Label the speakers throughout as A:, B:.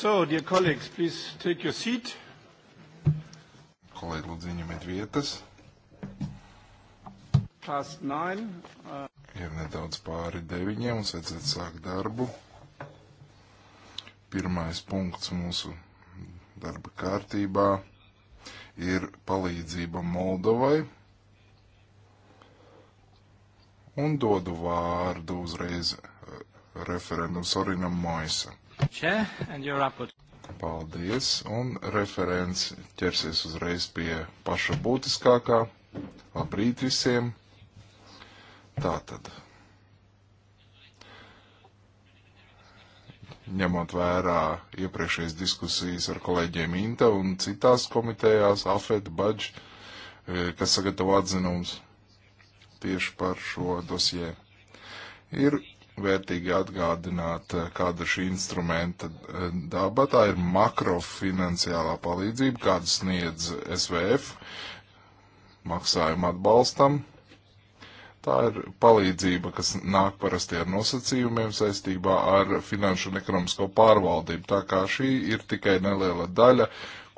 A: So, dear colleagues, please take your seat.
B: Kolēģi, lūdzu, ieņemiet vietas.
A: Past nine. Uh...
B: Ir nedaudz pāri deviņiem, un sveiciet sākt darbu. Pirmais punkts mūsu darba kārtībā ir palīdzība Moldovai. Un dodu vārdu uzreiz uh, referendum Sorinam Moisam. Paldies, un referents ķersies uzreiz pie paša būtiskākā. Labrīt visiem! Tātad, ņemot vērā iepriekšējās diskusijas ar kolēģiem Inta un citās komitejās, AFET, Badž, e, kas sagatavo atzinums tieši par šo dosiju. Ir vērtīgi atgādināt, eh, kāda šī instrumenta eh, daba. Tā ir makrofinanciālā palīdzība, kādu sniedz SVF maksājuma atbalstam. Tā ir palīdzība, kas nāk parasti ar nosacījumiem saistībā ar finanšu un ekonomisko pārvaldību. Tā kā šī ir tikai neliela daļa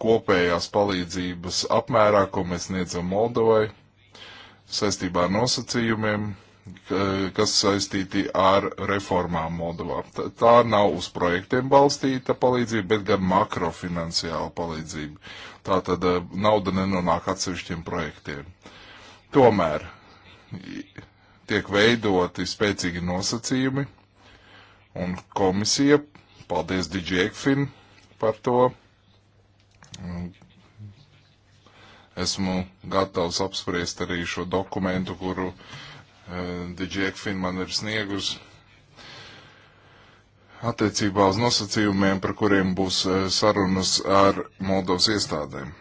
B: kopējās palīdzības apmērā, ko mēs sniedzam Moldovai saistībā ar nosacījumiem, kas saistīti ar reformām Moldovā. Tā nav uz projektiem balstīta palīdzība, bet gan makrofinanciāla palīdzība. Tā tad eh, nauda nenonāk atsevišķiem projektiem. Tomēr tiek veidoti spēcīgi nosacījumi, un komisija, paldies Digiekfin par to, esmu gatavs apspriest arī šo dokumentu, kuru uh, Eh, DigiEkfin man ir sniegus attiecībā uz nosacījumiem, par kuriem būs eh, sarunas ar Moldovas iestādēm.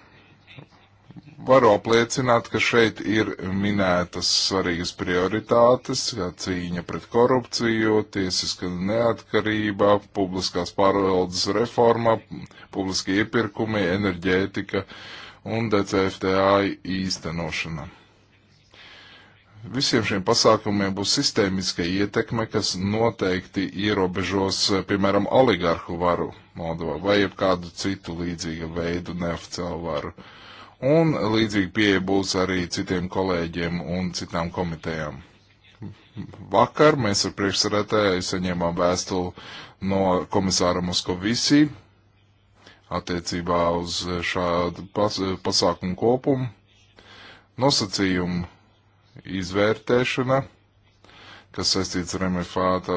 B: Varu apliecināt, ka šeit ir minētas svarīgas prioritātes, kā cīņa pret korupciju, tiesiska neatkarība, publiskās pārvaldes reforma, publiskie iepirkumi, enerģētika un DCFTA īstenošana visiem šiem pasākumiem būs sistēmiska ietekme, kas noteikti ierobežos, eh, piemēram, oligarhu varu Moldovā vai kādu citu līdzīgu veidu neoficiālu varu. Un līdzīgi pieeja būs arī citiem kolēģiem un citām komitejām. Vakar mēs ar priekšsarētāju saņēmām vēstuli no komisāra Moskovisī attiecībā uz šādu pas pasākumu kopumu. Nosacījumu izvērtēšana, kas saistīts ar MFA, tā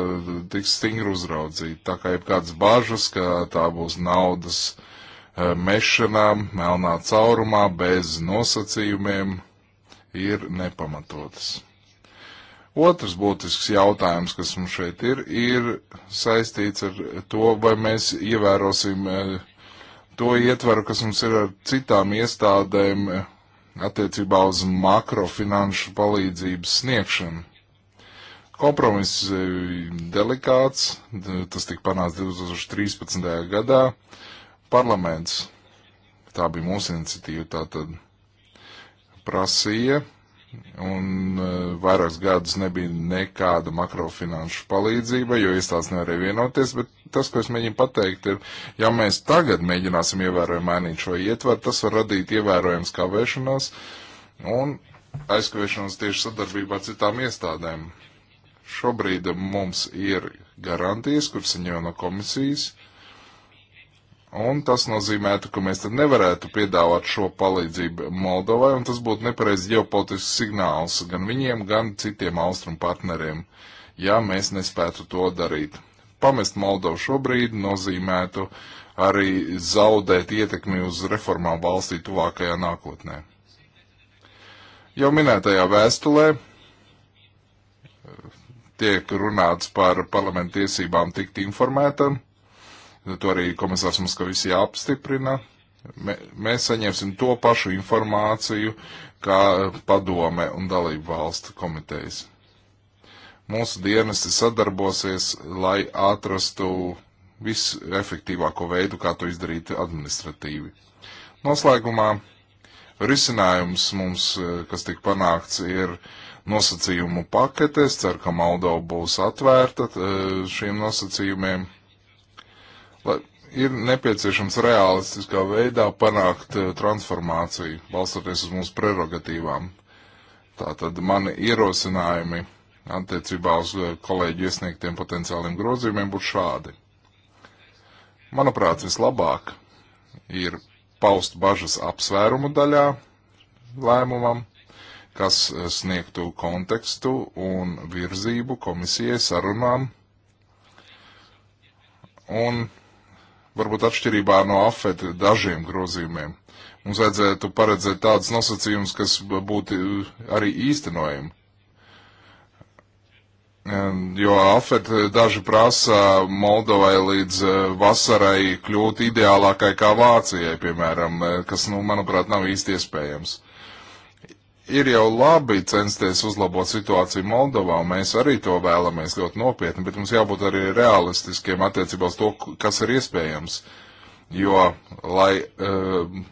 B: tiks stingri uzraudzīta. Tā kā ir kāds bažas, ka tā būs naudas eh, mešanā, melnā caurumā, bez nosacījumiem, ir nepamatotas. Otrs būtisks jautājums, kas mums šeit ir, ir saistīts ar to, vai mēs ievērosim eh, to ietvaru, kas mums ir ar citām iestādēm attiecībā uz makrofinanšu palīdzības sniegšanu. Kompromiss e, delikāts, tas tika panāts 2013. gadā. Parlaments, tā bija mūsu iniciatīva, tātad prasīja un e, vairākus gadus nebija nekāda makrofinanšu palīdzība, jo iestāsts nevarēja vienoties, bet tas, ko es mēģinu pateikt, ir, ja mēs tagad mēģināsim ievērojami mainīt šo ietvaru, tas var radīt ievērojams kavēšanās un aizkavēšanos tieši sadarbībā ar citām iestādēm. Šobrīd mums ir garantijas, kuras saņem no komisijas, uh, Un tas nozīmētu, ka mēs tad nevarētu piedāvāt šo palīdzību Moldovai, un tas būtu nepareiz ģeopolitisks signāls gan viņiem, gan citiem austrumu partneriem, ja mēs nespētu to darīt. Pamest Moldovu šobrīd nozīmētu arī zaudēt ietekmi uz reformām valstī tuvākajā nākotnē. Jau minētajā vēstulē eh, tiek runāts par parlamentu tiesībām tikt informētam Nu, to arī komisārs mums, ka visi jāapstiprina. Me, mēs saņemsim to pašu informāciju kā padome un dalību valstu komitejas. Mūsu dienesti sadarbosies, lai atrastu visefektīvāko veidu, kā to izdarīt administratīvi. Noslēgumā risinājums mums, eh, kas tika panākts, ir nosacījumu pakete. Es ceru, ka Moldova būs atvērta eh, šiem nosacījumiem ir nepieciešams realistiskā veidā panākt eh, transformāciju, balstoties uz mūsu prerogatīvām. Tātad mani ierosinājumi attiecībā uz eh, kolēģi iesniegtiem potenciāliem grozījumiem būtu šādi. Manuprāt, vislabāk ir paust bažas apsvērumu daļā lēmumam, kas eh, sniegtu kontekstu un virzību komisijai sarunām un varbūt atšķirībā no afeta dažiem grozījumiem. Mums vajadzētu paredzēt tādus nosacījumus, kas būtu e, arī īstenojami. Jo afet daži prasa Moldovai līdz e, vasarai kļūt ideālākai kā Vācijai, piemēram, e, kas, nu, manuprāt, nav īsti iespējams ir jau labi censties uzlabot situāciju Moldovā, un mēs arī to vēlamies ļoti nopietni, bet mums jābūt arī realistiskiem attiecībā uz to, kas ir iespējams. Jo, lai ehm,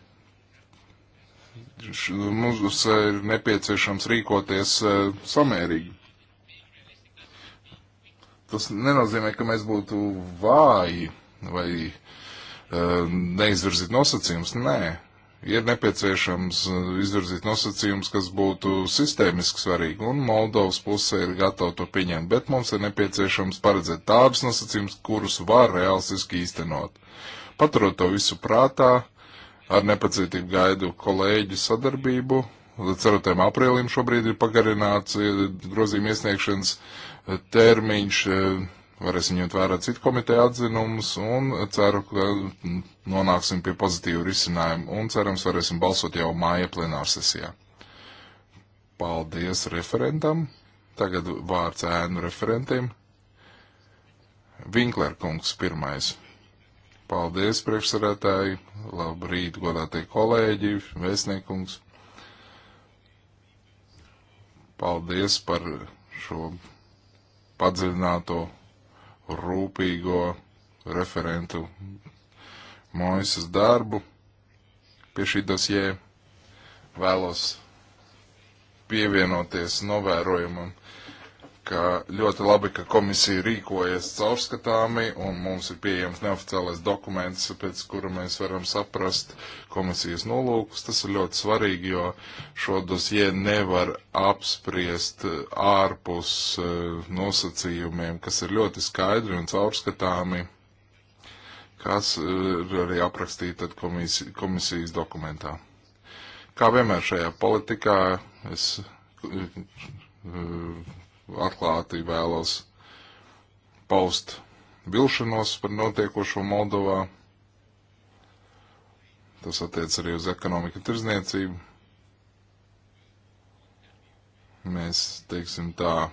B: š, mums e, ir nepieciešams rīkoties e, samērīgi. Tas nenozīmē, ka mēs būtu vāji vai e, neizvirzīt nosacījums. Nē, ir nepieciešams uh, izvirzīt nosacījumus, kas būtu sistēmiski svarīgi, un Moldovas puse ir gatava to pieņemt, bet mums ir nepieciešams paredzēt tādus nosacījumus, kurus var realistiski īstenot. Paturot to visu prātā, ar nepacietību gaidu kolēģu sadarbību. Līdz 4. aprīlim šobrīd ir pagarināts eh, grozījuma iesniegšanas eh, termiņš eh, varēsim ņemt vērā citu komiteju atzinumus un ceru, ka nonāksim pie pozitīvu risinājumu un cerams varēsim balsot jau māja plenārsesijā. Paldies referentam. Tagad vārds ēnu referentiem. Vinkler kungs pirmais. Paldies priekšsarētāji. Labrīt, godātie kolēģi, vēstniekungs. Paldies par šo padziļināto, rūpīgo referentu Mojas darbu pie šī dosjē. Vēlos pievienoties novērojumam, ka ļoti labi, ka komisija rīkojas caurskatāmi un mums ir pieejams neoficiālais dokuments, pēc kura mēs varam saprast komisijas nolūkus. Tas ir ļoti svarīgi, jo šo dosjē nevar apspriest ārpus eh, nosacījumiem, kas ir ļoti skaidri un caurskatāmi kas ir arī aprakstīta komisijas, komisijas dokumentā. Kā vienmēr šajā politikā es eh, atklāti vēlos paust vilšanos par notiekošo Moldovā. Tas attiec arī uz ekonomiku tirzniecību. Mēs, teiksim tā,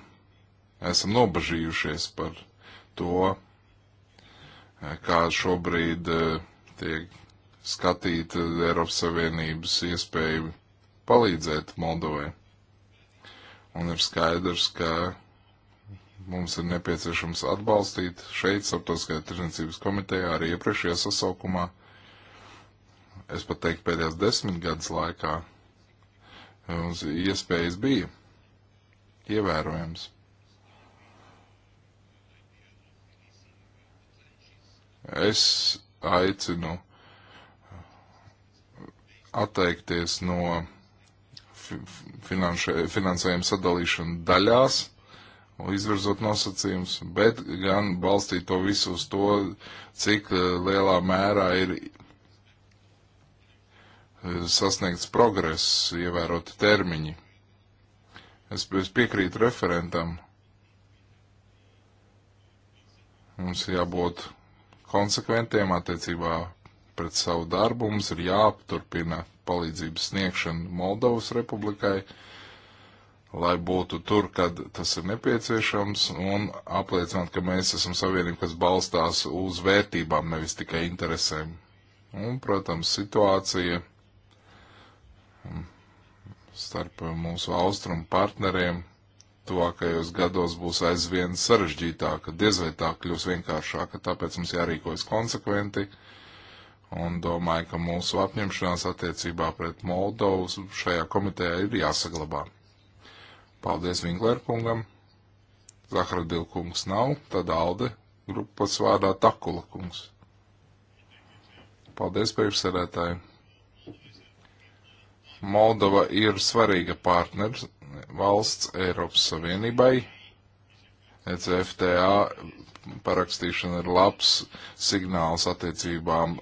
B: esam nobažījušies par to, kā šobrīd eh, tiek skatīta eh, Eiropas Savienības iespēja palīdzēt Moldovai. Un ir skaidrs, ka mums ir nepieciešams atbalstīt šeit, starptautiskajā tirdzniecības komitejā, arī iepriekšējā sasaukumā, es pat teiktu pēdējās desmit gadus laikā, eh, mums iespējas bija ievērojams. Es aicinu atteikties no finansējuma sadalīšana daļās, izvirzot nosacījumus, bet gan balstīt to visu uz to, cik eh, lielā mērā ir eh, sasniegts progress, ievēroti termiņi. Es, es piekrītu referentam. Mums jābūt konsekventiem attiecībā pret savu darbu. Mums ir jāapturpina palīdzības sniegšana Moldovas republikai, lai būtu tur, kad tas ir nepieciešams, un apliecināt, ka mēs esam savienība, kas balstās uz vērtībām, nevis tikai interesēm. Un, protams, situācija starp mūsu austrumu partneriem tuvākajos gados būs aizvien sarežģītāka, diez vai tā kļūs vienkāršāka, tāpēc mums jārīkojas konsekventi. Un domāju, ka mūsu apņemšanās attiecībā pret Moldovu šajā komitejā ir jāsaglabā. Paldies Vinglērkungam. Zahradilkungs nav, tad Alde grupas vārdā Takula kungs. Paldies priekšsēdētāji. Moldova ir svarīga partners valsts Eiropas Savienībai. ECFTA parakstīšana ir labs signāls attiecībām.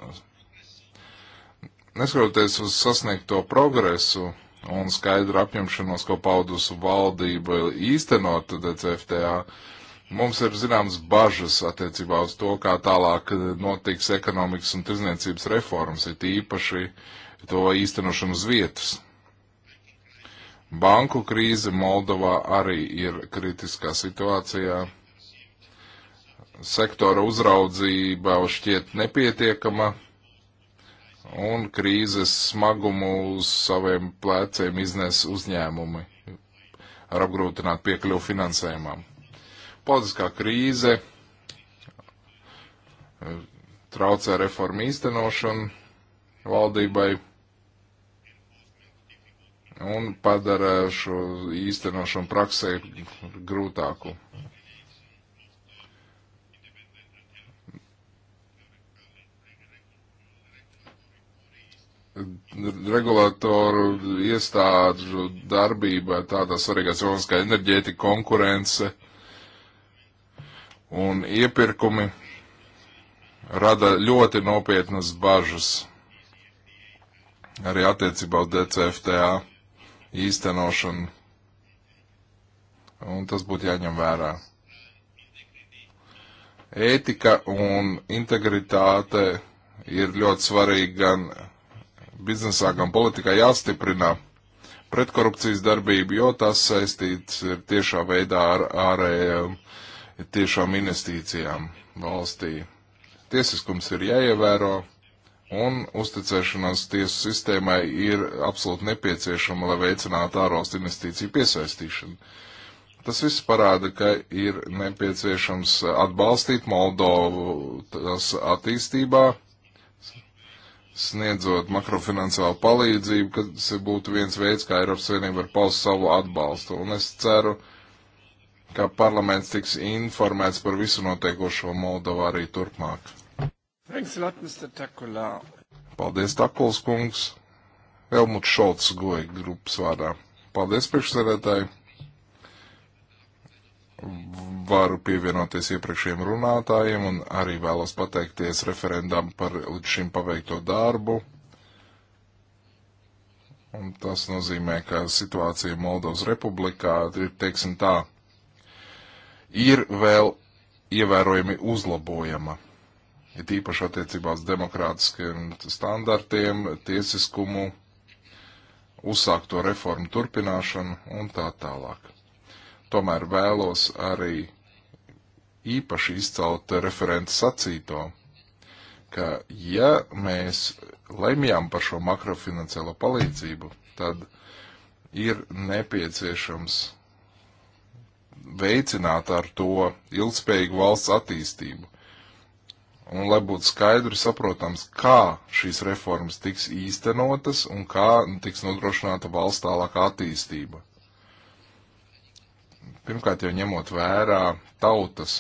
B: Neskatoties uz sasniegto progresu un skaidru apņemšanos, ko paudusi valdība īstenot ECFTA, mums ir zināmas bažas attiecībā uz to, kā tālāk notiks ekonomikas un tirzniecības reformas, it īpaši to īstenošanu uz vietas. Banku krīze Moldovā arī ir kritiskā situācijā. Sektora uzraudzība šķiet nepietiekama un krīzes smagumu uz saviem pleciem iznes uzņēmumi ar apgrūtināt piekļuvu finansējumam. Politiskā krīze eh, traucē reformu īstenošanu valdībai un padara šo īstenošanu praksē grūtāku. Regulātoru iestāžu darbība tādā svarīgā jomā kā enerģētika, konkurence un iepirkumi rada ļoti nopietnas bažas arī attiecībā uz DCFTA īstenošanu. Un tas būtu jāņem vērā. Ētika un integritāte ir ļoti svarīga gan biznesā, gan politikā jāstiprina pretkorupcijas darbību, jo tas saistīts ir tiešā veidā ar ārējām tiešām investīcijām valstī. Tiesiskums ir jāievēro un uzticēšanās tiesu sistēmai ir absolūti nepieciešama, lai veicinātu ārvalstu investīciju piesaistīšanu. Tas viss parāda, ka ir nepieciešams atbalstīt Moldovu tās attīstībā, sniedzot makrofinansālu palīdzību, kas būtu viens veids, kā Eiropas Savienība var paust savu atbalstu. Un es ceru, ka parlaments tiks informēts par visu notiekošo Moldovu arī turpmāk. Thanks a lot, Mr. Takulā. Paldies, Takuls kungs. Elmuts Šolts goja grupas vārdā. Paldies, priekšsēdētāji. Varu pievienoties iepriekšējiem runātājiem un arī vēlos pateikties referendam par līdz šim paveikto darbu. Un tas nozīmē, ka situācija Moldovas republikā ir, teiksim tā, ir vēl ievērojami uzlabojama it īpaši attiecībā uz demokrātiskiem standartiem, tiesiskumu, uzsākto reformu turpināšanu un tā tālāk. Tomēr vēlos arī īpaši izcelt referenta sacīto, ka ja mēs lemjām par šo makrofinanciālo palīdzību, tad ir nepieciešams veicināt ar to ilgspējīgu valsts attīstību un lai būtu skaidri saprotams, kā šīs reformas tiks īstenotas un kā tiks nodrošināta valsts tālākā attīstība. Pirmkārt, jau ņemot vērā tautas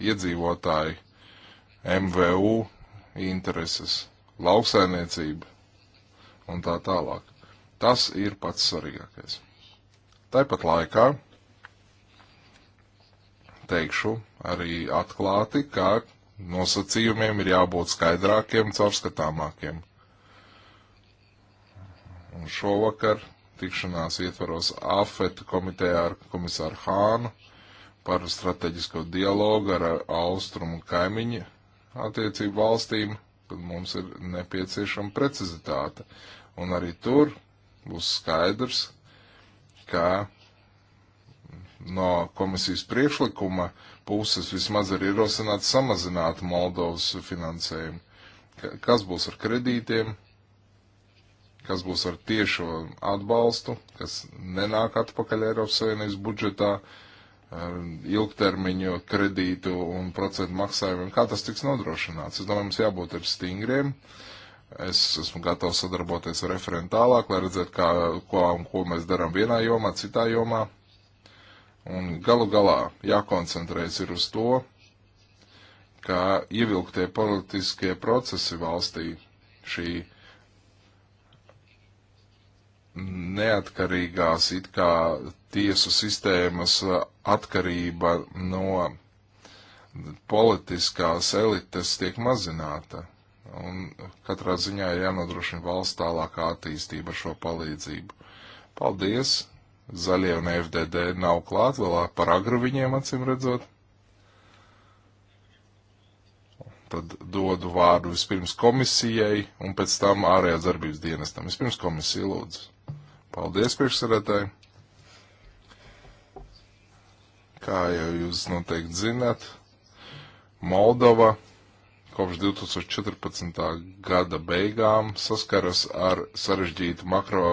B: iedzīvotāju MVU intereses, lauksainiecība un tā tālāk. Tas ir pats svarīgākais. Tāpat laikā teikšu arī atklāti, ka nosacījumiem ir jābūt skaidrākiem, caurskatāmākiem. Un šovakar tikšanās ietvaros AFET komitejā ar komisāru Hānu par strateģisko dialogu ar austrumu kaimiņu attiecību valstīm, tad mums ir nepieciešama precizitāte. Un arī tur būs skaidrs, ka no komisijas priekšlikuma uh, puses vismaz ir ierosināts samazināt Moldovas finansējumu. Kas būs ar kredītiem, kas būs ar tiešo atbalstu, kas nenāk atpakaļ Eiropas Savienības budžetā, ilgtermiņu kredītu un procentu maksājumiem. Kā tas tiks nodrošināts? Es domāju, mums jābūt ir stingriem. Es esmu gatavs sadarboties ar referentu tālāk, lai redzētu, kā, ko, ko mēs darām vienā jomā, citā jomā. Un galu galā jākoncentrēs ir uz to, kā ievilktie politiskie procesi valstī šī neatkarīgās it kā tiesu sistēmas atkarība no politiskās elites tiek mazināta. Un katrā ziņā jānodrošina valsts tālākā attīstība šo palīdzību. Paldies! zaļie un FDD nav klāt, vēl par agru viņiem acīm redzot. Tad dodu vārdu vispirms komisijai un pēc tam ārējās darbības dienestam. Vispirms komisija lūdzu. Paldies priekšsarētāji. Kā jau jūs noteikti zināt, Moldova kopš 2014. gada beigām saskaras ar sarežģītu makro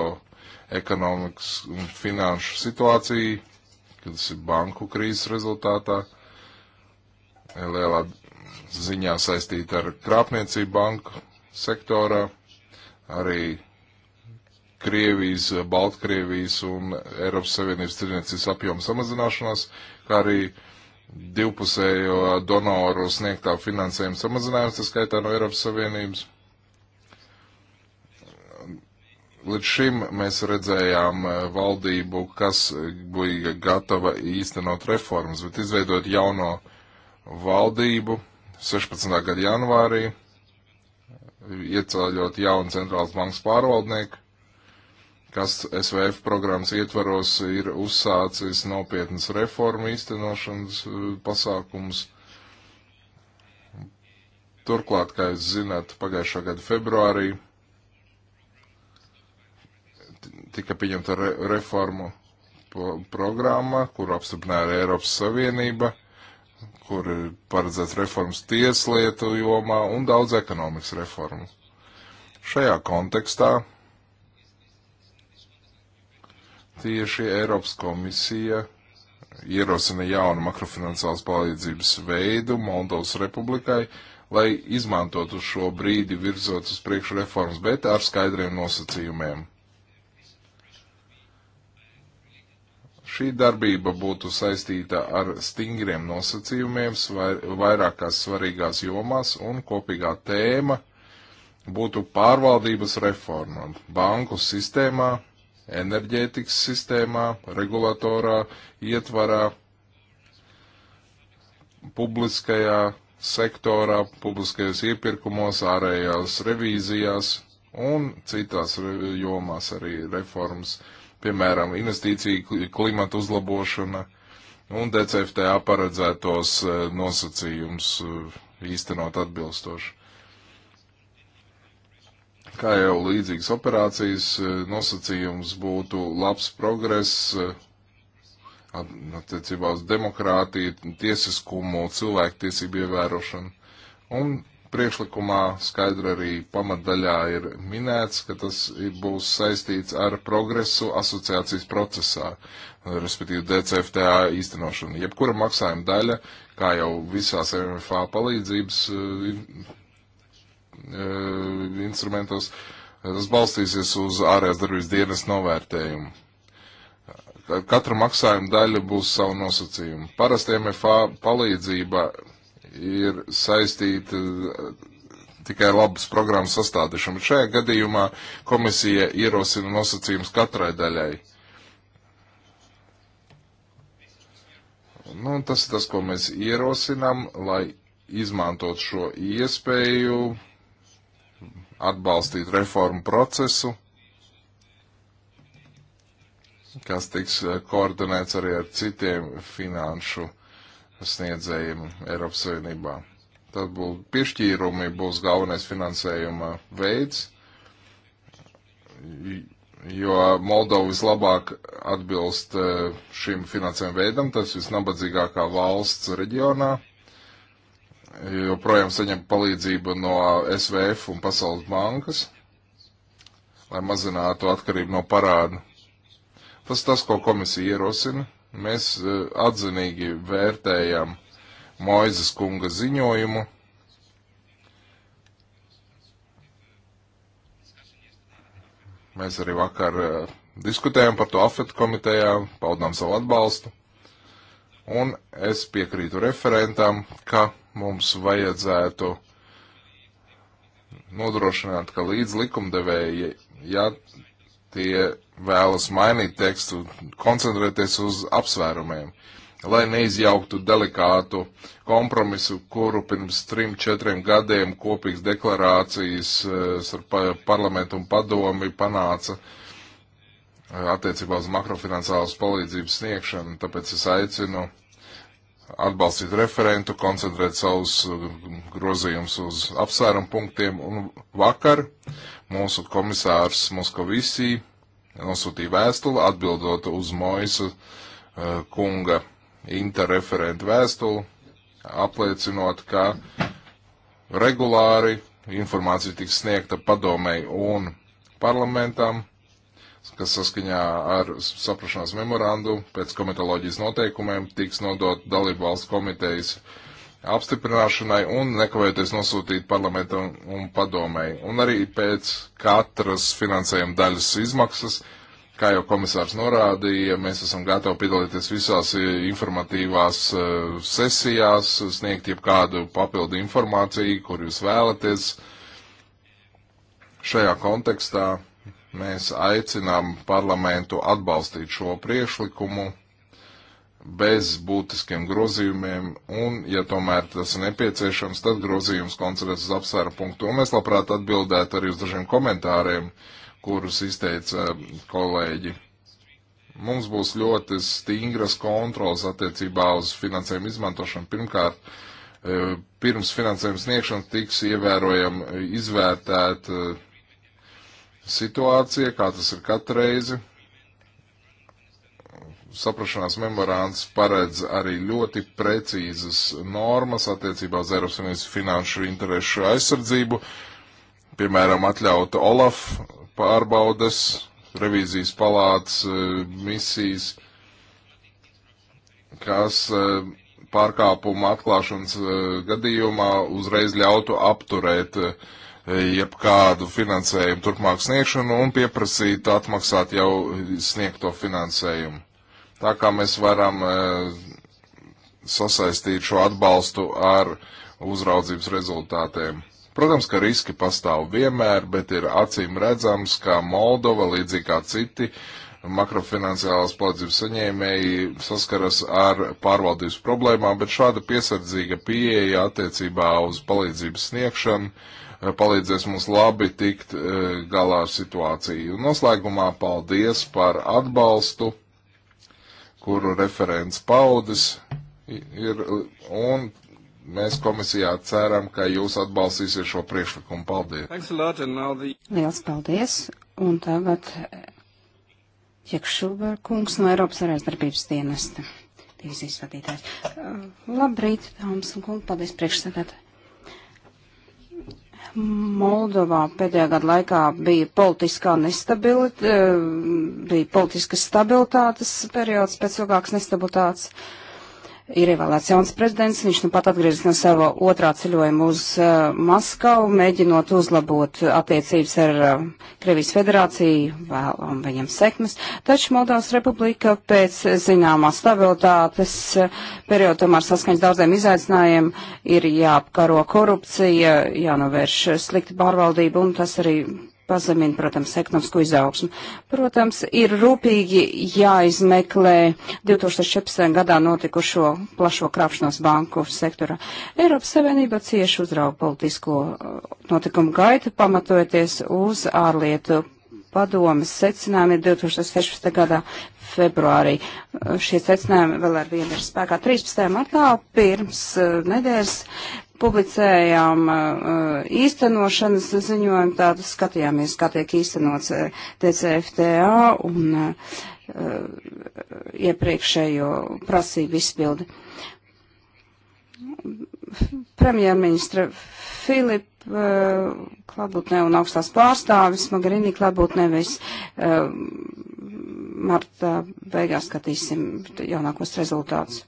B: ekonomikas un finanšu situāciju, kas ir banku krīzes rezultātā, lielā ziņā saistīta ar krāpniecību banku sektorā, arī Krievijas, Baltkrievijas un Eiropas Savienības tirniecības apjoma samazināšanās, kā arī divpusējo donoru sniegtā finansējuma samazinājums, tas skaitā no Eiropas Savienības. Līdz šim mēs redzējām eh, valdību, kas eh, bija gatava īstenot reformas, bet izveidot jauno valdību 16. gada janvārī, iecēļot jaunu centrālas bankas pārvaldnieku, kas SVF programmas ietvaros ir uzsācis nopietnas reformu īstenošanas eh, pasākums. Turklāt, kā jūs zināt, pagājušā gada februārī tika pieņemta re reformu programma, kuru apstiprināja arī Eiropas Savienība, kur ir paredzēts reformas tieslietu jomā un daudz ekonomikas reformu. Šajā kontekstā tieši Eiropas komisija ierosina jaunu makrofinansālas palīdzības veidu Moldovas republikai, lai izmantotu šo brīdi virzot uz priekšu reformas, bet ar skaidriem nosacījumiem. Šī darbība būtu saistīta ar stingriem nosacījumiem vairākās svarīgās jomās un kopīgā tēma būtu pārvaldības reforma banku sistēmā, enerģētikas sistēmā, regulatorā, ietvarā, publiskajā sektorā, publiskajos iepirkumos, ārējās revīzijās un citās jomās arī reformas uh, piemēram, investīcija klimata uzlabošana un DCFTA paredzētos e, nosacījums e, īstenot atbilstoši. Kā jau līdzīgas operācijas e, nosacījums būtu labs progress attiecībā uz demokrātiju, tiesiskumu, cilvēktiesību ievērošanu. Un priekšlikumā skaidri arī pamatdaļā ir minēts, ka tas būs saistīts ar progresu asociācijas procesā, respektīvi DCFTA īstenošanu. Jebkura maksājuma daļa, kā jau visās MFA palīdzības eh, eh, instrumentos, tas balstīsies uz ārējās darbības dienas novērtējumu. Katra maksājuma daļa būs savu nosacījumu. Parasti MFA palīdzība ir saistīta eh, tikai labas programmas sastādīšana. Bet šajā gadījumā komisija ierosina nosacījumus katrai daļai. Nu, tas ir tas, ko mēs ierosinām, lai izmantot šo iespēju, atbalstīt reformu procesu, kas tiks eh, koordinēts arī ar citiem finanšu sniedzējiem Eiropas Savienībā. Tad būs piešķīrumi, būs galvenais finansējuma veids, jo Moldova vislabāk atbilst e, šim finansējuma veidam, tas visnabadzīgākā valsts reģionā, joprojām saņem palīdzību no SVF un Pasaules bankas, lai mazinātu atkarību no parāda. Tas tas, ko komisija ierosina Mēs e, atzinīgi vērtējam Moizes kunga ziņojumu. Mēs arī vakar e, diskutējām par to afetu komitejā, paudām savu atbalstu. Un es piekrītu referentam, ka mums vajadzētu nodrošināt, ka līdz likumdevēji, ja tie vēlas mainīt tekstu, koncentrēties uz apsvērumiem, lai neizjauktu delikātu kompromisu, kuru pirms trim, četriem gadiem kopīgs deklarācijas eh, ar parlamentu un padomi panāca eh, attiecībā uz makrofinansālas palīdzības sniegšanu. Tāpēc es aicinu atbalstīt referentu, koncentrēt savus uh, grozījumus uz apsvērumu punktiem. Un vakar mūsu komisārs Moskovisī nosūtīja vēstuli atbildot uz Moisa uh, kunga interreferentu vēstuli, apliecinot, ka regulāri informācija tiks sniegta padomēji un parlamentam kas saskaņā ar saprašanās memorandu pēc komitoloģijas noteikumiem tiks nodot dalību valsts komitejas apstiprināšanai un nekavēties nosūtīt parlamentam un padomēji. Un arī pēc katras finansējuma daļas izmaksas, kā jau komisārs norādīja, mēs esam gatavi piedalīties visās eh, informatīvās eh, sesijās, sniegt jebkādu papildu informāciju, kur jūs vēlaties šajā kontekstā Mēs aicinām parlamentu atbalstīt šo priekšlikumu bez būtiskiem grozījumiem, un, ja tomēr tas ir nepieciešams, tad grozījums koncerts uz apsvēru punktu. Un mēs labprāt atbildētu arī uz dažiem komentāriem, kurus izteica um, kolēģi. Mums būs ļoti stingras kontrolas attiecībā uz finansējumu izmantošanu. Pirmkārt, uh, pirms finansējuma sniegšanas tiks ievērojami izvērtēta uh, situācija, kā tas ir katru reizi. Saprašanās memorāns paredz arī ļoti precīzas normas attiecībā uz Eiropas Savienības finanšu interesu aizsardzību, piemēram, atļauta Olaf pārbaudes, revīzijas palātas eh, misijas, kas eh, pārkāpuma atklāšanas eh, gadījumā uzreiz ļautu apturēt uh, jebkādu finansējumu turpmāk sniegšanu un pieprasīt atmaksāt jau sniegto finansējumu. Tā kā mēs varam e, sasaistīt šo atbalstu ar uzraudzības rezultātiem. Protams, ka riski pastāv vienmēr, bet ir acīm redzams, ka Moldova, līdzīgi kā citi makrofinanciālās palīdzības saņēmēji, saskaras ar pārvaldības problēmām, bet šāda piesardzīga pieeja attiecībā uz palīdzības sniegšanu palīdzēs mums labi tikt e, galā ar situāciju. Noslēgumā paldies par atbalstu, kuru referents paudis ir, un mēs komisijā ceram, ka jūs atbalstīsiet šo priekšlikumu. Paldies!
C: Liels paldies! Un tagad Jekšuber kungs no Eiropas arēsdarbības dienesta. Divas izvadītājs. Labrīt, dāmas un kungi, paldies priekšsēdētāji. Moldovā pēdējā gada laikā bija politiskā nestabilitāte, eh, bija politiska stabilitātes periods pēc ilgākas nestabilitātes. Uh, ir ievēlēts jauns prezidents. Viņš nu pat atgriezies no sava otrā ceļojuma uz uh, Maskavu, mēģinot uzlabot attiecības ar uh, Krievijas federāciju, vēlam viņam sekmes. Taču Moldovas republika pēc zināmās stabilitātes uh, perioda tomēr saskaņas daudziem izaicinājumiem ir jāapkaro korupcija, jānovērš slikta pārvaldība, un tas arī pazemina, protams, ekonomisko izaugsmu. Protams, ir rūpīgi jāizmeklē 2014. gadā notikušo plašo krāpšanos banku sektora. Eiropas Savienība cieši uzrauga politisko uh, notikumu gaitu, pamatojoties uz ārlietu padomas secinājumi 2016. gadā februārī. Uh, šie secinājumi vēl ar vienu ir spēkā 13. martā pirms uh, nedēļas publicējām uh, uh, īstenošanas ziņojumu, tātad skatījāmies, kā tiek īstenots uh, TCFTA un iepriekšējo prasību izpildi. Premjerministra Filipa klātbūtnē un augstās pārstāvis Magarini klātbūtnē mēs martā beigās skatīsim jaunākos rezultātus.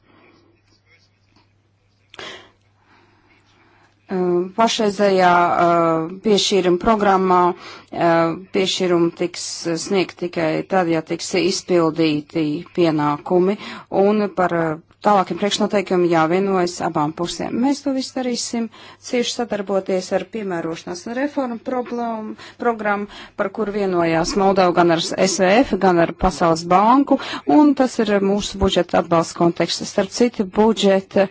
C: Eh, pašreizējā eh, piešķīruma programmā eh, piešķīrumi tiks sniegt tikai tad, ja tiks izpildīti pienākumi, un par tālākiem priekšnoteikumiem jāvienojas abām pusēm. Mēs to visu darīsim, cieši sadarboties ar piemērošanās un reformu problēmu, programmu, par kuru vienojās Moldova gan ar SVF, gan ar Pasaules banku, un tas ir mūsu budžeta atbalsts konteksts. Starp citu, budžeta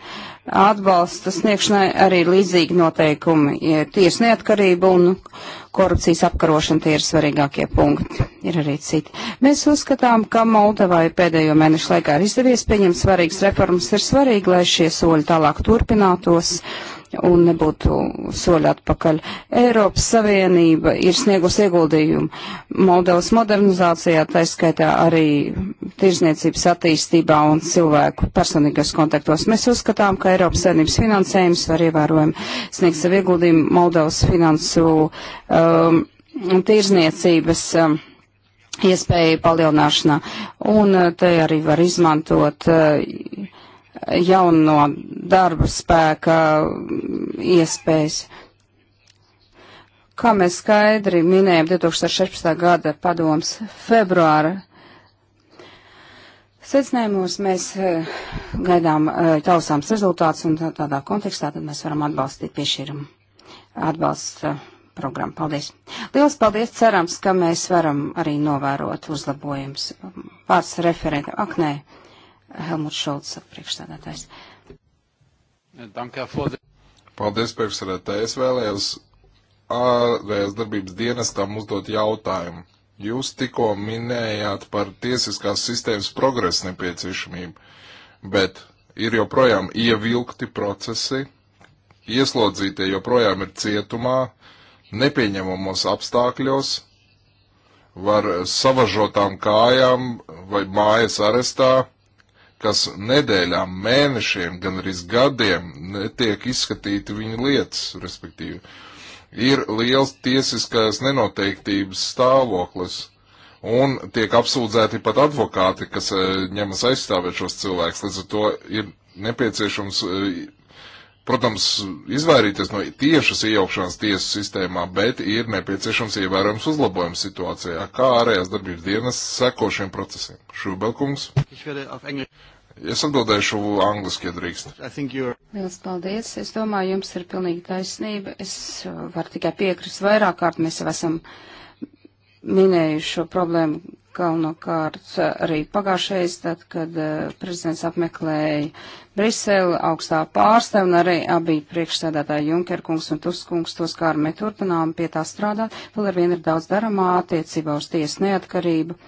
C: atbalsta sniegšanai arī līdzīgi noteikumi, ja tiesa neatkarība un. Nu, korupcijas apkarošana tie ir svarīgākie punkti. Ir arī citi. Mēs uzskatām, ka Moldovai pēdējo mēnešu laikā ir izdevies pieņemt svarīgas reformas. Ir svarīgi, lai šie soļi tālāk turpinātos. Mm un nebūtu soļi atpakaļ. Eiropas Savienība ir sniegus ieguldījumu Moldovas modernizācijā, tā skaitā arī tirzniecības attīstībā un cilvēku personīgos kontaktos. Mēs uzskatām, ka Eiropas Savienības finansējums var ievērojami sniegt savu ieguldījumu Moldovas finansu um, tirzniecības. Um, iespēju palielināšanā, un uh, te arī var izmantot uh, jauno darba spēka iespējas. Kā mēs skaidri minējam 2016. gada padoms februāra secinājumos, mēs e, gaidām e, tausāms rezultāts un tādā kontekstā tad mēs varam atbalstīt piešķirumu atbalsta programmu. Paldies! Lielas paldies! Cerams, ka mēs varam arī novērot uzlabojumus. Pāris referenta. Ak, nē, Helmuts Šolts, priekšstādātājs.
B: Paldies, priekšsēdētāji. Es vēlējos ārējās darbības dienestam uzdot jautājumu. Jūs tikko minējāt par tiesiskās sistēmas progresu nepieciešamību, bet ir joprojām ievilkti procesi, ieslodzītie joprojām ir cietumā, nepieņemamos apstākļos, var savažotām kājām vai mājas arestā kas nedēļām, mēnešiem, gan arī gadiem netiek izskatīti viņa lietas, respektīvi. Ir liels tiesiskās nenoteiktības stāvoklis, un tiek apsūdzēti pat advokāti, kas eh, ņemas aizstāvēt šos cilvēkus. Līdz ar to ir nepieciešams eh, protams, izvairīties no tiešas iejaukšanās tiesu sistēmā, bet ir nepieciešams ievērojams uzlabojums situācijā, kā ārējās darbības dienas sekošiem procesiem. Šūbelkungs. Es atbildēšu angliski, ja drīkst.
C: Lielas paldies. Es domāju, jums ir pilnīgi taisnība. Es uh, varu tikai piekrist vairāk kārt. Mēs jau esam minējuši šo problēmu, galvenokārt eh, arī pagājušais, tad, kad uh, prezidents apmeklēja Briseli, augstā pārstāv un arī abi priekšsēdētāji Junkerkungs un Tuskungs tos kā ar meturpinām pie tā strādāt, vēl ar vienu ir daudz daramā attiecībā uz tiesu neatkarību.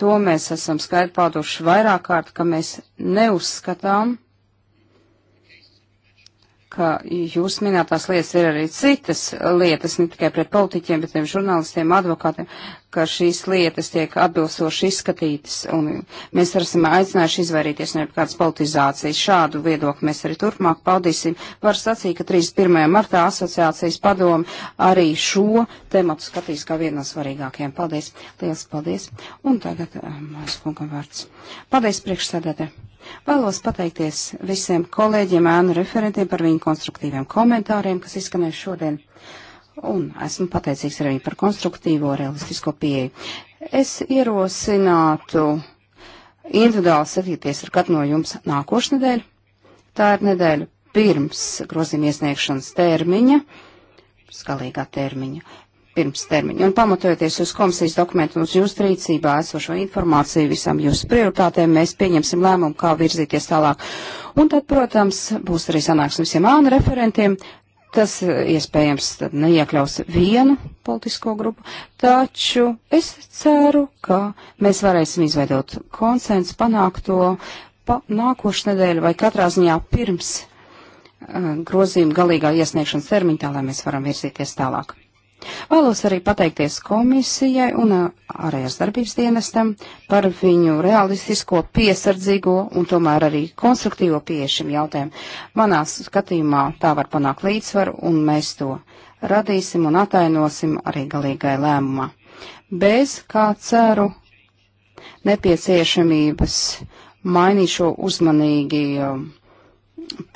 C: To mēs esam skaidri pauduši vairāk kārt, ka mēs neuzskatām, ka jūs minētās lietas ir arī citas lietas, ne tikai pret politiķiem, bet arī žurnālistiem, advokātiem, ka šīs lietas tiek atbilstoši izskatītas, un mēs esam aicinājuši izvairīties no kādas politizācijas. Šādu viedokli mēs arī turpmāk paudīsim. Var sacīt, ka 31. martā asociācijas padomi arī šo tematu skatīs kā vienu no svarīgākajiem. Paldies! Lielas paldies! Un tagad um, eh, mēs kungam vārds. Paldies priekšsēdētē! Vēlos pateikties visiem kolēģiem, ēnu referentiem par viņu konstruktīviem komentāriem, kas izskanēja šodien. Un esmu pateicīgs arī par konstruktīvo, realistisko pieeju. Es ierosinātu individuāli satīties ar katru no jums nākošnedēļ. Tā ir nedēļa pirms grozījuma iesniegšanas termiņa, skalīgā termiņa pirms termiņa. Un pamatojoties uz komisijas dokumentu un uz jūsu rīcībā esošo informāciju visam jūsu prioritātēm, mēs pieņemsim lēmumu, kā virzīties tālāk. Un tad, protams, būs arī sanāksme visiem ānu referentiem. Tas eh, iespējams neiekļaus vienu politisko grupu, taču es ceru, ka mēs varēsim izveidot konsensu, panākt to pa nākošu nedēļu vai katrā ziņā pirms eh, grozījuma galīgā iesniegšanas termiņā, lai mēs varam virzīties tālāk. Vēlos arī pateikties komisijai un ārējās darbības dienestam par viņu realistisko, piesardzīgo un tomēr arī konstruktīvo pieeja šim jautājumam. Manā skatījumā tā var panākt līdzsvaru un mēs to radīsim un atainosim arī galīgai lēmumā. Bez, kā ceru, nepieciešamības mainīt šo uzmanīgi um,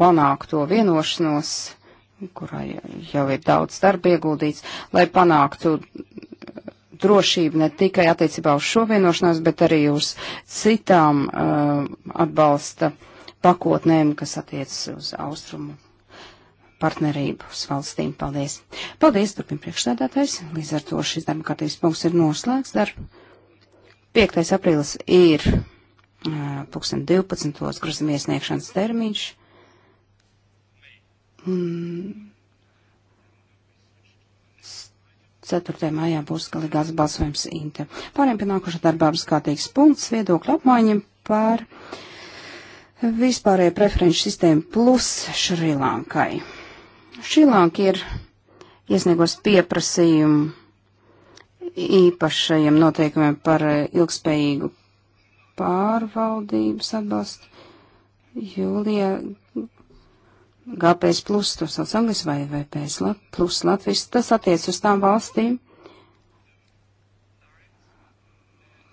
C: panākto vienošanos kurai jau ir daudz darba ieguldīts, lai panāktu drošību ne tikai attiecībā uz šo vienošanos, bet arī uz citām uh, atbalsta pakotnēm, kas attiecas uz austrumu partnerību uz valstīm. Paldies! Paldies, turpin priekšsēdētājs. Līdz ar to šis darba kārtības punkts ir noslēgts. Darb. 5. aprīlis ir uh, 2012. grozam iesniegšanas termiņš. Mm. Un 4. maijā būs galīgās balsojums Inte. Pāriem pie nākošā darbābas kārtīgs punkts viedokļu apmaiņam par vispārējo preferenču sistēmu plus Šrilankai. Šrilanka ir iesniegos pieprasījumu īpašajiem noteikumiem par ilgspējīgu pārvaldības atbalstu. Jūlija GPS plus, to sauc anglis vai VPS plus Latvijas, tas attiec uz tām valstīm,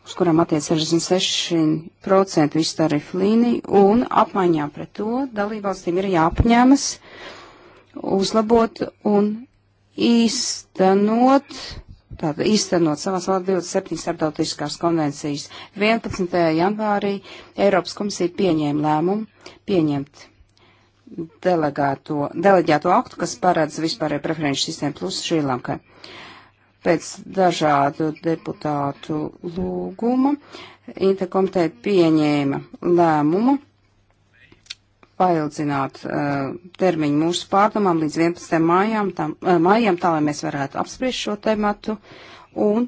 C: uz kurām attiec 66% visu tarifu līniju, un apmaiņā pret to dalībvalstīm ir jāapņēmas uzlabot un īstenot, tātad īstenot savās valsts 27 starptautiskās konvencijas. 11. janvārī Eiropas komisija pieņēma lēmumu pieņemt delegāto, deleģēto aktu, kas paredz vispārēju preferenču sistēmu plus Šrilankai. Pēc dažādu deputātu lūguma Interkomiteja pieņēma lēmumu paildzināt uh, termiņu mūsu pārdomām līdz 11. Mājām, tam, uh, mājām, tā lai mēs varētu apspriest šo tematu un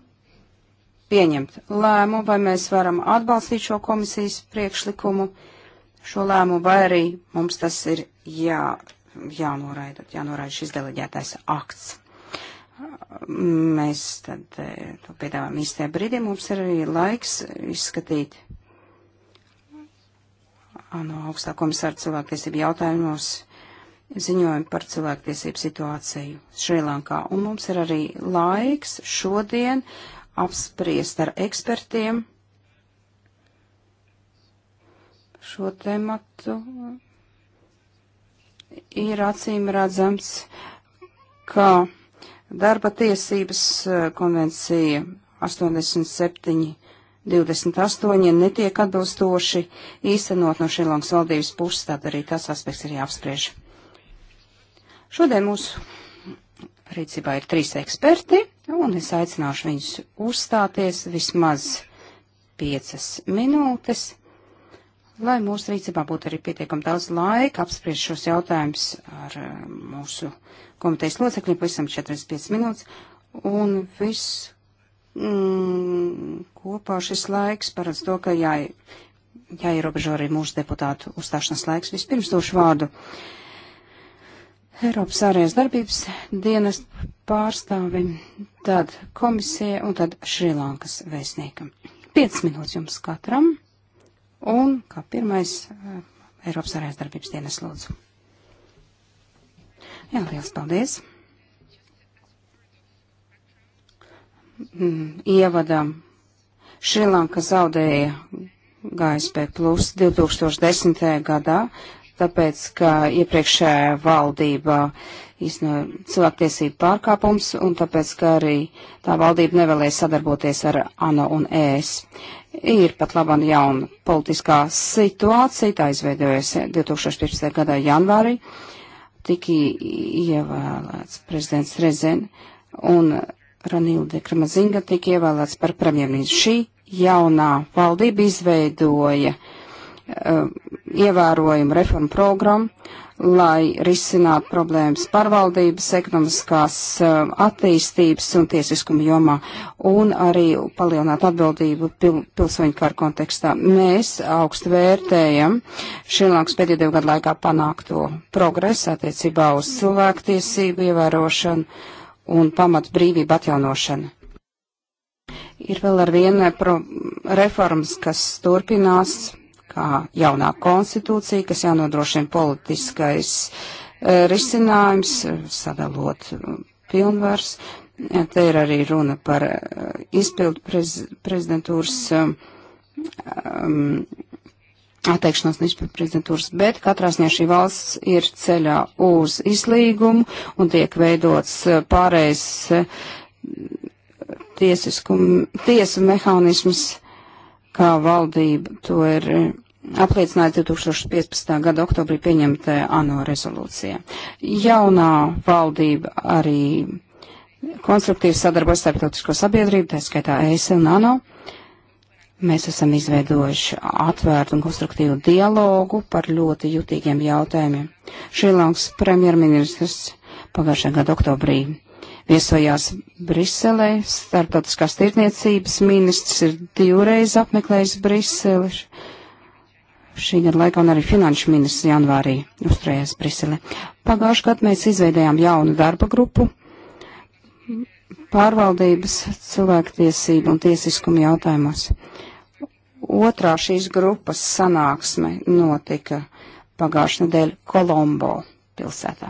C: pieņemt lēmumu, vai mēs varam atbalstīt šo komisijas priekšlikumu. Uh, šo lēmumu, vai arī mums tas ir jā, jānoraida, jānoraida šis deleģētais akts. Mēs tad eh, to piedāvājam īstajā brīdī. Mums ir arī laiks izskatīt no augstā komisāra cilvēktiesību jautājumos ziņojumu par cilvēktiesību situāciju Šrilankā. Un mums ir arī laiks šodien apspriest ar ekspertiem šo tematu, ir acīm redzams, ka darba tiesības e, konvencija 87. 28 netiek atbilstoši īstenot no Šrilankas valdības puses, tad arī tas aspekts ir jāapspriež. Šodien mūsu rīcībā ir trīs eksperti, un es aicināšu viņus uzstāties vismaz piecas minūtes lai mūsu rīcībā būtu arī pietiekami daudz laika apspriest šos jautājumus ar eh, mūsu komitejas locekļiem, pavisam 45 minūtes, un viss mm, kopā šis laiks paredz to, ka jā, jāierobežo arī mūsu deputātu uzstāšanas laiks. Vispirms došu vārdu Eiropas ārējās darbības dienas pārstāvim, tad komisija un tad Šrilankas vēstniekam. 5 minūtes jums katram. Un kā pirmais eh, Eiropas arēs darbības dienas lūdzu. Jā, liels paldies. Mm, Ievadam. Šrilanka zaudēja GSP plus 2010. gadā, tāpēc, ka iepriekšējā valdībā izno cilvēktiesību pārkāpums un tāpēc, ka arī tā valdība nevēlēja sadarboties ar ANO un ES. Ir pat labam jauna politiskā situācija, tā izveidojas 2015. gadā janvārī, tika ievēlēts prezidents Rezen un Ranīla Dekramazinga tika ievēlēts par premjerministru. Šī jaunā valdība izveidoja uh, Um, ievērojumu reformu programmu, lai risinātu problēmas pārvaldības, ekonomiskās um, attīstības un tiesiskuma jomā, un arī palielinātu atbildību pil pilsoņu karu kontekstā. Mēs augstu vērtējam Šrilankas pēdējo divu gadu laikā panākto progresu attiecībā uz cilvēktiesību ievērošanu un pamat brīvību atjaunošanu. Ir vēl ar vienu reformas, kas turpinās spēkā jaunā konstitūcija, kas jānodrošina politiskais e, risinājums, sadalot pilnvars. Te ir arī runa par e, izpildu prez, prezidentūras um, atteikšanos no izpildu prezidentūras, bet katrā ziņā šī valsts ir ceļā uz izlīgumu un tiek veidots pārējais tiesiskumu, tiesu mehānisms, kā valdība to ir apliecināja 2015. gada oktobrī pieņemtā ANO rezolūcija. Jaunā valdība arī konstruktīvi sadarbojas starptautisko sabiedrību, tā skaitā ES un ANO. Mēs esam izveidojuši atvērtu un konstruktīvu dialogu par ļoti jutīgiem jautājumiem. Šrilankas premjerministrs pagājušā gada oktobrī viesojās Briselē, starptautiskās tirdzniecības ministrs ir divreiz apmeklējis Briseli šī gada laikā, un arī finanšu ministrs janvārī uzturējās Brisele. Pagājušajā gadā mēs izveidējām jaunu darba grupu pārvaldības cilvēktiesību un tiesiskumu jautājumos. Otrā šīs grupas sanāksme notika pagājušajā nedēļā Kolombo pilsētā.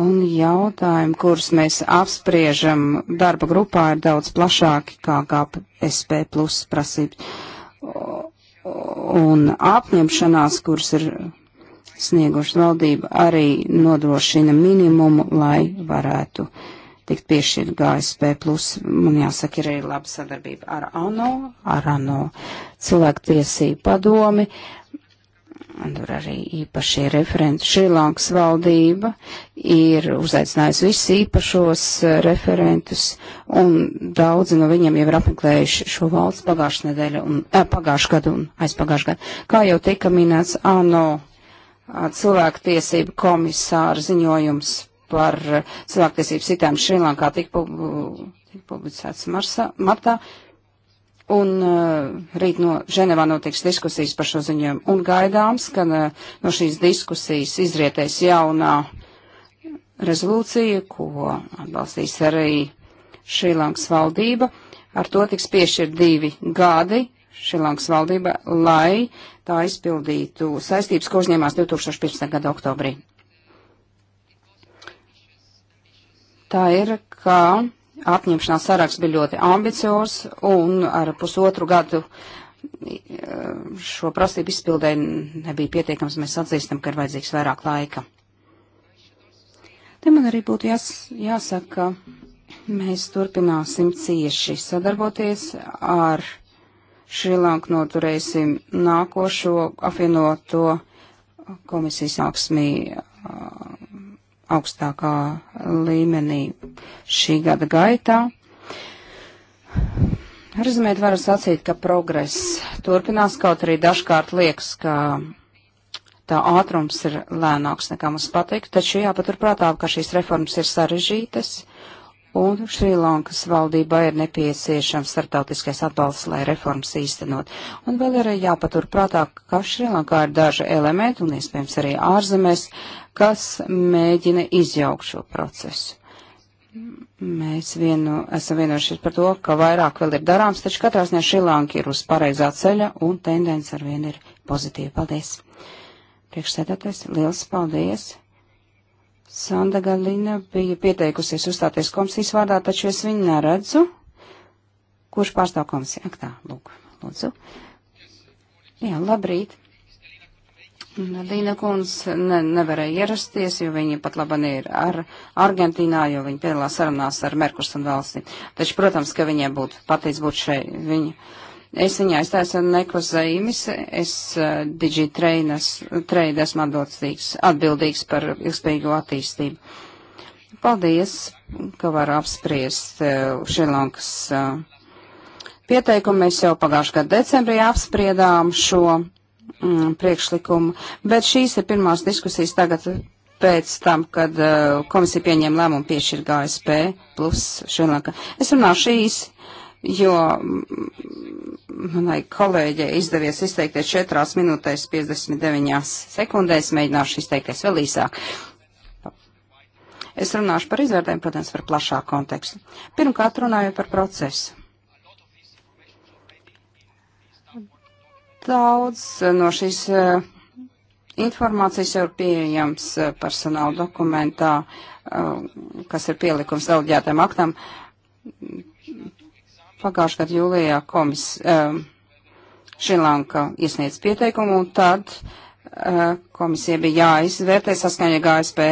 C: Un jautājumi, kurus mēs apspriežam darba grupā, ir daudz plašāki kā GPSP plus prasības un apņemšanās, kuras ir sniegušas valdība, arī nodrošina minimumu, lai varētu tikt piešķirt GSP. Plus, man jāsaka, ir arī laba sadarbība ar ANO, ar ANO cilvēktiesību padomi. Uh, Un tur arī īpašie referenti Šrilankas valdība ir uzaicinājusi visus īpašos eh, referentus, un daudzi no viņiem jau ir apmeklējuši šo valsts pagājušā nedēļa, un, ä, eh, pagājušā gadu un aizpagājušā gadu. Kā jau tika minēts, ANO eh, cilvēktiesību komisāra ziņojums par cilvēktiesību sitām Šrilankā tika publicēts marsa, martā. Un uh, rīt no Ženevā notiks diskusijas par šo ziņojumu. Un gaidāms, ka uh, no šīs diskusijas izrietēs jaunā rezolūcija, ko atbalstīs arī Šrilankas valdība. Ar to tiks piešķirt divi gadi Šrilankas valdība, lai tā izpildītu saistības, ko uzņēmās 2015. gada oktobrī. Tā ir, ka apņemšanās saraksts bija ļoti ambiciozs un ar pusotru gadu e, šo prasību izpildē nebija pietiekams. Mēs atzīstam, ka ir vajadzīgs vairāk laika. Te man arī būtu jās, jāsaka, ka mēs turpināsim cieši sadarboties ar Šrilanku noturēsim nākošo apvienoto komisijas augsmī uh, augstākā līmenī šī gada gaitā. Rezumēt, varu sacīt, ka progress turpinās, kaut arī dažkārt liekas, ka tā ātrums ir lēnāks nekā mums patīk, taču jāpaturprātā, ka šīs reformas ir sarežģītas un Šrilankas valdībā ir nepieciešams starptautiskais atbalsts, lai reformas īstenot. Un vēl ir jāpaturprātā, ka Šrilankā ir daži elementi, un iespējams arī ārzemēs, kas mēģina izjaukt šo procesu. Mēs vienu, esam vienojušies par to, ka vairāk vēl ir darāms, taču katrā ziņā Šrilanka ir uz pareizā ceļa, un tendence ar vienu ir pozitīva. Paldies! Priekšsēdētājs, liels paldies! Sanda Galina bija pieteikusies uzstāties komisijas vārdā, taču es viņu neredzu. Kurš pārstāv komisiju? Ak, tā, lūk, lūdzu. Jā, labrīt. Līna kundze ne, nevarēja ierasties, jo viņa pat laban ir ar Argentīnā, jo viņa piedalās sarunās ar Merkurs un valsti. Taču, protams, ka viņai būtu pateic būt šeit. Viņa Es viņā es esmu Nekos Zaimis, es uh, Digitrade esmu atbildīgs, atbildīgs par ilgspējīgo attīstību. Paldies, ka var apspriest uh, Šrilankas uh, pieteikumu. Mēs jau pagājušajā gadā decembrī apspriedām šo mm, priekšlikumu, bet šīs ir pirmās diskusijas tagad pēc tam, kad uh, komisija pieņēma lēmumu piešķirt GSP plus Šrilanka. Es runāšu īsi, jo manai kolēģei izdevies izteikties 4 minūtēs 59 sekundēs, mēģināšu izteikties vēl īsāk. Es runāšu par izvērtējumu, protams, par plašāku kontekstu. Pirmkārt, runājot par procesu. Daudz no šīs eh, informācijas jau ir pieejams eh, personāla dokumentā, eh, kas ir pielikums daudzjātiem aktam Pagājušajā gadā jūlijā komis um, Šrilanka iesniedz pieteikumu, un tad uh, komisija bija jāizvērtē saskaņā GSP,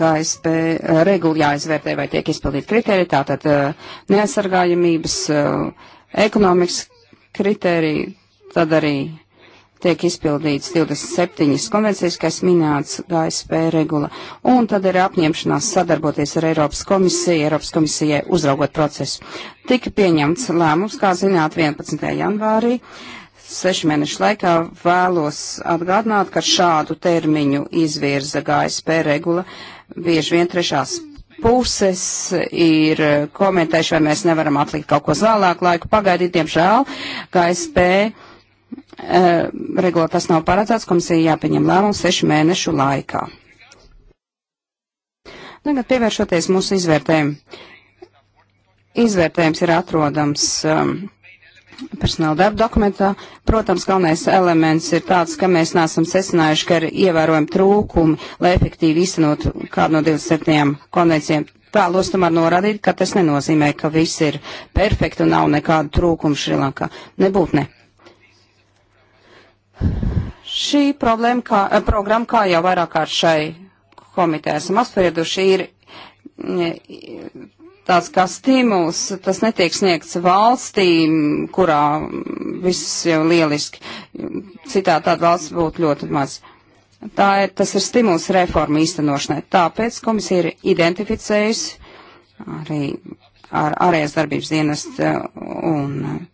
C: GSP uh, regula jāizvērtē, vai tiek izpildīti kriteriji, tātad uh, neaizsargājamības, uh, ekonomikas kriteriji, tad arī tiek izpildīts 27 konvencijas, kas minēts GSP regula, un tad ir apņemšanās sadarboties ar Eiropas komisiju, Eiropas komisijai uzraugot procesu. Tika pieņemts lēmums, kā zināt, 11. janvārī. Sešu mēnešu laikā vēlos atgādināt, ka šādu termiņu izvirza GSP regula bieži vien trešās puses ir komentējuši, vai mēs nevaram atlikt kaut ko zālāk laiku. Pagaidīt, diemžēl, KSP Eh, regulā tas nav paredzēts, komisija jāpieņem lēmums sešu mēnešu laikā. Tagad pievēršoties mūsu izvērtējumu. Izvērtējums ir atrodams um, personāla darba dokumentā. Protams, galvenais elements ir tāds, ka mēs neesam secinājuši, ka ir ievērojami trūkumi, lai efektīvi iztenot kādu no 27 konvencijiem. Tālos tomēr norādīt, ka tas nenozīmē, ka viss ir perfekti un nav nekādu trūkumu Šrilankā. Nebūtu ne. Šī problēma, kā, eh, programma, kā jau vairāk kārt šai komitē esam apsprieduši, ir eh, tāds kā stimuls, tas netiek sniegts valstīm, kurā viss jau lieliski, citā tāda valsts būtu ļoti maz. Tā ir, tas ir stimuls reformu īstenošanai. Tāpēc komisija ir identificējusi arī ar ārējās darbības dienestu eh, un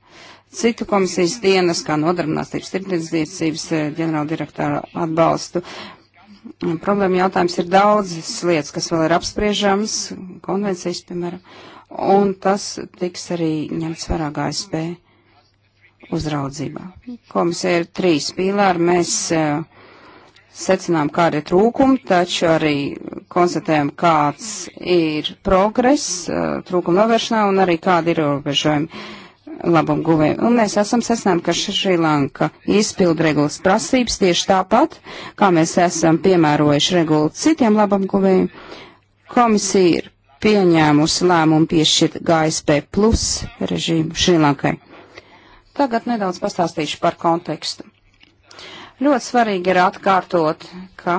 C: citu komisijas dienas, kā nodarbinātības tirdzniecības eh, ģenerāldirektora atbalstu. Problēma jautājums ir daudzas lietas, kas vēl ir apspriežams, konvencijas, piemēram, un tas tiks arī ņemts vērā GSP uzraudzībā. Komisija ir trīs pīlāri, mēs eh, secinām, kādi ir trūkumi, taču arī konstatējam, kāds ir progress eh, trūkuma novēršanā un arī kādi ir ierobežojumi labumu guvēju. Un mēs esam sasnām, ka Šrilanka izpild regulas prasības tieši tāpat, kā mēs esam piemērojuši regulu citiem labumu guvējiem. Komisija ir pieņēmusi lēmumu piešķirt GSP plus režīmu Šrilankai. Tagad nedaudz pastāstīšu par kontekstu. Ļoti svarīgi ir atkārtot, ka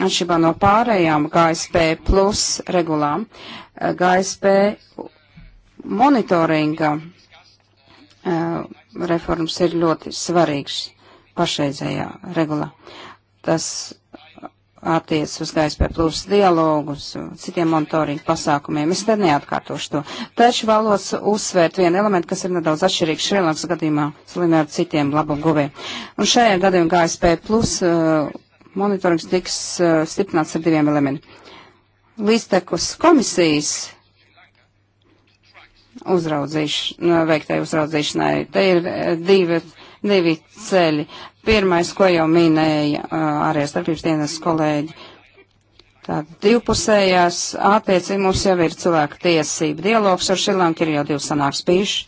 C: atšķirībā no pārējām GSP plus regulām, GSP monitoringa Eh, reformas ir ļoti svarīgs pašreizējā regulā. Tas attiec uz GSP plus dialogu, uz citiem monitoringu pasākumiem. Es te neatkārtošu to. Taču vēlos uzsvērt vienu elementu, kas ir nedaudz atšķirīgs Šrilankas gadījumā, salīmē ar citiem labumu guvējiem. Un šajā gadījumā GSP plus uh, monitorings tiks uh, stiprināts ar diviem elementiem. Līdztekus komisijas uzraudzīšana, nu, veiktai uzraudzīšanai. Te ir eh, divi, divi ceļi. Pirmais, ko jau minēja ārējās eh, starpības dienas kolēģi. Tātad divpusējās attiecības mums jau ir cilvēka tiesība. Dialogs ar Šrilanku ir jau divas sanāks bijuši.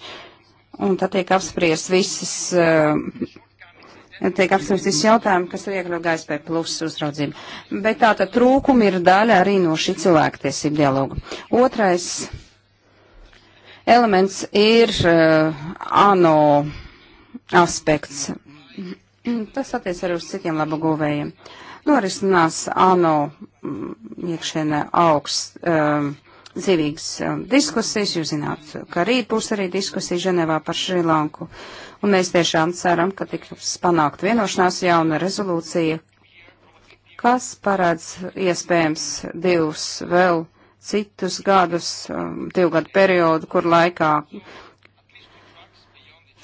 C: Un tad tiek apspriest visas, eh, tiek apspriest visas jautājumi, kas ir iekļaut GSP plus uzraudzību. Bet tātad trūkumi ir daļa arī no šī cilvēka tiesība dialoga. Otrais elements ir uh, ANO aspekts. Tas attiec arī uz citiem labu guvējiem. Norisinās ANO mm, iekšēnē augsts um, eh, dzīvīgas um, eh, diskusijas. Jūs zināt, ka rīt būs arī diskusija Ženevā par Šrilanku. Un mēs tiešām ceram, ka tiks panākt vienošanās jauna rezolūcija, kas parāds iespējams divus vēl citus gadus, um, divu gadu periodu, kur laikā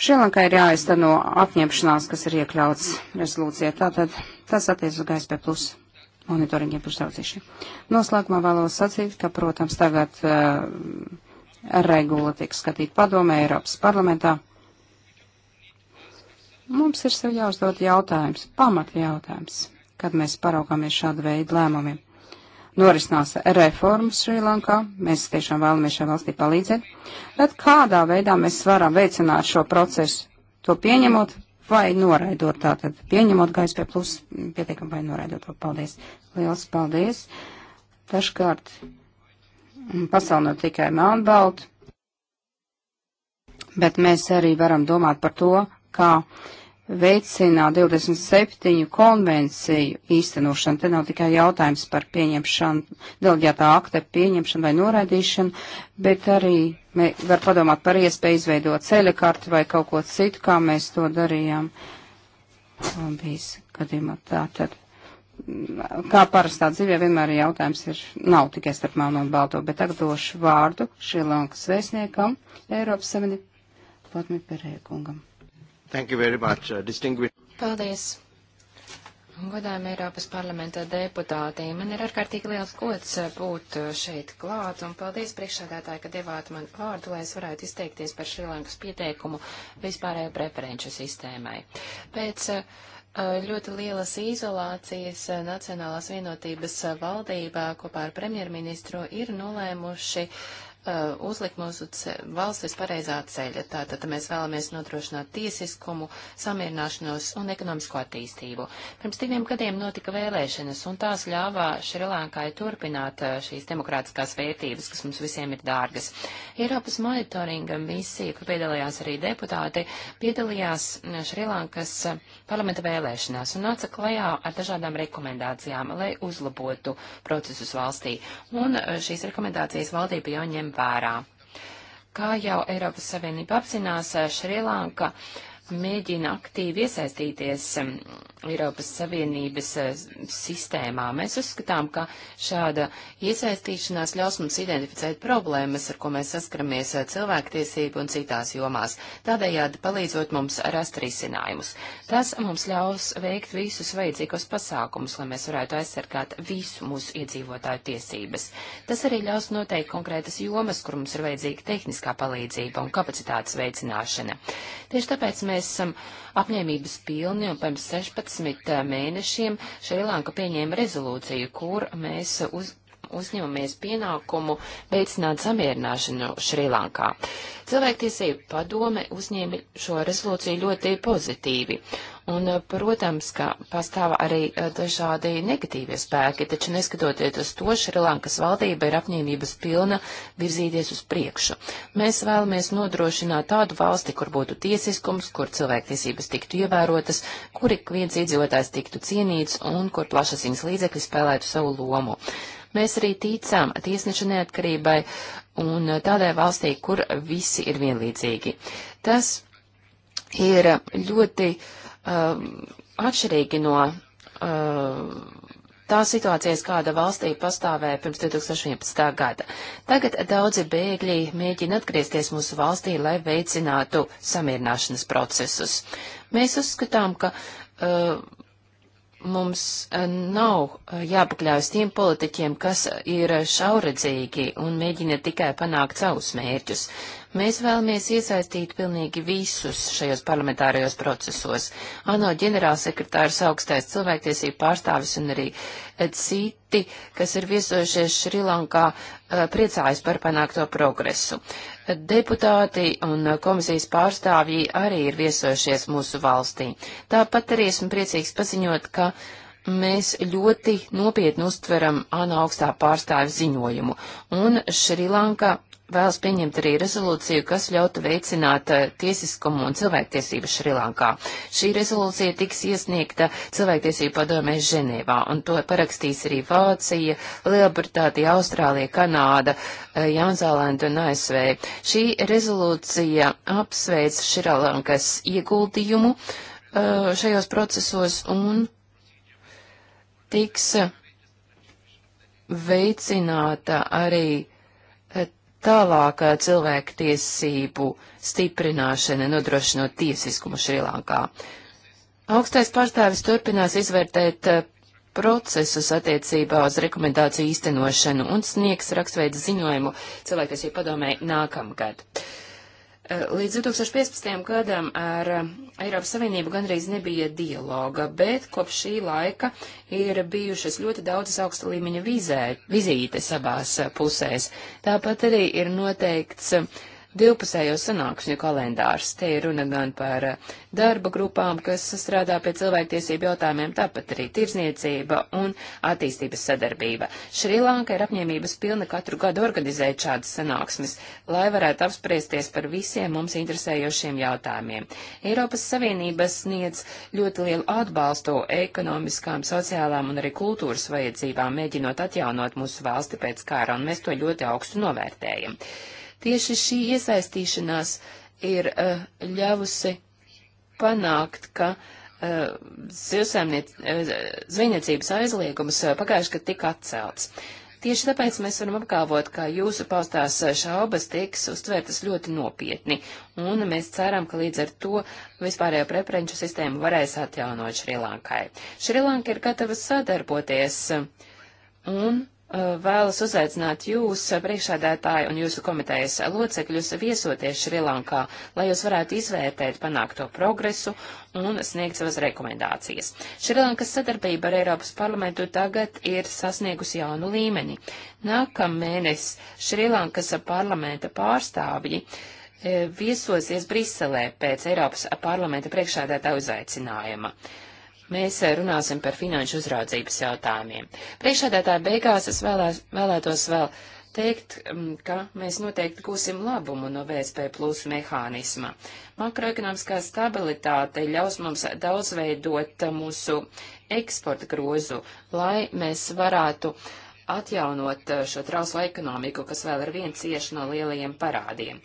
C: Šrilankai ir jāizteno apņemšanās, kas ir iekļauts rezolūcijā. Tātad tas attiec uz GSP plus monitoringiem plus daudzīšiem. Noslēgumā vēlos sacīt, ka, protams, tagad uh, regula tiek skatīt padomē Eiropas parlamentā. Mums ir sev jāuzdod jautājums, pamat jautājums, kad mēs paraugāmies šādu veidu lēmumiem norisinās reformas Šrilankā, mēs tiešām vēlamies šai valstī palīdzēt, tad kādā veidā mēs varam veicināt šo procesu, to pieņemot vai noraidot, tātad pieņemot GSP plus pietiekam vai noraidot to. Paldies! Liels paldies! Dažkārt mm, pasauli nav tikai melnbaltu, bet mēs arī varam domāt par to, kā. Ka veicināt 27 konvenciju īstenošanu. Te nav tikai jautājums par pieņemšanu, delģētā akta pieņemšanu vai noraidīšanu, bet arī var padomāt par iespēju izveidot ceļa karti vai kaut ko citu, kā mēs to darījām. Lambijas gadījumā tā tad. Mm, kā parastā dzīvē vienmēr jautājums ir, nav tikai starp melno un balto, bet tagad došu vārdu Šrilankas vēstniekam Eiropas Savienību Patmi Perēkungam. Thank you very much. Uh, distinguished. Paldies.
A: Godājumi Eiropas parlamenta deputātī, man ir ārkārtīgi liels gods uh, būt uh, šeit klāt, un paldies priekšsādātāji, ka devāt man vārdu, lai es varētu izteikties par Šrilankas pieteikumu vispārējo preferenču sistēmai. Pēc uh, ļoti lielas izolācijas Nacionālās vienotības valdībā kopā ar premjerministru ir nolēmuši uh, uh, uzlikt mūsu valsts uz pareizā ceļa. Tātad mēs vēlamies nodrošināt tiesiskumu, samierināšanos un ekonomisko attīstību. Pirms diviem gadiem notika vēlēšanas, un tās ļāvā Šrilankai turpināt uh, šīs demokrātiskās vērtības, kas mums visiem ir dārgas. Eiropas monitoringa misija, kur piedalījās arī deputāti, piedalījās uh, Šrilankas uh, parlamenta vēlēšanās un nāca klajā ar dažādām rekomendācijām, lai uzlabotu procesus valstī. Un uh, šīs rekomendācijas valdība jau ņem vērā. Kā jau Eiropas Savienība apzinās, Šrilanka uh, mēģina aktīvi iesaistīties um, Eiropas Savienības uh, sistēmā. Mēs uzskatām, ka šāda iesaistīšanās ļaus mums identificēt problēmas, ar ko mēs saskaramies uh, cilvēktiesību un citās jomās, tādējādi palīdzot mums rast risinājumus. Tas mums ļaus veikt visus vajadzīgos pasākumus, lai mēs varētu aizsargāt visu mūsu iedzīvotāju tiesības. Tas arī ļaus noteikt konkrētas jomas, kur mums ir vajadzīga tehniskā palīdzība un kapacitātes veicināšana. Tieši tāpēc mēs mēs esam apņēmības pilni, un pirms 16 eh, mēnešiem Šrilanka pieņēma rezolūciju, kur mēs uz, uzņemamies pienākumu veicināt samierināšanu Šrilankā. Cilvēktiesību padome uzņēma šo rezolūciju ļoti pozitīvi, Un, eh, protams, ka pastāv arī eh, dažādi negatīvie spēki, taču neskatoties uz to, Šrilankas valdība ir apņēmības pilna virzīties uz priekšu. Mēs vēlamies nodrošināt tādu valsti, kur būtu tiesiskums, kur cilvēktiesības tiktu ievērotas, kur ik viens iedzīvotājs tiktu cienīts un kur plašasiņas līdzekļi spēlētu savu lomu. Mēs arī ticām tiesneša neatkarībai un eh, tādai valstī, kur visi ir vienlīdzīgi. Tas ir ļoti uh, uh, atšķirīgi no uh, um, tās situācijas, kāda valstī pastāvēja pirms 2011. gada. Tagad daudzi bēgļi mēģina atgriezties mūsu valstī, lai veicinātu samierināšanas procesus. Mēs uzskatām, ka uh, mums uh, nav jāpakļaujas tiem politiķiem, kas ir šauredzīgi un mēģina tikai panākt savus mērķus. Mēs vēlamies iesaistīt pilnīgi visus šajos parlamentārajos procesos. ANO ģenerālsekretārs, augstais cilvēktiesību pārstāvis un arī eh, citi, kas ir viesojušies Šrilankā, eh, priecājas par panākto progresu. Deputāti un eh, komisijas pārstāvji arī ir viesojušies mūsu valstī. Tāpat arī esmu priecīgs paziņot, ka mēs ļoti nopietni uztveram ANO augstā pārstāvja ziņojumu, un Šrilanka vēlas pieņemt arī rezolūciju, kas ļautu veicināt eh, tiesiskumu un cilvēktiesību Šrilankā. Šī rezolūcija tiks iesniegta cilvēktiesību padomē Ženēvā, un to parakstīs arī Vācija, Lielbritātija, Austrālija, Kanāda, eh, Jaunzēlanda un ASV. Šī rezolūcija apsveic Šrilankas ieguldījumu eh, šajos procesos un tiks veicināta arī Tālāk cilvēku tiesību stiprināšana nodrošinot tiesiskumu Šrilankā. Augstais pārstāvis turpinās izvērtēt procesus attiecībā uz rekomendāciju īstenošanu un sniegs rakstveidu ziņojumu cilvēktiesību padomē nākamgad. Uh, Līdz 2015. gadam ar eh, Eiropas Savienību gandrīz nebija dialoga, bet kopš šī laika ir bijušas ļoti daudzas augsta līmeņa vizē, vizītes abās eh, pusēs. Tāpat arī ir noteikts uh, divpusējo sanāksmju kalendārs. Te ir runa gan par eh, darba grupām, kas strādā pie cilvēktiesību jautājumiem, tāpat arī tirzniecība un attīstības sadarbība. Šrilanka ir apņēmības pilna katru gadu organizēt šādas sanāksmes, lai varētu apspriesties par visiem mums interesējošiem jautājumiem. Eiropas Savienība sniedz ļoti lielu atbalstu ekonomiskām, sociālām un arī kultūras vajadzībām, mēģinot atjaunot mūsu valsti pēc kāra, un mēs to ļoti augstu novērtējam. Tieši šī iesaistīšanās ir uh, eh, ļāvusi panākt, ka uh, zvejniecības aizliegums uh, pagājuši, kad tika atcelts. Tieši tāpēc mēs varam apgalvot, ka jūsu paustās šaubas tiks uztvērtas ļoti nopietni, un mēs ceram, ka līdz ar to vispārējo preferenču sistēmu varēs atjaunot Šrilankai. Šrilanka ir gatava sadarboties, un vēlas uzaicināt jūs, eh, priekšādētāji un jūsu komitejas locekļus, viesoties Šrilankā, lai jūs varētu izvērtēt panākto progresu un sniegt savas rekomendācijas. Šrilankas sadarbība ar Eiropas parlamentu tagad ir sasniegusi jaunu līmeni. Nākamēnes Šrilankas parlamenta pārstāvji eh, viesosies Briselē pēc Eiropas parlamenta priekšādētāja uzaicinājuma. Uh, mēs eh, runāsim par finanšu uzraudzības jautājumiem. Priekšādētāja beigās es vēlēs, vēlētos vēl teikt, mm, ka mēs noteikti gūsim labumu no VSP plus mehānisma. Makroekonomiskā stabilitāte ļaus mums daudzveidot eh, mūsu eksporta grozu, lai mēs varētu uh, atjaunot eh, šo trauslo ekonomiku, kas vēl ar vien cieši no lielajiem parādiem.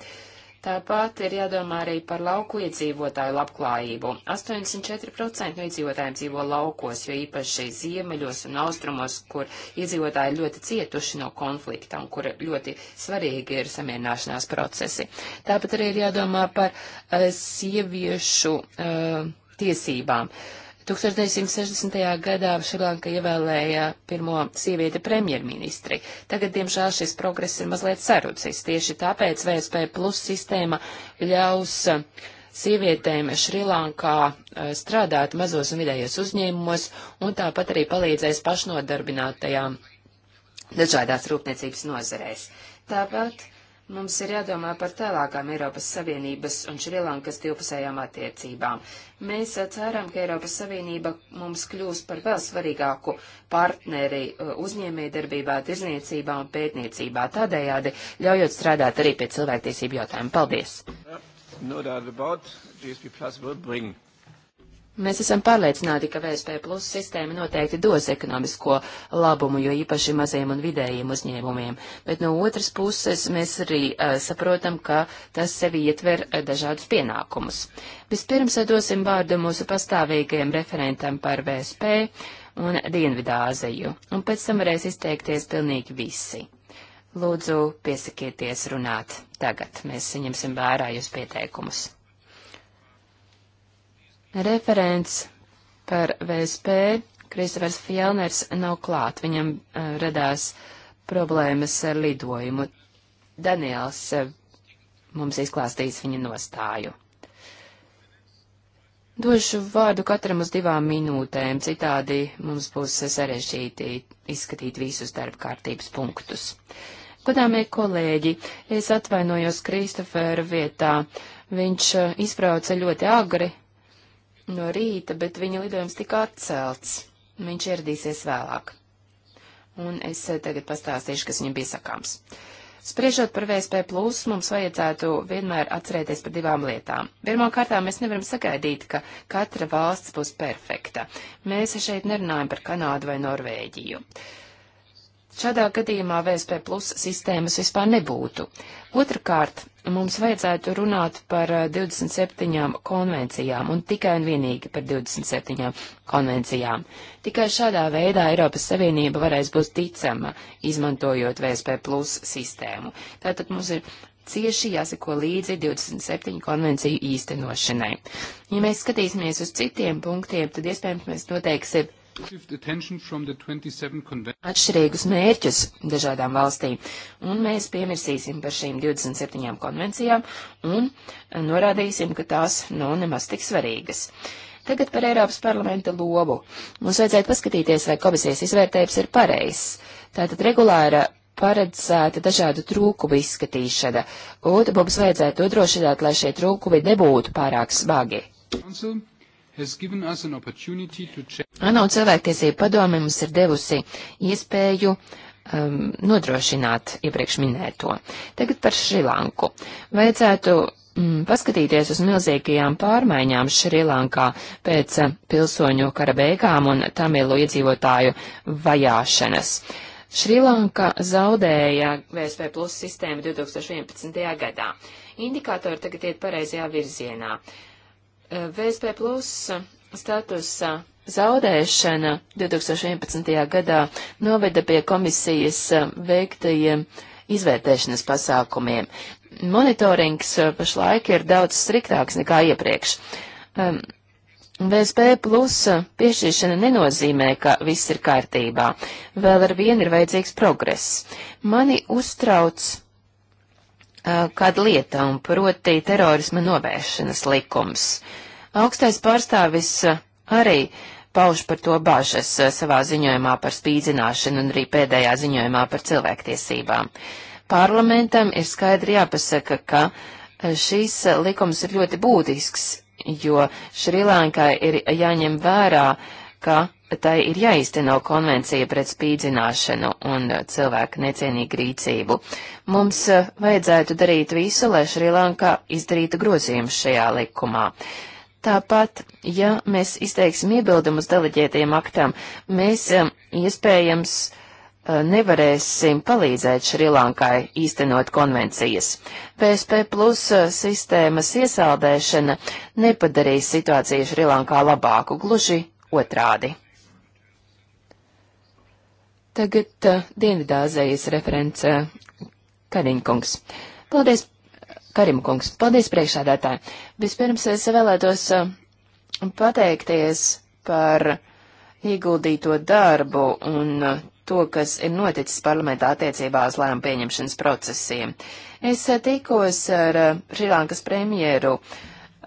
A: Tāpat ir jādomā arī par lauku iedzīvotāju labklājību. 84% no iedzīvotājiem dzīvo laukos, jo īpaši ziemeļos un austrumos, kur iedzīvotāji ļoti cietuši no konflikta un kur ļoti svarīgi ir samierināšanās procesi. Tāpat arī ir jādomā par uh, sieviešu uh, tiesībām. Uh, 1960. gadā Šrilanka ievēlēja pirmo sievieti premjerministri. Tagad, diemžēl, šis progress ir mazliet sarucis. Tieši tāpēc VSP plus sistēma ļaus eh, sievietēm Šrilankā eh, strādāt mazos un vidējos uzņēmumos un tāpat arī palīdzēs pašnodarbinātajām dažādās rūpniecības nozarēs. Tāpat Mums ir jādomā par tālākām Eiropas Savienības un Šrilankas divpusējām attiecībām. Mēs uh, ceram, ka Eiropas Savienība mums kļūs par vēl svarīgāku partneri uh, uzņēmējdarbībā, tirzniecībā un pētniecībā, tādējādi ļaujot strādāt arī pie cilvēktiesību jautājumiem. Paldies! No Mēs esam pārliecināti, ka VSP plus sistēma noteikti dos ekonomisko labumu, jo īpaši mazajiem un vidējiem uzņēmumiem, bet no otras puses mēs arī uh, saprotam, ka tas sevi ietver uh, dažādus pienākumus. Vispirms dosim vārdu mūsu pastāvīgajam referentam par VSP un Dienvidāziju, un pēc tam varēs izteikties pilnīgi visi. Lūdzu, piesakieties runāt. Tagad mēs saņemsim vērā jūs pieteikumus. Referents par VSP Kristofers Fjellners nav klāt, viņam uh, radās problēmas ar lidojumu. Daniels uh, mums izklāstīs viņa nostāju. Došu vārdu katram uz divām minūtēm, citādi mums būs sarežģīti izskatīt visus darba kārtības punktus. Godāmie kolēģi, es atvainojos Kristofera vietā. Viņš uh, izbrauca ļoti agri, no rīta, bet viņa lidojums tika atcelts. Viņš ieradīsies vēlāk. Un es eh, tagad pastāstīšu, kas viņam bija sakāms. Spriežot par VSP, plus, mums vajadzētu vienmēr atcerēties par divām lietām. Pirmkārt, mēs nevaram sagaidīt, ka katra valsts būs perfekta. Mēs šeit nerunājam par Kanādu vai Norvēģiju. Uh, Šādā gadījumā VSP plus sistēmas vispār nebūtu. Otrakārt, mums vajadzētu runāt par 27 eh, konvencijām un tikai un vienīgi par 27 konvencijām. Tikai šādā veidā Eiropas Savienība varēs būt ticama, izmantojot VSP plus sistēmu. Tātad mums ir cieši jāseko līdzi 27 konvenciju īstenošanai. Ja mēs skatīsimies uz citiem punktiem, tad iespējams mēs noteiksim atšķirīgus mērķus dažādām valstīm, un mēs piemirsīsim par šīm 27 konvencijām un norādīsim, ka tās nav nu, nemaz tik svarīgas. Tagad par Eiropas parlamenta lobu. Mums vajadzētu paskatīties, vai komisijas izvērtējums ir pareizs. Tātad regulāra paredzēta dažādu trūkumu izskatīšana, un mums vajadzētu nodrošināt, lai šie trūkumi nebūtu pārāk smagi.
B: Council. ANO
A: cilvēktiesība padome mums ir devusi iespēju um, nodrošināt iepriekš minēto. Tagad par Šrilanku. Vajadzētu mm, paskatīties uz milzīgajām pārmaiņām Šrilankā pēc pilsoņu kara beigām un tamilu iedzīvotāju vajāšanas. Šrilanka zaudēja VSP plus sistēmu 2011. gadā. Indikātori tagad iet pareizajā virzienā. Uh, VSP plus statusa zaudēšana 2011. gadā noveda pie komisijas veiktajiem izvērtēšanas pasākumiem. Monitorings pašlaik ir daudz striktāks nekā iepriekš. Um, VSP plus piešķiršana nenozīmē, ka viss ir kārtībā. Vēl ar vienu ir vajadzīgs progress. Mani uztrauc kāda lieta, un proti terorisma novēršanas likums. Augstais pārstāvis arī pauž par to bažas savā ziņojumā par spīdzināšanu un arī pēdējā ziņojumā par cilvēktiesībām. Parlamentam ir skaidri jāpasaka, ka šīs likums ir ļoti būtisks, jo Šrilankai ir jāņem vērā, ka tai ir jāizteno konvencija pret spīdzināšanu un uh, cilvēku necienīgu rīcību. Mums uh, vajadzētu darīt visu, lai Šrilankā izdarītu grozījumus šajā likumā. Tāpat, ja mēs izteiksim iebildumus deleģētiem aktam, mēs um, iespējams uh, nevarēsim palīdzēt Šrilankai īstenot konvencijas. PSP plus sistēmas iesaldēšana nepadarīs situāciju Šrilankā labāku, gluži otrādi. Tagad uh, Dienvidāzijas referents uh, Kariņkungs. Paldies, Karimkungs. Paldies priekšādātāji. Vispirms es vēlētos uh, pateikties par ieguldīto darbu un uh, to, kas ir noticis parlamentā attiecībā uz lēmumu pieņemšanas procesiem. Es uh, tikos ar uh, Šrilankas premjeru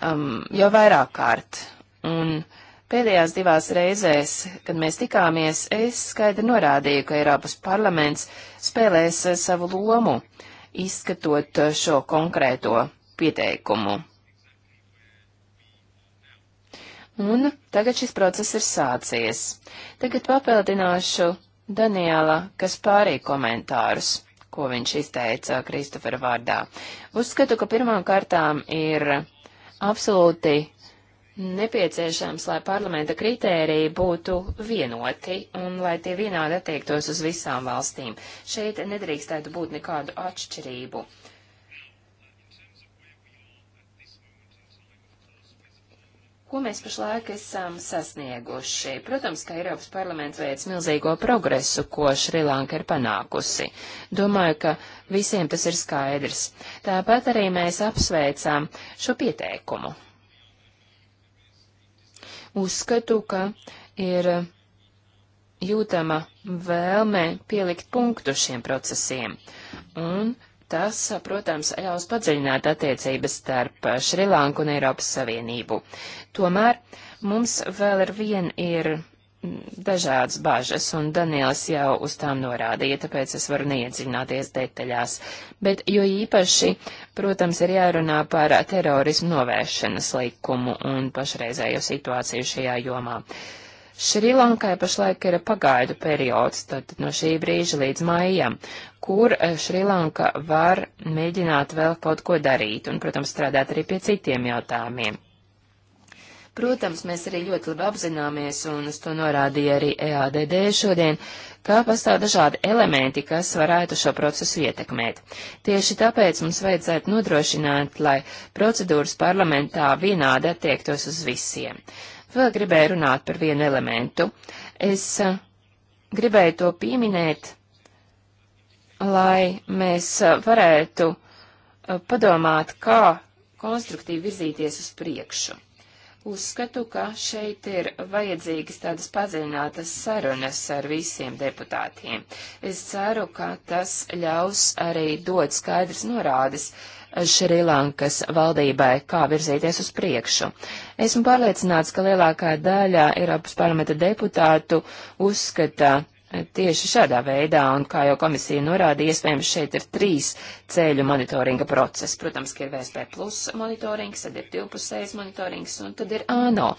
A: um, jau vairāk kārt. Un, uh, Pēdējās divās reizēs, kad mēs tikāmies, es skaidri norādīju, ka Eiropas parlaments spēlēs eh, savu lomu, izskatot eh, šo konkrēto pieteikumu. Un tagad šis process ir sācies. Tagad papildināšu Daniela Kaspārī komentārus ko viņš izteica Kristofera vārdā. Uzskatu, ka pirmām kārtām ir absolūti nepieciešams, lai parlamenta kritēriji būtu vienoti un lai tie vienādi attiektos uz visām valstīm. Šeit nedrīkstētu būt nekādu atšķirību. Ko mēs pašlaik esam sasnieguši? Protams, ka Eiropas parlaments veic milzīgo progresu, ko Šrilanka ir panākusi. Domāju, ka visiem tas ir skaidrs. Tāpat arī mēs apsveicām šo pieteikumu. Uzskatu, ka ir jūtama vēlme pielikt punktu šiem procesiem, un tas, protams, ļaus padziļināt attiecības starp Šrilanku un Eiropas Savienību. Tomēr mums vēl ar vien ir dažādas bažas, un Daniels jau uz tām norādīja, tāpēc es varu neiedziļināties detaļās. Bet jo īpaši, protams, ir jārunā par terorismu novēršanas likumu un pašreizējo situāciju šajā jomā. Šrilankai pašlaik ir pagaidu periods, tad no šī brīža līdz maijam, kur eh, Šrilanka var mēģināt vēl kaut ko darīt un, protams, strādāt arī pie citiem jautājumiem. Protams, mēs arī ļoti labi apzināmies, un uz to norādīja arī EADD šodien, kā pastāv dažādi elementi, kas varētu šo procesu ietekmēt. Tieši tāpēc mums vajadzētu nodrošināt, lai procedūras parlamentā vienādi attiektos uz visiem. Vēl gribēju runāt par vienu elementu. Es gribēju to pieminēt, lai mēs varētu padomāt, kā konstruktīvi virzīties uz priekšu. Uzskatu, ka šeit ir vajadzīgas tādas padziļinātas sarunas ar visiem deputātiem. Es ceru, ka tas ļaus arī dot skaidrs norādes Šrilankas valdībai, kā virzīties uz priekšu. Esmu pārliecināts, ka lielākā daļa Eiropas parlamenta deputātu uzskata tieši šādā veidā, un kā jau komisija norādīja, iespējams šeit ir trīs ceļu monitoringa process. Protams, ka ir VSP plus monitorings, tad ir divpusējs monitorings, un tad ir ANO.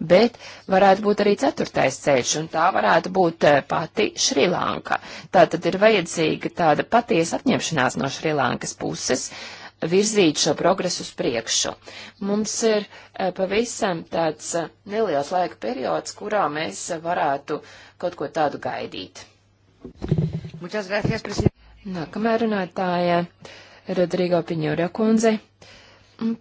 A: Bet varētu būt arī ceturtais ceļš, un tā varētu būt eh, pati Šrilanka. Tā tad ir vajadzīga tāda patiesa apņemšanās no Šrilankas puses. Uh, virzīt šo progresu uz priekšu. Mums ir eh, pavisam tāds eh, neliels laika periods, kurā mēs varētu kaut ko tādu gaidīt. Gracias, Nākamā runātāja Rodrigo Piņūra kundze.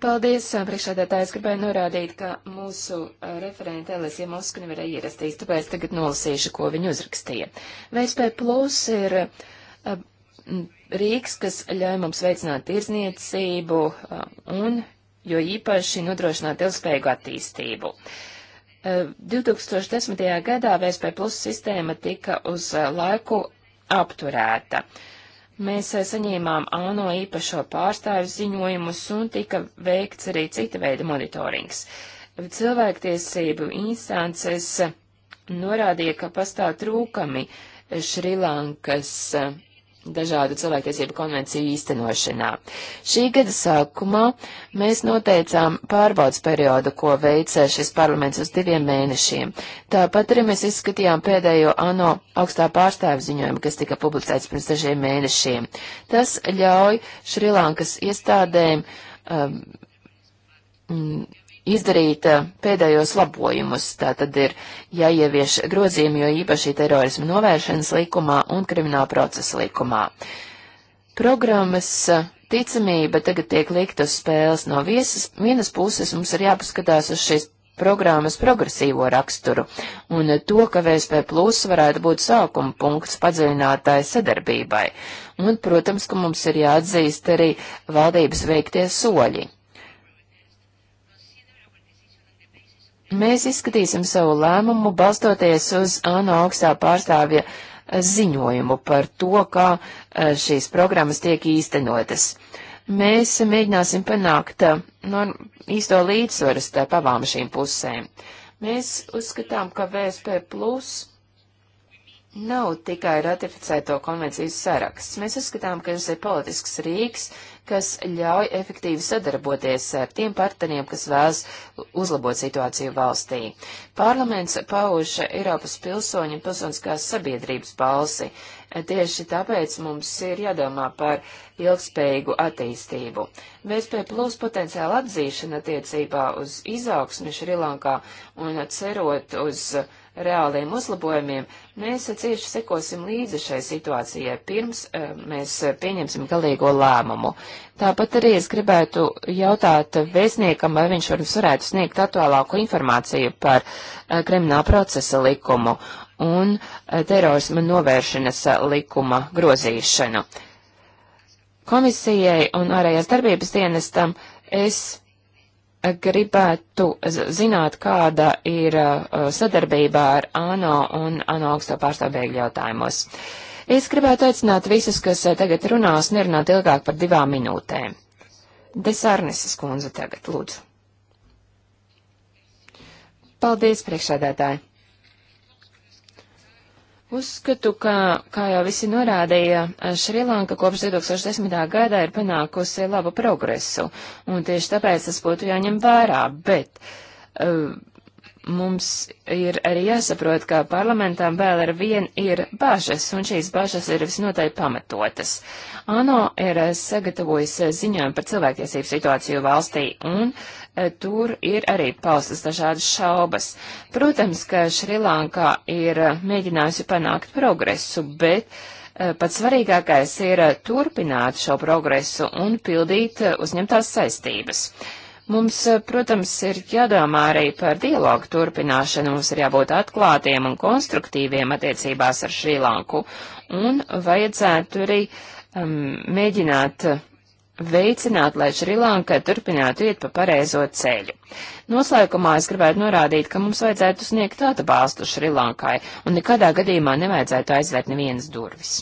A: Paldies, eh, priekšādātājs. Gribēju norādīt, ka mūsu referente Elisija Moskva nevarēja ierasties, tāpēc tagad nolasīšu, ko viņa uzrakstīja. VSP Plus ir rīks, kas ļauj mums veicināt tirzniecību um, un, jo īpaši, nodrošināt ilgspējīgu attīstību. 2010. Uh, gadā VSP plus sistēma tika uz uh, laiku apturēta. Mēs uh, saņēmām ANO īpašo pārstāvju ziņojumus un tika veikts arī cita veida monitorings. Cilvēktiesību instances norādīja, ka pastāv trūkami Šrilankas dažādu cilvēktiesību konvenciju īstenošanā. Šī gada sākumā mēs noteicām pārbaudas periodu, ko veica šis parlaments uz diviem mēnešiem. Tāpat arī mēs izskatījām pēdējo ANO augstā pārstāvju ziņojumu, kas tika publicēts pirms dažiem mēnešiem. Tas ļauj Šrilankas iestādēm um, izdarīt eh, pēdējos labojumus. Tā tad ir jāievieš grozījumi, jo īpaši terorismu novēršanas likumā un krimināla procesa likumā. Programmas eh, ticamība tagad tiek likt uz spēles no viesas, vienas puses mums ir jāpaskatās uz šīs programmas progresīvo raksturu, un eh, to, ka VSP plus varētu būt sākuma punkts padziļinātāja sadarbībai, un, protams, ka mums ir jāatzīst arī valdības veiktie soļi. Mēs izskatīsim savu lēmumu balstoties uz ANO augstā pārstāvja eh, ziņojumu par to, kā eh, šīs programmas tiek īstenotas. Mēs mēģināsim panākt eh, no, īsto līdzsvaru starp abām šīm pusēm. Mēs uzskatām, ka VSP plus nav tikai ratificēto konvencijas saraksts. Mēs uzskatām, ka tas ir politisks rīks, uh, kas ļauj efektīvi sadarboties ar tiem partneriem, kas vēlas uzlabot situāciju valstī. Parlaments pauž Eiropas pilsoņu un pilsoniskās sabiedrības balsi. Tieši tāpēc mums ir jādomā par ilgspējīgu attīstību. VSP plus potenciāla atzīšana attiecībā uz izaugsmi Šrilankā un cerot uz uh, reāliem uzlabojumiem, mēs eh, cieši sekosim līdzi šai situācijai pirms eh, mēs eh, pieņemsim galīgo lēmumu. Tāpat arī es gribētu jautāt vēstniekam, vai viņš varbūt varētu sniegt aktuālāku informāciju par krimināla procesa likumu un terorisma novēršanas likuma grozīšanu. Komisijai un ārējās darbības dienestam es gribētu zināt, kāda ir uh, sadarbība ar ANO un ANO augsto pārstāvbēgļu jautājumos. Es gribētu aicināt visus, kas uh, tagad runās, nerunāt ilgāk par divām minūtēm. Desarneses kundze tagad, lūdzu. Paldies, priekšsēdētāji! Uzskatu, ka, kā jau visi norādīja, Šrilanka kopš 2010. gada ir panākusi labu progresu, un tieši tāpēc tas būtu jāņem vērā, bet uh, Mums ir arī jāsaprot, ka parlamentam vēl ar vien ir bažas, un šīs bažas ir visnotaļ pamatotas. ANO ir sagatavojis ziņojumu par cilvēktiesību situāciju valstī, un e, tur ir arī paustas dažādas šaubas. Protams, ka Šrilankā ir mēģinājusi panākt progresu, bet e, pats svarīgākais ir turpināt šo progresu un pildīt uzņemtās saistības. Mums, eh, protams, ir jādomā arī par dialogu turpināšanu, mums ir jābūt atklātiem un konstruktīviem attiecībās ar Šrilanku, un vajadzētu arī um, mēģināt veicināt, lai Šrilanka turpinātu iet pa pareizo ceļu. Noslēgumā es gribētu norādīt, ka mums vajadzētu sniegt atbalstu Šrilankai un nekādā gadījumā nevajadzētu aizvērt nevienas durvis.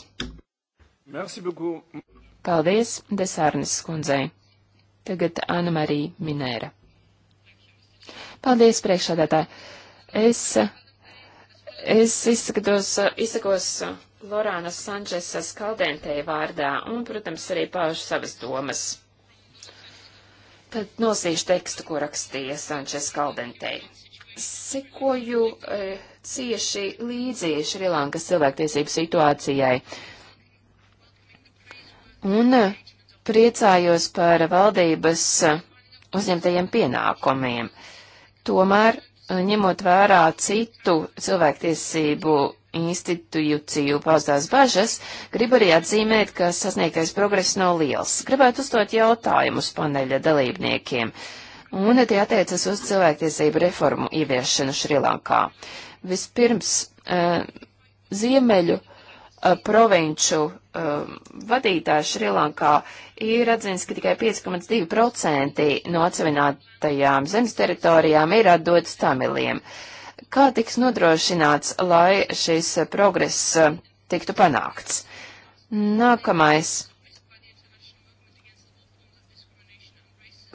A: Paldies, Desārnes skundzei. Tagad Anna Marija Minēra. Paldies, priekšādātāji. Es, es izskatos, izsakos Lorānas Sančesas Kaldentēja vārdā un, protams, arī paužu savas domas. Tad nosīšu tekstu, ko rakstīja Sančes Kaldentēja. Sekoju e, cieši līdzi Šrilankas cilvēktiesību situācijai. Un e, priecājos par valdības eh, uzņemtajiem pienākumiem. Tomēr, eh, ņemot vērā citu cilvēktiesību institūciju paustās bažas, gribu arī atzīmēt, ka sasniegtais progress nav liels. Gribētu uzdot jautājumus paneļa dalībniekiem, un tie attiecas uz cilvēktiesību reformu ieviešanu Šrilankā. Vispirms, eh, ziemeļu Uh, provinču um, vadītāji Šrilankā ir atzīst, ka tikai 5,2% no atsevinātajām zemes teritorijām ir atdotas tamiliem. Kā tiks nodrošināts, lai šis uh, progress uh, tiktu panākts? Nākamais.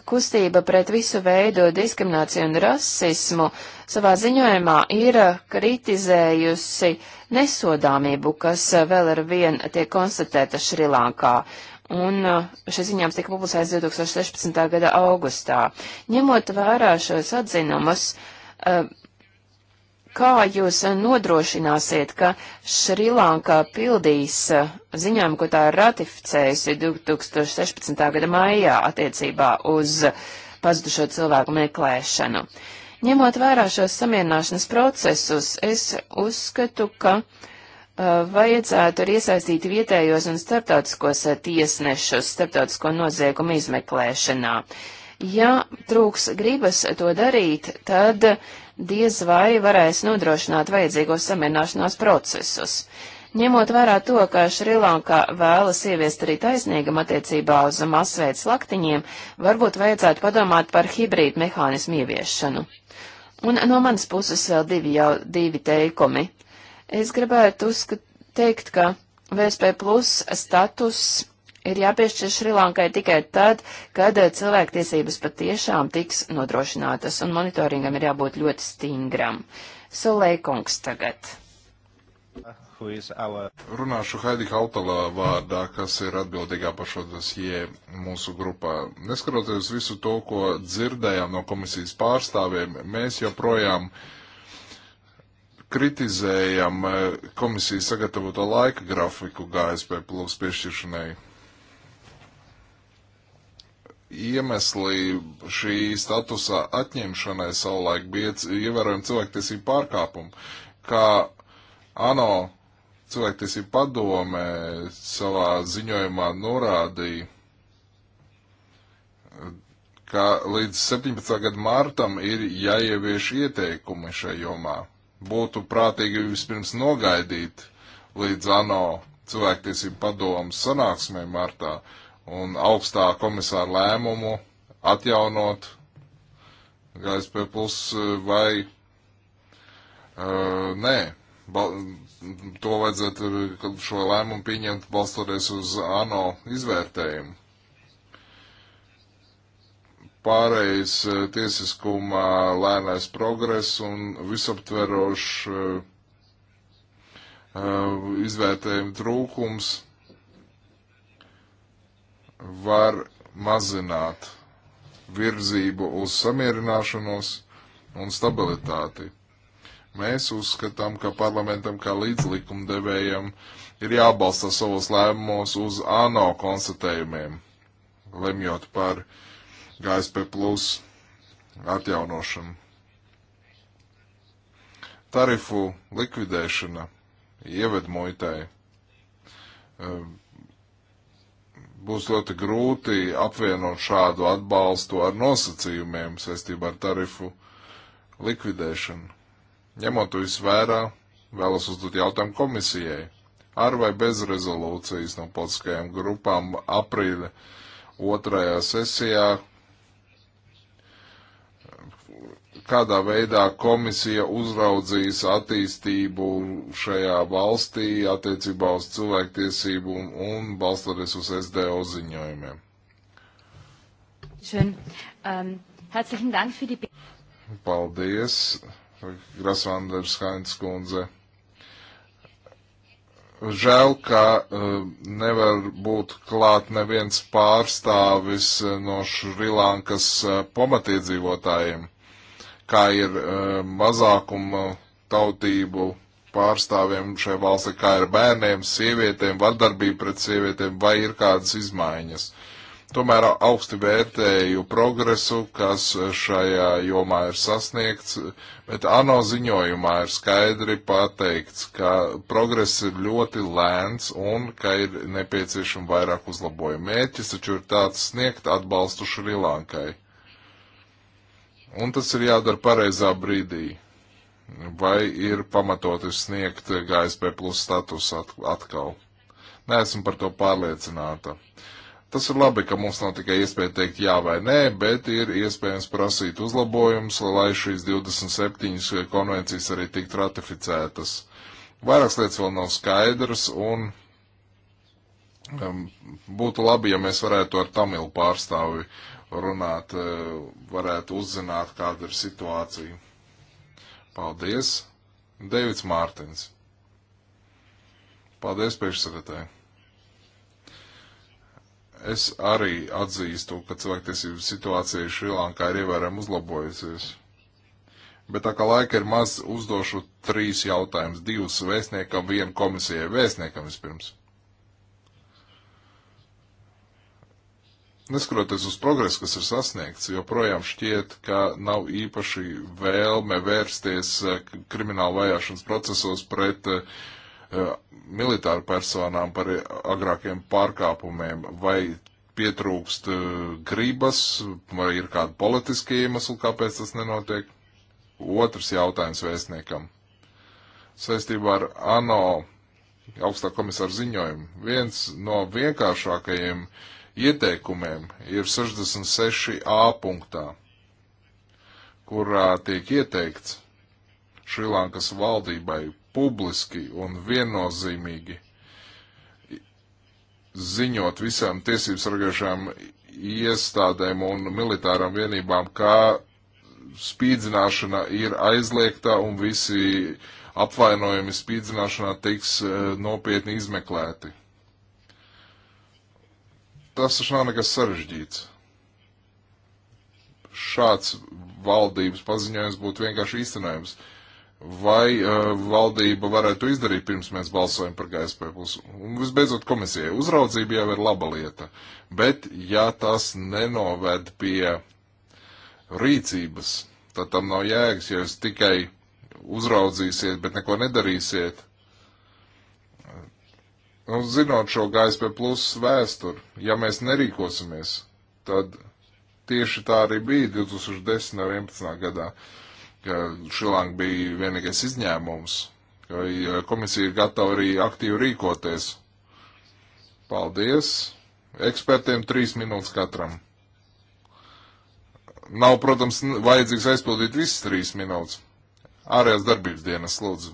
A: kustība pret visu veidu diskrimināciju un rasismu savā ziņojumā ir kritizējusi nesodāmību, kas vēl ar vien tiek konstatēta Šrilankā. Un uh, šis ziņāms tika publicēts 2016. gada augustā. Ņemot vērā šos atzinumus, uh, Kā jūs eh, nodrošināsiet, ka Šrilankā pildīs eh, ziņojumu, ko tā ir ratificējusi 2016. gada maijā attiecībā uz pazudušo cilvēku meklēšanu? Ņemot vērā šos samierināšanas procesus, es uzskatu, ka eh, vajadzētu arī iesaistīt vietējos un starptautiskos tiesnešus starptautisko noziegumu izmeklēšanā. Ja trūks gribas to darīt, tad diez vai varēs nodrošināt vajadzīgos samierināšanās procesus. Ņemot vērā to, ka Šrilankā vēlas ieviest arī taisnīgam attiecībā uz masveids laktiņiem, varbūt vajadzētu padomāt par hibrīdu mehānismu ieviešanu. Un no manas puses vēl divi, jau, divi teikumi. Es gribētu uzskat, teikt, ka VSP plus status ir jāpiešķir Šrilankai tikai tad, kad eh, cilvēktiesības patiešām tiks nodrošinātas, un monitoringam ir jābūt ļoti stingram. Solēkungs tagad.
B: Our... Runāšu Haidi Hautalā vārdā, kas ir atbildīgā par šo dosie mūsu grupā. Neskatoties visu to, ko dzirdējām no komisijas pārstāvjiem, mēs joprojām kritizējam eh, komisijas sagatavoto laika grafiku GSP plus piešķiršanai iemesli šī statusa atņemšanai savulaik bija ievērojami cilvēktiesību pārkāpumi, kā ANO cilvēktiesību padome savā ziņojumā norādīja, ka līdz 17. gada mārtam ir jāievieš ieteikumi šajā jomā. Būtu prātīgi vispirms nogaidīt līdz ANO cilvēktiesību padomas sanāksmē martā, uh, un augstā komisāra lēmumu atjaunot GSP plus eh, vai uh, nē. Bal to vajadzētu šo lēmumu pieņemt balstoties uz ANO izvērtējumu. Pārējais eh, tiesiskuma lēnais progress un visaptverošs uh, izvērtējuma trūkums var mazināt virzību uz samierināšanos un stabilitāti. Mēs uzskatām, ka parlamentam kā līdzlikumdevējam ir jābalsta savos lēmumos uz ANO konstatējumiem, lemjot par GSP plus atjaunošanu. Tarifu likvidēšana ievedmuitai um, būs ļoti grūti apvienot šādu atbalstu ar nosacījumiem saistībā ar tarifu likvidēšanu. Ņemot to visu vērā, vēlas uzdot jautājumu komisijai. Ar vai bez rezolūcijas no politiskajām grupām aprīļa otrajā sesijā kādā veidā komisija uzraudzīs attīstību šajā valstī attiecībā uz cilvēktiesību un, un balstoties uz SDO ziņojumiem.
A: Schön. Um, herzlichen Dank für die...
B: Paldies, Grasvanders Hainz kundze. Žēl, ka uh, nevar būt klāt neviens pārstāvis no Šrilankas uh, pamatiedzīvotājiem kā ir uh, mazākuma tautību pārstāvjiem šajā valstī, kā ir bērniem, sievietēm, vardarbība pret sievietēm, vai ir kādas izmaiņas. Tomēr augsti vērtēju progresu, kas šajā jomā ir sasniegts, bet ANO ziņojumā ir skaidri pateikts, ka progress ir ļoti lēns un ka ir nepieciešama vairāk uzlabojumu. Mērķis taču ir tāds sniegt atbalstu Šrilankai. Un tas ir jādara pareizā brīdī. Vai ir pamatoti sniegt GSP plus status atkal? Neesmu par to pārliecināta. Tas ir labi, ka mums nav tikai iespēja teikt jā vai nē, bet ir iespējams prasīt uzlabojumus, lai šīs 27 konvencijas arī tiktu ratificētas. Vairākas lietas vēl nav skaidras un um, būtu labi, ja mēs varētu ar Tamilu pārstāvi uh, runāt, e, varētu uzzināt, kāda ir situācija. Paldies! Deivids Mārtiņs. Paldies, priekšsēdētāji! Es arī atzīstu, ka cilvēktiesību situācija Šrilankā ir ievērēm uzlabojusies. Bet tā kā laika ir maz, uzdošu trīs jautājumus. Divus vēstniekam, vienu komisijai. Vēstniekam vispirms. neskatoties uz progresu, kas ir sasniegts, joprojām šķiet, ka nav īpaši vēlme vērsties eh, kriminālu vajāšanas procesos pret uh, militāru personām par agrākiem pārkāpumiem, vai pietrūkst uh, gribas, vai ir kāda politiska iemesla, kāpēc tas nenotiek. Otrs jautājums vēstniekam. Saistībā ar ANO augstā komisāra ziņojumu viens no vienkāršākajiem uh, ieteikumiem ir 66a punktā, kurā tiek ieteikts Šrilankas valdībai publiski un viennozīmīgi ziņot visām tiesību sargājušām iestādēm un militārām vienībām, kā spīdzināšana ir aizliegta un visi apvainojumi spīdzināšanā tiks eh, nopietni izmeklēti. Tas taču nav nekas sarežģīts. Šāds valdības paziņojums būtu vienkārši īstenojums. Vai uh, valdība varētu izdarīt pirms mēs balsojam par GSP plus? Un visbeidzot komisijai. Uzraudzība jau ir laba lieta. Bet ja tas nenoved pie rīcības, tad tam nav jēgas, jo jūs tikai uzraudzīsiet, bet neko nedarīsiet Nu, zinot šo GSP plus vēsturi, ja mēs nerīkosimies, tad tieši tā arī bija 2010. un 2011. gadā, ka Šilanka bija vienīgais izņēmums, ka komisija ir gatava arī aktīvi rīkoties. Paldies! Ekspertiem trīs minūtes katram. Nav, protams, vajadzīgs aizpildīt visas trīs minūtes. Ārējās darbības dienas, lūdzu.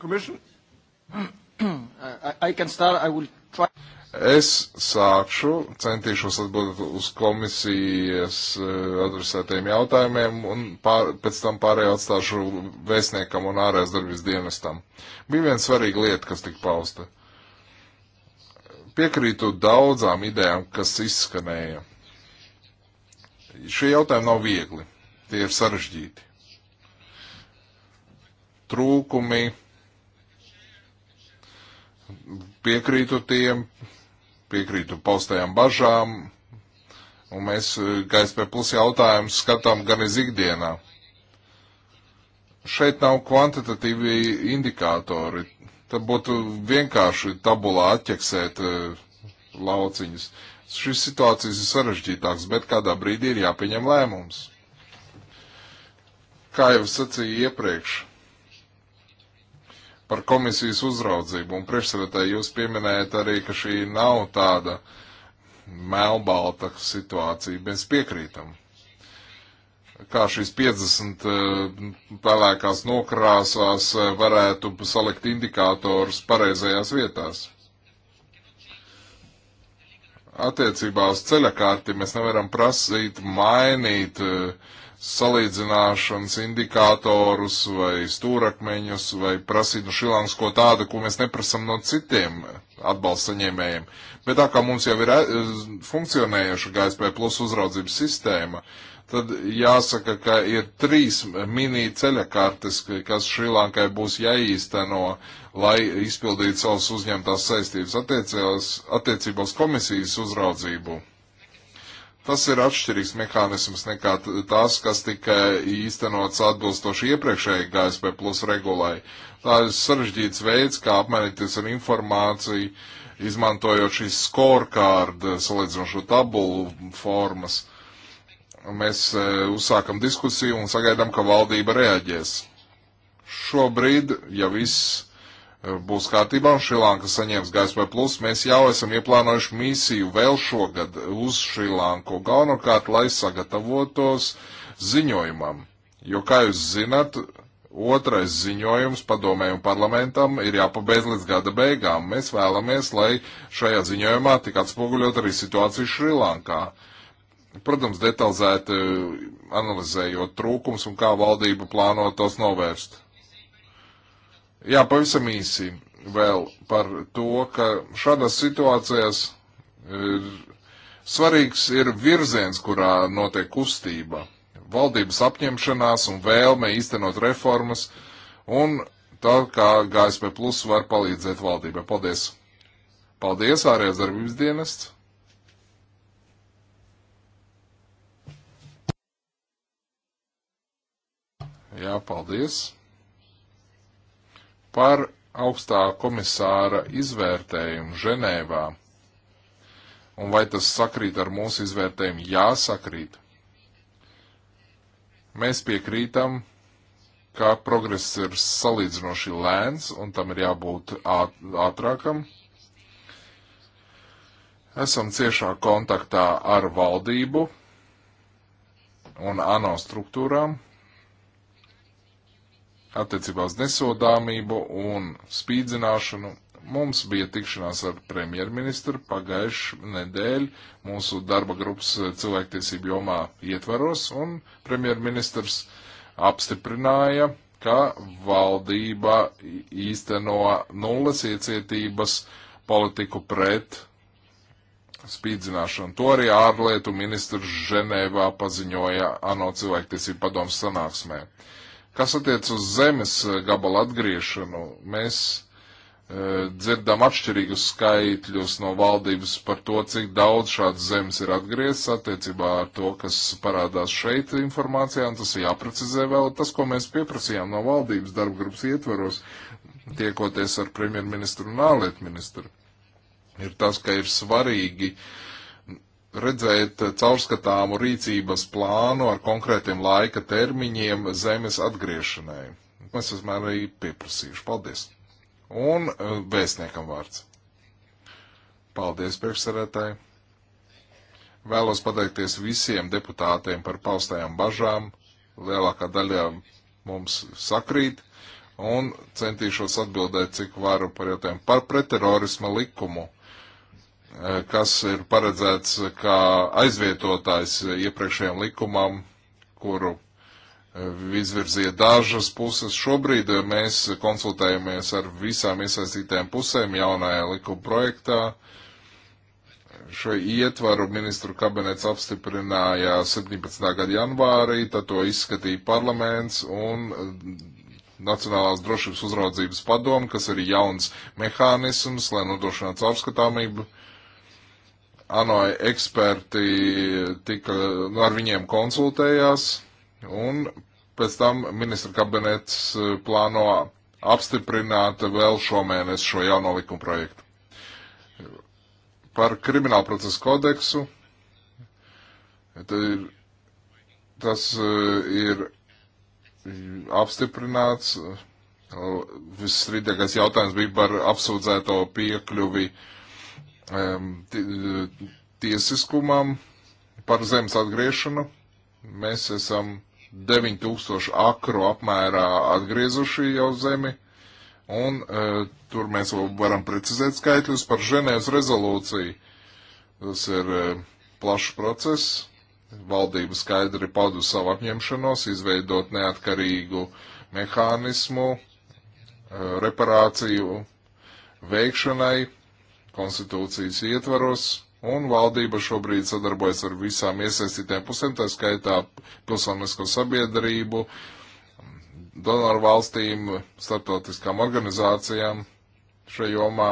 B: Commission? I, I can start. I will try. Es sākšu, centīšos atbildēt uz komisijas eh, adresētajiem jautājumiem, un pār, pēc tam pārējo atstāšu vēstniekam un ārējās darbības dienestam. Bija viena svarīga lieta, kas tika pausta. Piekrītu daudzām idejām, kas izskanēja. Šie jautājumi nav viegli, tie ir sarežģīti. Trūkumi, piekrītu tiem, piekrītu paustajām bažām, un mēs e, GSP plus jautājumus skatām gan iz ikdienā. Šeit nav kvantitatīvi indikātori. Tad būtu vienkārši tabulā atķeksēt e, lauciņus. Šis situācijas ir sarežģītāks, bet kādā brīdī ir jāpieņem lēmums. Kā jau sacīju iepriekš, par komisijas uzraudzību. Un priekšsēdētāji, jūs pieminējat arī, ka šī nav tāda melbalta situācija. Mēs piekrītam. Kā šīs 50 eh, pelēkās nokrāsās eh, varētu salikt indikātorus pareizajās vietās. Attiecībā uz ceļakārti mēs nevaram prasīt mainīt uh, salīdzināšanas indikātorus vai stūrakmeņus vai prasīt no Šrilankas ko tādu, ko mēs neprasam no citiem atbalsta saņēmējiem. Bet tā kā mums jau ir eh, funkcionējuša GSP plus uzraudzības sistēma, tad jāsaka, ka ir trīs mini ceļakartes, kas Šrilankai būs jāīsteno, lai izpildītu savas uzņemtās saistības attiecībās komisijas uzraudzību Tas ir atšķirīgs mehānisms nekā tas, kas tika īstenots atbilstoši iepriekšējai GSP plus regulai. Tā ir sarežģīts veids, kā apmainīties ar informāciju, izmantojot šīs scorecard, salīdzinošo tabulu formas. Mēs e, uzsākam diskusiju un sagaidām, ka valdība reaģēs. Šobrīd, ja viss Eh, būs kārtībā un Šrilanka saņems GSP+. Mēs jau esam ieplānojuši misiju vēl šogad uz Šrilanku, galvenokārt, lai sagatavotos ziņojumam. Jo, kā jūs zinat, otrais ziņojums padomēju parlamentam ir jāpabeidz līdz gada beigām. Mēs vēlamies, lai šajā ziņojumā tik atspoguļot arī situāciju Šrilankā. Protams, detalizēti eh, analizējot trūkums un kā valdība plāno tos novērst. Jā, pavisam īsi vēl par to, ka šādās situācijās ir, e, svarīgs ir virziens, kurā notiek kustība, valdības apņemšanās un vēlme īstenot reformas, un tā kā GSP Plus var palīdzēt valdībai. Paldies! Paldies, ārējās darbības dienests! Jā, paldies! par augstā komisāra izvērtējumu Ženēvā. Un vai tas sakrīt ar mūsu izvērtējumu? Jā, sakrīt. Mēs piekrītam, ka progress ir salīdzinoši lēns un tam ir jābūt ātrākam. Esam ciešā kontaktā ar valdību un ANO struktūrām attiecībā uz nesodāmību un spīdzināšanu. Mums bija tikšanās ar premjerministru pagājuši nedēļ mūsu darba grupas cilvēktiesību jomā ietvaros, un premjerministrs apstiprināja, ka valdība īsteno nulles iecietības politiku pret spīdzināšanu. To arī ārlietu ministrs Ženēvā paziņoja ANO cilvēktiesību padomu sanāksmē. Uh, Kas attiec uz zemes eh, gabalu atgriešanu, mēs e, dzirdam atšķirīgus skaitļus no valdības par to, cik daudz šādas zemes ir atgriezts attiecībā ar to, kas parādās šeit informācijā, un tas ir jāprecizē vēl tas, ko mēs pieprasījām no valdības darba grupas ietvaros, tiekoties ar premjerministru un ārlietu ministru. Ir tas, ka ir svarīgi uh, redzēt eh, caurskatāmu rīcības plānu ar konkrētiem laika termiņiem zemes atgriešanai. Mēs esam arī pieprasījuši. Paldies! Un eh, vēstniekam vārds. Paldies, priekšsarētāji! Vēlos pateikties visiem deputātiem par paustajām bažām. Lielākā daļa mums sakrīt un centīšos atbildēt, cik varu par jautājumu par pretterorisma likumu kas ir paredzēts kā aizvietotājs iepriekšējiem likumam, kuru e, izvirzīja dažas puses. Šobrīd e, mēs konsultējamies ar visām iesaistītajām pusēm jaunajā likuma projektā. Šo ietvaru ministru kabinets apstiprināja 17. gada janvārī, tad to izskatīja parlaments un e, Nacionālās drošības uzraudzības padomu, kas ir jauns mehānisms, lai nodrošinātu apskatāmību uh, ANO eksperti tika, nu, ar viņiem konsultējās, un pēc tam ministra kabinets e, plāno apstiprināt vēl šomēnes šo jauno likuma projektu. Par kriminālu procesu kodeksu. Ir, tas e, ir apstiprināts. Visstrīdākais jautājums bija par apsūdzēto piekļuvi uh, tiesiskumam par zemes atgriešanu. Mēs esam 9000 akru apmērā atgriezuši jau zemi, un e, tur mēs varam precizēt skaitļus par Ženēvas rezolūciju. Tas ir e, plašs process. Valdība skaidri paudu savu apņemšanos izveidot neatkarīgu mehānismu e, reparāciju veikšanai konstitūcijas ietvaros, un valdība šobrīd sadarbojas ar visām iesaistītēm pusēm, tā skaitā pilsonisko sabiedrību, donoru valstīm, starptautiskām organizācijām šajā jomā.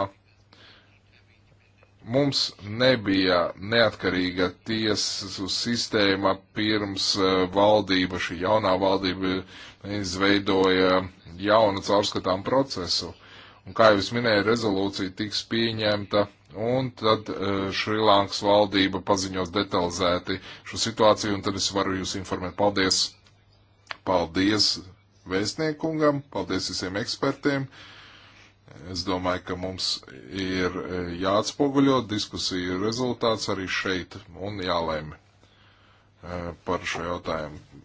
B: Mums nebija neatkarīga tiesu sistēma pirms eh, valdība, šī jaunā valdība eh, izveidoja jaunu caurskatām procesu. Uh, Un, kā jau es minēju, rezolūcija tiks pieņemta, un tad eh, Šrilankas valdība paziņos detalizēti šo situāciju, un tad es varu jūs informēt. Paldies! Paldies vēstniekungam, paldies visiem ekspertiem! Es domāju, ka mums ir eh, jāatspoguļo diskusiju rezultāts arī šeit un jālēma eh, par šo jautājumu.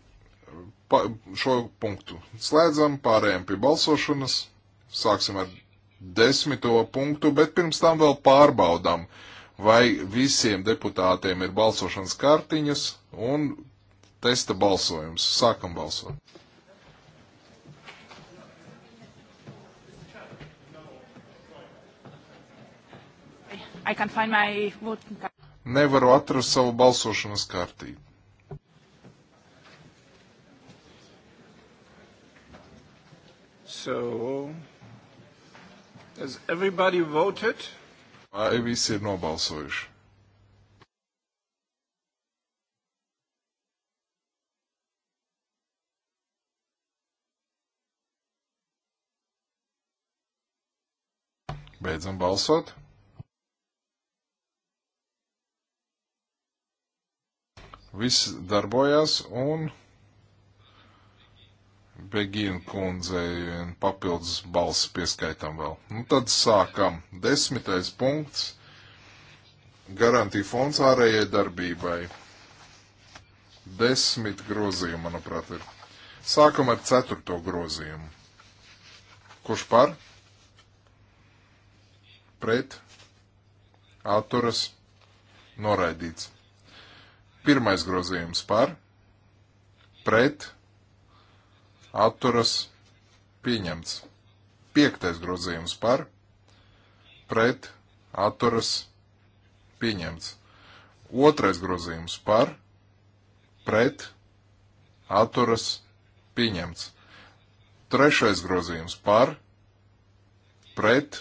B: Pa, šo punktu slēdzam, pārējām pie balsošanas. Sāksim ar desmito punktu, bet pirms tam vēl pārbaudām, vai visiem deputātiem ir balsošanas kartiņas un testa balsojums. Sākam balsot. Nevaru atrast savu balsošanas kartīti. So... Has everybody voted? Vai visi ir nobalsojuši? Beidzam balsot. Viss darbojās un. Begīna kundzei un papildus balss pieskaitam vēl. Nu, tad sākam. Desmitais punkts. Garantija fonds ārējai darbībai. Desmit grozījumi, manuprāt, ir. Sākam ar ceturto grozījumu. Kurš par? Pret? Atturas? Noraidīts. Pirmais grozījums par? Pret? atturas pieņemts. Piektais grozījums par, pret, atturas pieņemts. Otrais grozījums par, pret, atturas pieņemts. Trešais grozījums par, pret,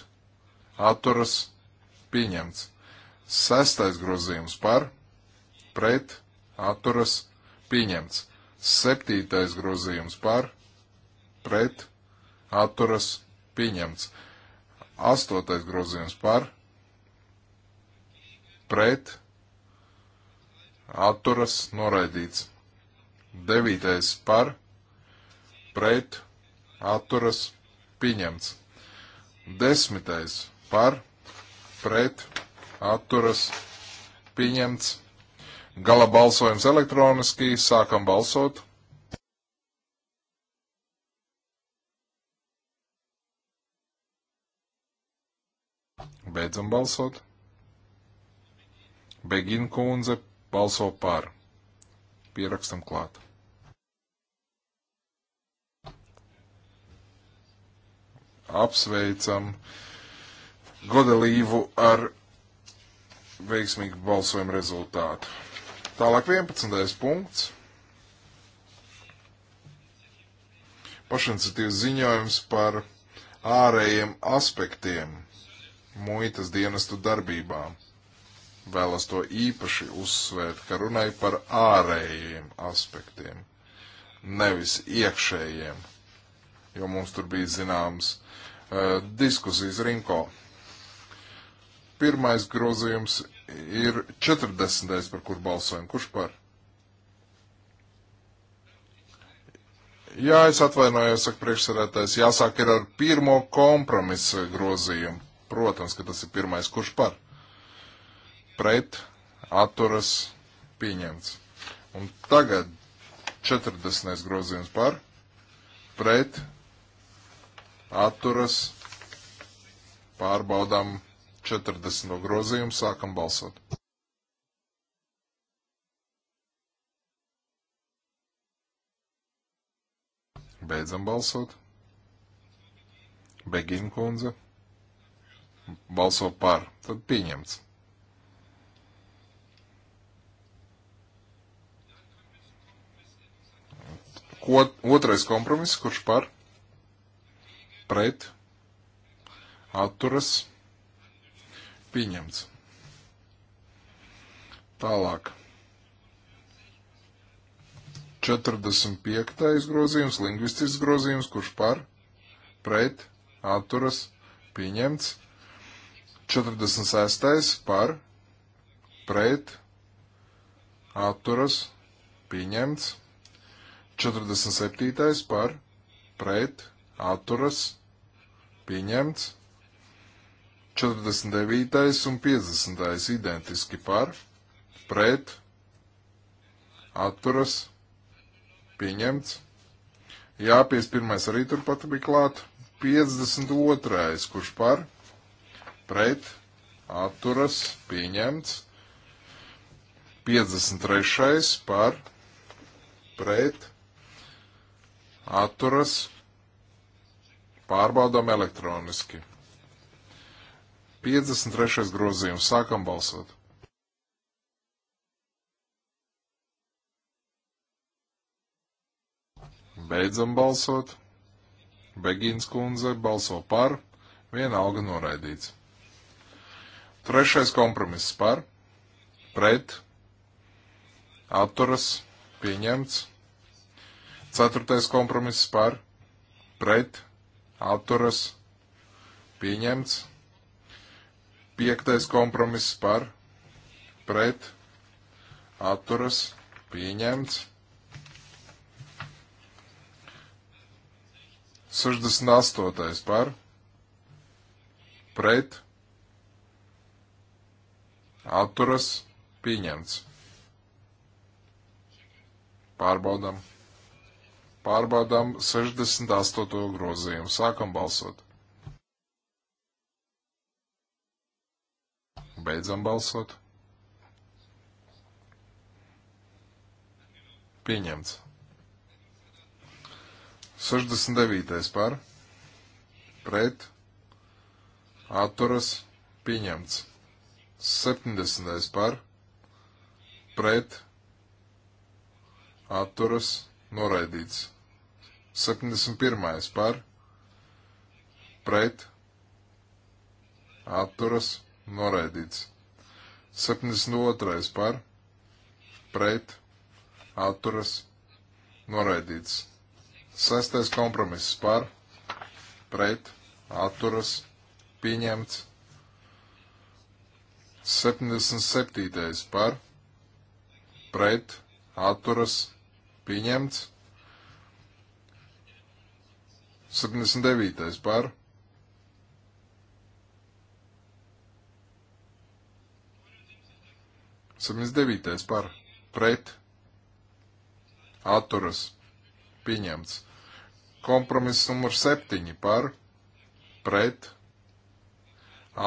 B: atturas pieņemts. Sestais grozījums par, pret, atturas pieņemts. Septītais grozījums par, pret, pret, atturas, pieņemts. Astotais grozījums par, pret, atturas, noraidīts. Devītais par, pret, atturas, pieņemts. Desmitais par, pret, atturas, pieņemts. Gala balsojums elektroniski, sākam balsot. Beidzam balsot. Begina kundze balso par. Pierakstam klāt. Apsveicam Godelīvu ar veiksmīgu balsojumu rezultātu. Tālāk 11. punkts. Pašiniciatīvas ziņojums par ārējiem aspektiem muitas dienestu darbībā. Vēlos to īpaši uzsvērt, ka runai par ārējiem aspektiem, nevis iekšējiem, jo mums tur bija zināms uh, diskusijas rinko. Pirmais grozījums ir 40. par kur balsojam. Kurš par? Jā, es atvainojos, saka priekšsarētājs, jāsāk ir ar pirmo kompromisa grozījumu Protams, ka tas ir pirmais, kurš par. Pret atturas pieņemts. Un tagad 40. grozījums par. Pret atturas pārbaudām 40. grozījumu, sākam balsot. Beidzam balsot. Begin kundze balso par, tad pieņemts. Ko, otrais kompromiss, kurš par, pret, atturas, pieņemts. Tālāk. 45. grozījums, lingvistisks grozījums, kurš par, pret, atturas, pieņemts. 46. par pret atturas pieņemts. 47. par pret atturas pieņemts. 49. un 50. identiski par pret atturas pieņemts. Jā, 51. arī turpat bija klāt. 52. kurš par pret, atturas, pieņemts. 53. par, pret, atturas, pārbaudām elektroniski. 53. grozījums, sākam balsot. Beidzam balsot. Begīns kundze balso par, vienalga noraidīts. Trešais kompromiss par, pret, atturas, pieņemts. Ceturtais kompromiss par, pret, atturas, pieņemts. Piektais kompromiss par, pret, atturas, pieņemts. 68. par, pret, atturas pieņemts. Pārbaudam. Pārbaudām 68. grozījumu. Sākam balsot. Beidzam balsot. Pieņemts. 69. par. Pret. Atturas. Pieņemts. 70. par pret atturas noraidīts. 71. par pret atturas noraidīts. 72. par pret atturas noraidīts. 6. kompromiss par pret atturas pieņemts. 77. par pret atturas pieņemts. 79. par Septiņdesmit devītais par pret atturas pieņemts. Kompromiss numur septiņi par pret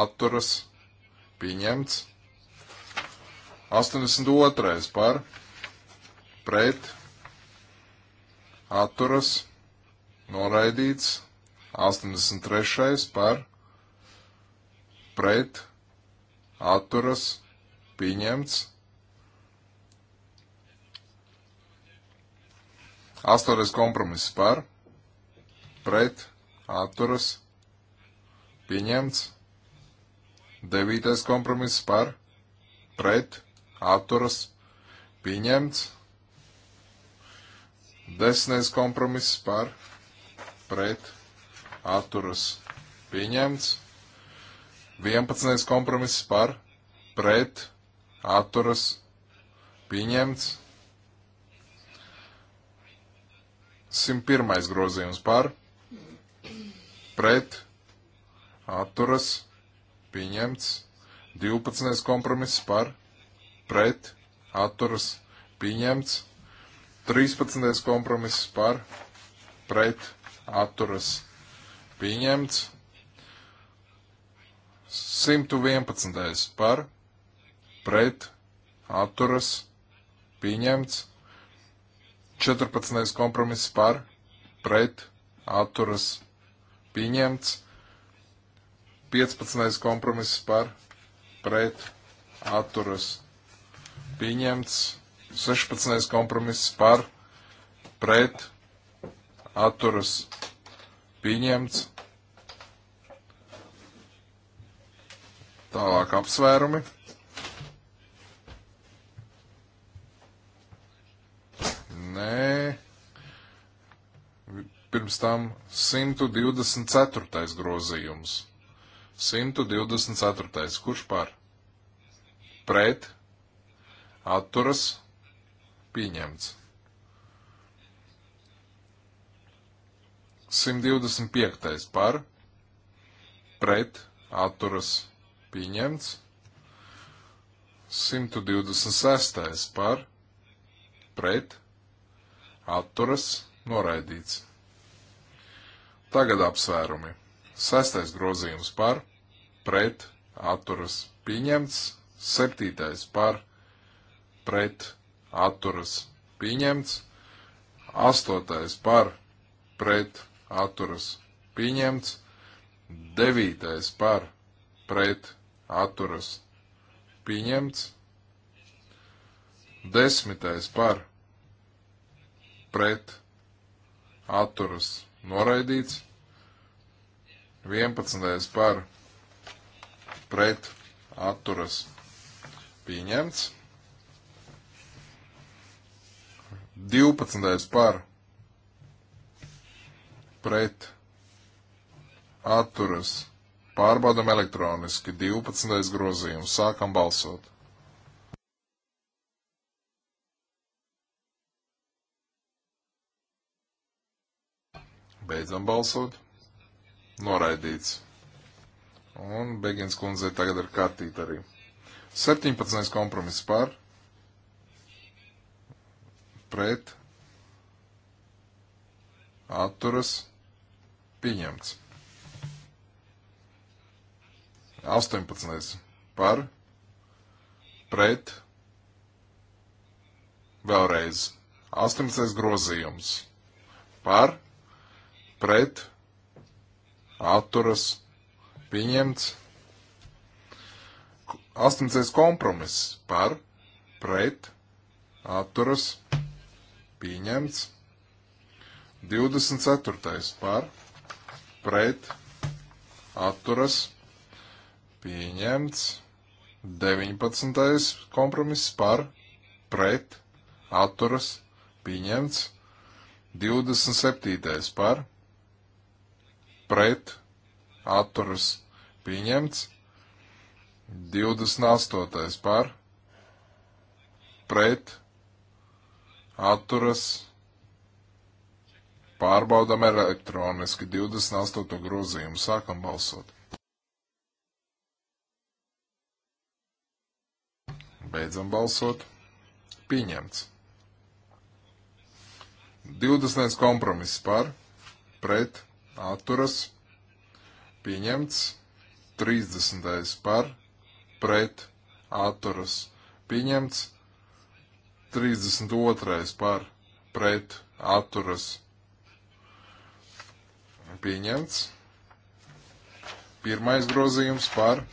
B: atturas pieņemts pieņemts. 82. par pret atturas noraidīts. 83. par pret atturas pieņemts. 8. kompromiss par pret atturas pieņemts. Devītais kompromiss par, pret, atturas, pieņemts. Desmitais kompromiss par, pret, atturas, pieņemts. Vienpadsmitais kompromiss par, pret, atturas, pieņemts. 101. grozījums par, pret, atturas, pieņemts pieņemts. 12. kompromiss par, pret, atturas, pieņemts. 13. kompromiss par, pret, atturas, pieņemts. 111. par, pret, atturas, pieņemts. 14. kompromiss par, pret, atturas, pieņemts. 15. kompromiss par pret atturas pieņemts. 16. kompromiss par pret atturas pieņemts. Tālāk apsvērumi. Nē. Pirms tam 124. grozījums. 124. Kurš par? Pret. Atturas. Pieņemts. 125. par. Pret. Atturas. Pieņemts. 126. par. Pret. Atturas. Noraidīts. Tagad apsvērumi. Sestais grozījums par, pret, atturas pieņemts. Septītais par, pret, atturas pieņemts. Astotais par, pret, atturas pieņemts. Devītais par, pret, atturas pieņemts. Desmitais par, pret, atturas noraidīts. 11. par pret atturas pieņemts. 12. par pret atturas pārbaudam elektroniski 12. grozījums. Sākam balsot. Beidzam balsot noraidīts. Un Begins kundzei tagad ir kārtīt arī. 17. kompromiss par, pret, atturas, pieņemts. 18. par, pret, vēlreiz. 18. grozījums par, pret, atturas atturas pieņemts. 18. kompromiss par, pret, atturas pieņemts. 24. par, pret, atturas pieņemts. 19. kompromiss par, pret, atturas pieņemts. 27. par, pret atturas pieņemts. 28. par pret atturas pārbaudam elektroniski 28. grozījumu. Sākam balsot. Beidzam balsot. Pieņemts. 20. kompromiss par pret atturas, pieņemts. 30. par, pret, atturas, pieņemts. 32. par, pret, atturas, pieņemts. Pirmais grozījums par,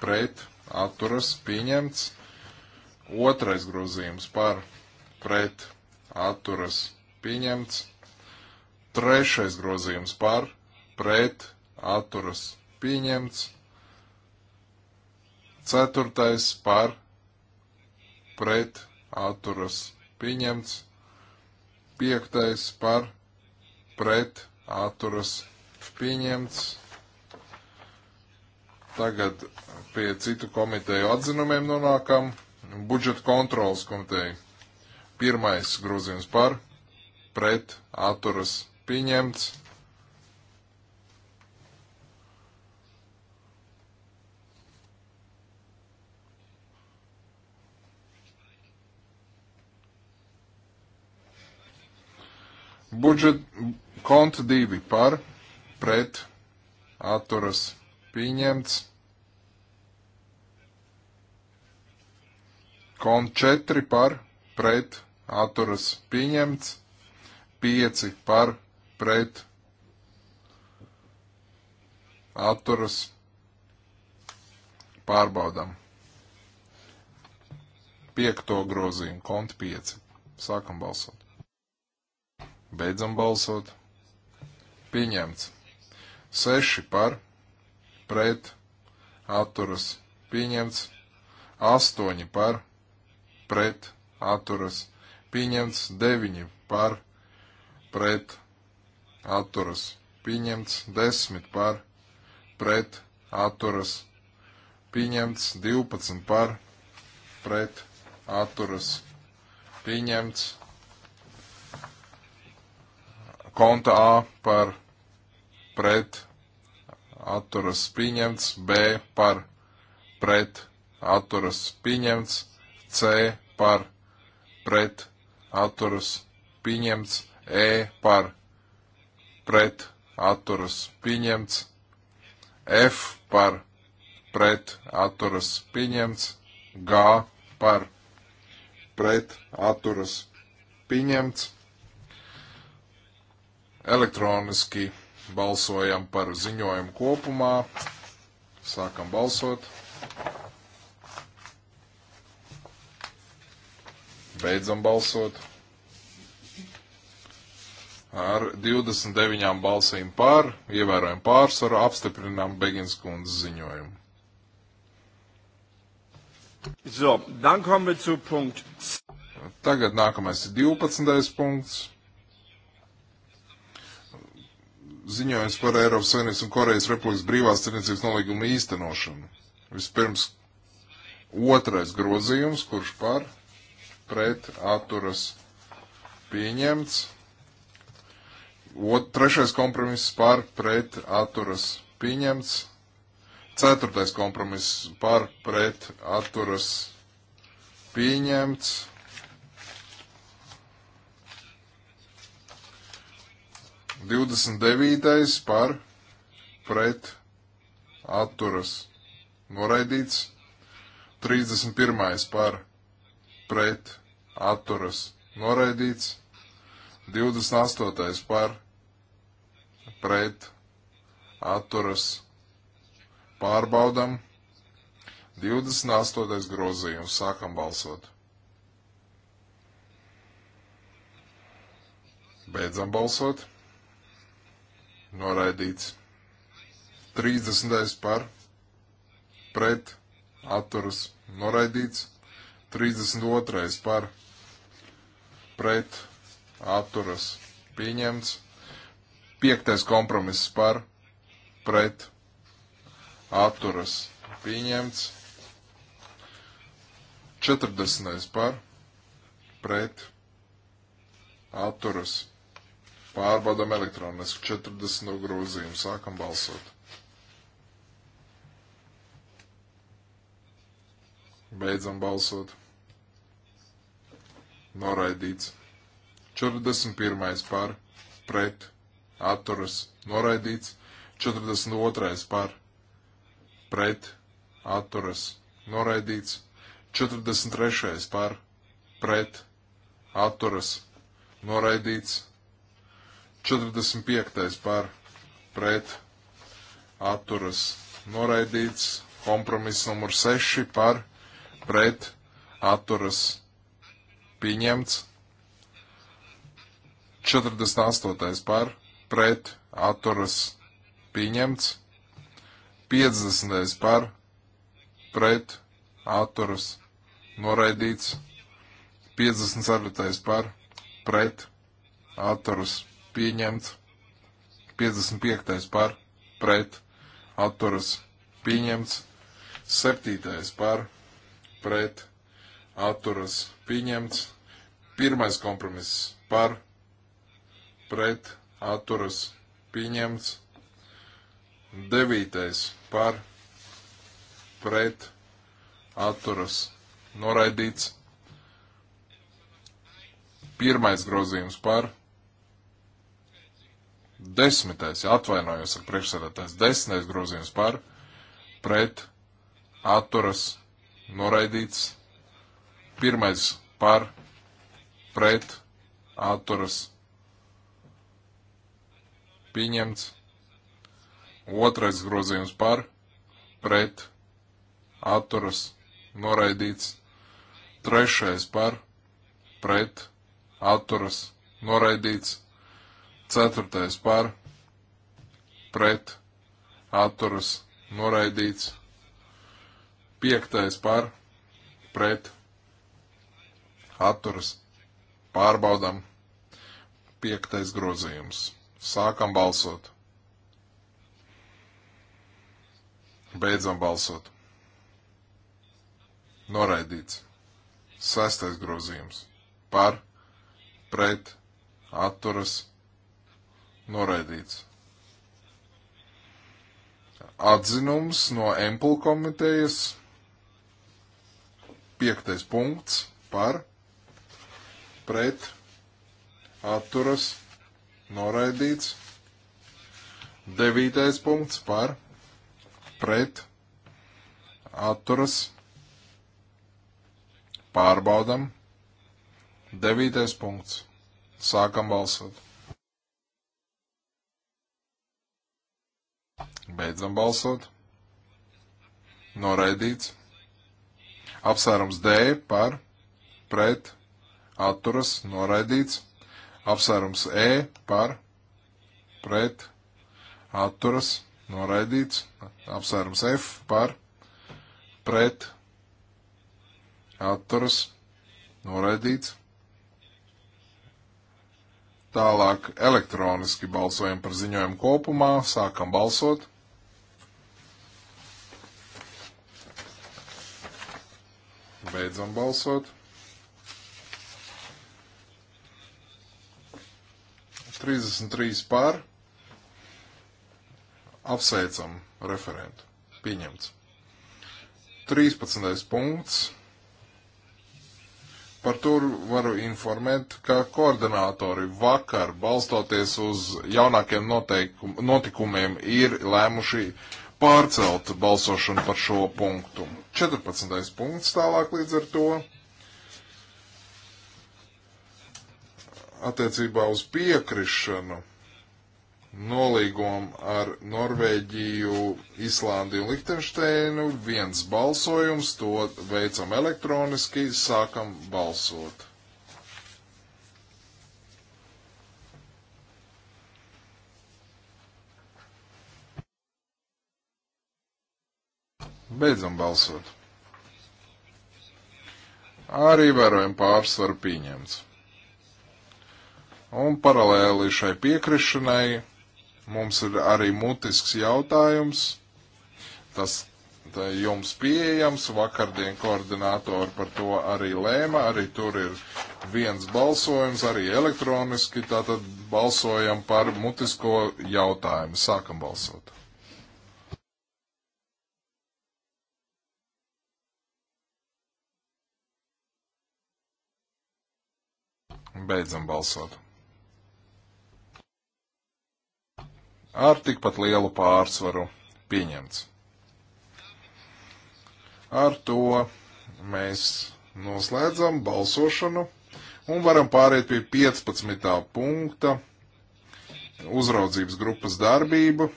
B: pret, atturas, pieņemts. Otrais grozījums par, pret, atturas, pieņemts. Trešais grozījums par, pret, atturas pieņemts. Ceturtais par, pret, atturas pieņemts. Piektais par, pret, atturas pieņemts. Tagad pie citu komiteju atzinumiem nonākam. Budžeta kontrolas komiteja. Pirmais grozījums par, pret, atturas pieņemts pieņemts. Budžet konta divi par, pret, atturas pieņemts. Kont 4 par, pret, atturas pieņemts, 5 par, pret atturas pārbaudam. Piekto grozījumu, konti 5. Sākam balsot. Beidzam balsot. Pieņemts. 6 par, pret, atturas, pieņemts. 8 par, pret, atturas, pieņemts. 9 par, pret, atturas pieņemts, 10 par pret atturas pieņemts, 12 par pret atturas pieņemts, konta A par pret atturas pieņemts, B par pret atturas pieņemts, C par pret atturas pieņemts, E par pret atturas pieņemts, F par pret atturas pieņemts, G par pret atturas pieņemts. Elektroniski balsojam par ziņojumu kopumā. Sākam balsot. Beidzam balsot ar 29 balsīm pār, ievērojam pārsvaru, apstiprinām Begins kundzes ziņojumu. So, dann kommen wir zu Punkt. Tagad nākamais ir 12. punkts. Ziņojums par Eiropas Savienības un Korejas Republikas brīvās tirdzniecības nolīgumu īstenošanu. Vispirms otrais grozījums, kurš par pret atturas pieņemts. Ot, trešais kompromiss par pret atturas pieņemts. Ceturtais kompromiss par pret atturas pieņemts. Divdesmit devītais par pret atturas noraidīts. 31. par pret atturas noraidīts, 28. par pret atturas pārbaudam. 28. grozījums. Sākam balsot. Beidzam balsot. Noraidīts. 30. par pret atturas noraidīts. 32. par pret atturas pieņemts. Piektais kompromiss par pret atturas pieņemts. 40. par pret atturas pieņemts. Pārbaudām elektroniski 40 grozījumu. Sākam balsot. Beidzam balsot. Noraidīts. 41. par pret atturas noraidīts, 42. par pret atturas noraidīts, 43. par pret atturas noraidīts, 45. par pret atturas noraidīts, kompromiss numur 6 par pret atturas pieņemts, 48. par pret pret atturas pieņemts. 50. par pret atturas noraidīts. 54. par pret atturas pieņemts. 55. par pret atturas pieņemts. 7. par pret atturas pieņemts. 1. kompromiss par pret atturas pieņemts. Devītais par pret atturas noraidīts. Pirmais grozījums par desmitais, atvainojos ar priekšsēdētājs, desmitais grozījums par pret atturas noraidīts. Pirmais par pret atturas noraidīts pieņemts. Otrais grozījums par, pret, atturas, noraidīts. Trešais par, pret, atturas, noraidīts. Ceturtais par, pret, atturas, noraidīts. Piektais par, pret, atturas, pārbaudam. Piektais grozījums. Sākam balsot. Beidzam balsot. Noraidīts. Sestais grozījums. Par, pret, atturas, noraidīts. Atzinums no Empul komitejas. Piektais punkts par, pret, atturas, noraidīts noraidīts. Devītais punkts par pret atturas pārbaudam. Devītais punkts. Sākam balsot. Beidzam balsot. Noraidīts. Apsvērums D par pret atturas noraidīts. Apsvērums E par pret atturas noraidīts. Apsvērums F par pret atturas noraidīts. Tālāk elektroniski balsojam par ziņojumu kopumā. Sākam balsot. Beidzam balsot. 33 pār. Apsveicam referentu. Pieņemts. 13. punkts. Par to varu informēt, ka koordinātori vakar, balstoties uz jaunākiem noteikum, notikumiem, ir lēmuši pārcelt balsošanu par šo punktu. 14. punkts tālāk līdz ar to attiecībā uz piekrišanu nolīgumam ar Norvēģiju, Islandi un Lichtensteinu viens balsojums, to veicam elektroniski, sākam balsot. Beidzam balsot. Arī vērojam pārsvaru pieņemts. Un paralēli šai piekrišanai mums ir arī mutisks jautājums. Tas jums pieejams. Vakardien koordinātori par to arī lēma. Arī tur ir viens balsojums, arī elektroniski. Tātad balsojam par mutisko jautājumu. Sākam balsot. Beidzam balsot. ar tikpat lielu pārsvaru pieņemts. Ar to mēs noslēdzam balsošanu un varam pāriet pie 15. punkta uzraudzības grupas darbību.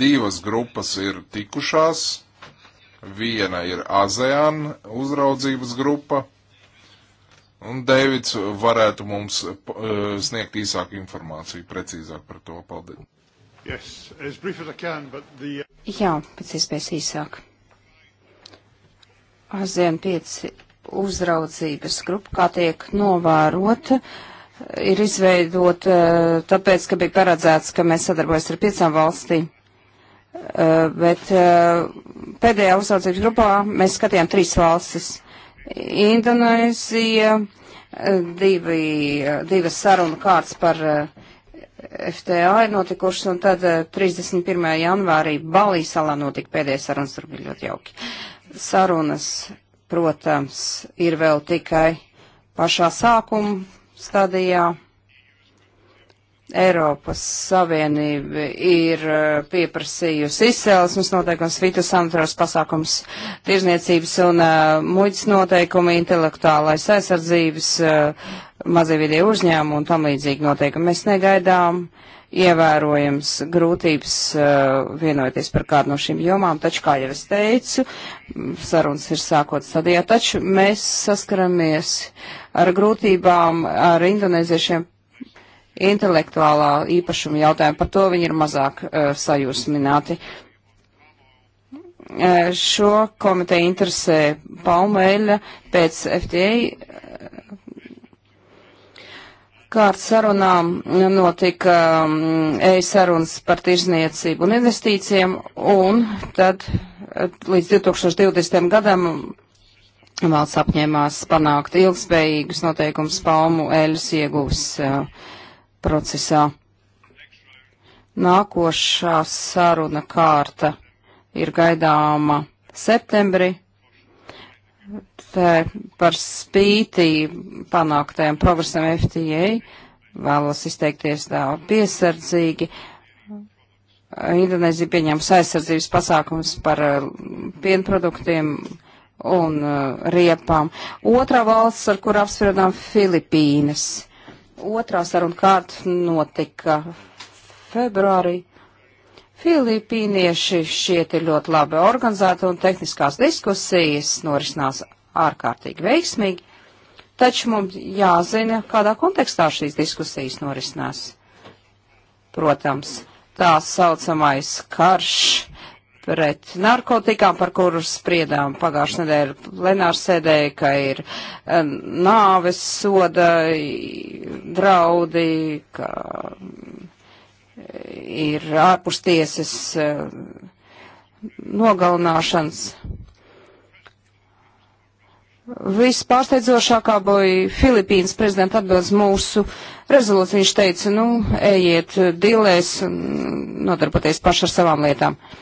B: Divas grupas ir tikušās. Viena ir ASEAN uzraudzības grupa Un Deivids varētu mums e, sniegt īsāku informāciju, precīzāk par to. Paldies.
C: Yes, as as can, the... Uh, Jā, pēc iespējas īsāk. ASEAN 5 uzraudzības grupa, kā tiek novērota, ir izveidota e, tāpēc, ka bija paredzēts, ka mēs sadarbojas ar piecām valstīm. E, bet pēdējā uzraudzības grupā mēs skatījām trīs valstis. Indonēzija, divi, divas saruna kārtas par eh, FTA ir notikušas, un tad 31. Eh, janvārī Balī salā notika pēdējais sarunas, tur bija ļoti jauki. Sarunas, protams, ir vēl tikai pašā sākuma stadijā. Eiropas Savienība ir eh, pieprasījusi izcelsmes noteikums, fitosanitārus pasākums, tirzniecības un uh, eh, muļas noteikumi, intelektuālais aizsardzības, uh, eh, mazīvidie uzņēmumi un tam līdzīgi noteikumi. Mēs negaidām ievērojams grūtības uh, vienoties par kādu no šīm jomām, taču, kā jau es teicu, sarunas ir sākot stadijā, taču mēs saskaramies ar grūtībām ar indonēziešiem intelektuālā īpašuma jautājumu. Par to viņi ir mazāk uh, sajūsmināti. Uh, šo komiteju interesē palmeļa pēc FDA eh, kārtas sarunām notika um, mm, e-sarunas par tirzniecību un investīcijiem, un tad līdz 2020. gadam mm, valsts apņēmās panākt ilgspējīgus noteikumus palmu eļas iegūs. Uh, procesā. Nākošā saruna kārta ir gaidāma septembrī. Te par spītī panāktajam progresam FTA vēlos izteikties tā piesardzīgi. Indonēzija pieņems aizsardzības pasākums par eh, pienproduktiem un eh, riepām. Otrā valsts, ar kur apspriedām Filipīnas Otrā saruna kārta notika februārī. Filipīnieši šiet ir ļoti labi organizēti un tehniskās diskusijas norisinās ārkārtīgi veiksmīgi, taču mums jāzina, kādā kontekstā šīs diskusijas norisinās. Protams, tā saucamais karš pret narkotikām, par kuru spriedām pagājušajā nedēļā plenāru sēdē, ka ir eh, nāves soda draudi, ka eh, ir ārpus tiesas eh, nogalināšanas. Vispārsteidzošākā bija Filipīnas prezidenta atbildes mūsu rezolūciju. Viņš teica, nu, ejiet dilēs un nodarboties paši ar savām lietām. Uh,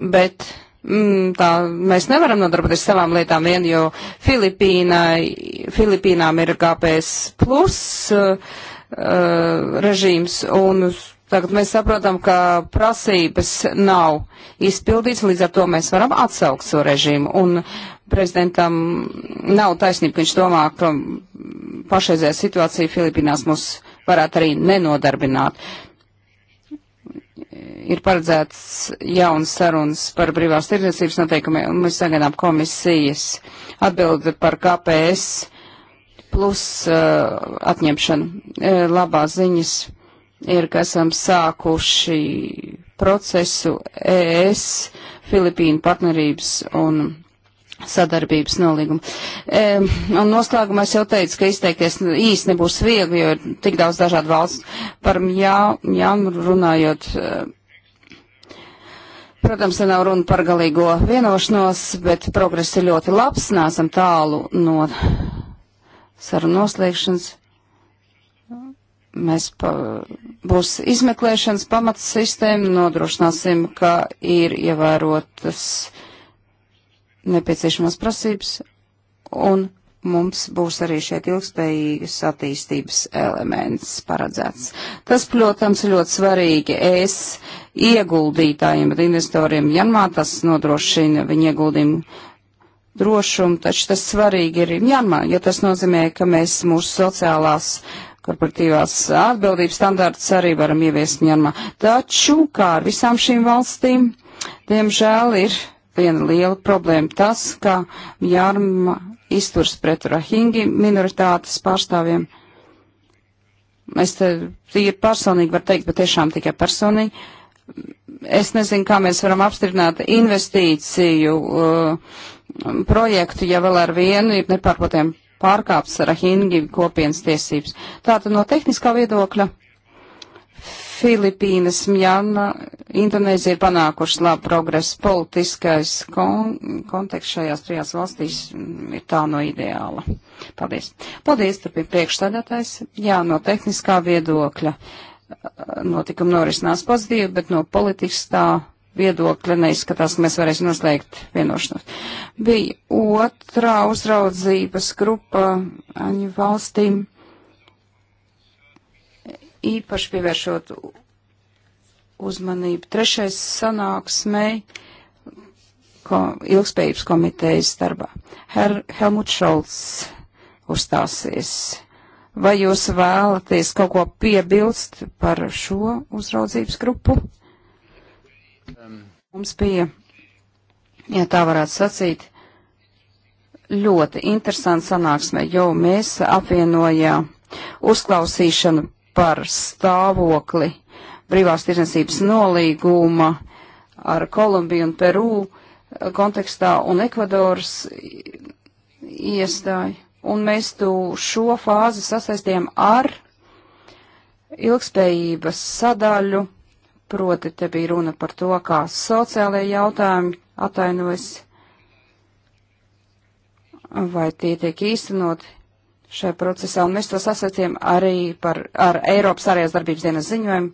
C: bet mm, tā mēs nevaram nodarboties savām lietām vien, jo Filipīnai, Filipīnām ir GPS plus uh, uh, režīms un tagad mēs saprotam, ka prasības nav izpildīts, līdz ar to mēs varam atsaukt šo režīmu. Un prezidentam nav taisnība, ka viņš domā, ka pašreizējā situācija Filipīnās mūs varētu arī nenodarbināt ir paredzēts jauns sarunas par brīvās tirdzniecības noteikumiem, un mēs sagaidām komisijas atbildi par KPS plus uh, atņemšanu. Uh, labās ziņas ir, ka esam sākuši procesu ES, Filipīnu partnerības un sadarbības nolīgumu. E, un noslēgumā es jau teicu, ka izteikties īsti nebūs viegli, jo ir tik daudz dažādu valsts par mjām runājot. Eh, protams, te nav runa par galīgo vienošanos, bet progress ir ļoti labs, nāsam tālu no sarunu noslēgšanas. Mēs pa, būs izmeklēšanas pamats sistēma, nodrošināsim, ka ir ievērotas. Uh, nepieciešamās prasības, un mums būs arī šeit ilgspējīgas attīstības elements paredzēts. Tas, protams, ir ļoti svarīgi es ieguldītājiem, bet investoriem janvā tas nodrošina viņu ieguldījumu drošumu, taču tas svarīgi ir janvā, jo tas nozīmē, ka mēs mūsu sociālās korporatīvās atbildības standārts arī varam ieviest janvā. Taču, kā ar visām šīm valstīm, diemžēl ir viena liela problēma tas, ka Jārma izturs pret Rahingi minoritātes pārstāvjiem. Es te tīri personīgi varu teikt, bet tiešām tikai personīgi. Es nezinu, kā mēs varam apstiprināt investīciju uh, projektu, ja vēl ar vienu ir nepārprotiem pārkāpts Rahingi kopienas tiesības. Tātad no tehniskā viedokļa Filipīnas, Mjanma, Indonēzija ir panākušas labu progresu. Politiskais kon konteksts šajās trijās valstīs mm, ir tā no ideāla. Paldies. Paldies, turpin priekšstādātājs. Jā, no tehniskā viedokļa eh, notikumi norisinās pozitīvi, bet no politikas tā viedokļa neizskatās, ka mēs varēsim noslēgt vienošanos. Bija otrā uzraudzības grupa aņu valstīm īpaši pievēršot uzmanību. Trešais sanāksmei ko, ilgspējības komitejas darbā. Her, Helmut Šolts uzstāsies. Vai jūs vēlaties kaut ko piebilst par šo uzraudzības grupu? Um. Mums bija, ja tā varētu sacīt, ļoti interesanta sanāksme, jo mēs apvienojām uzklausīšanu par stāvokli brīvās tirsniecības nolīguma ar Kolumbiju un Peru kontekstā un Ekvadoras iestāju. Un mēs tu šo fāzi sasaistījām ar ilgspējības sadaļu, proti te bija runa par to, kā sociālajie jautājumi atainojas, vai tie tiek īstenoti šajā procesā, un mēs to sasacījām arī par, ar Eiropas ārējās darbības dienas ziņojumu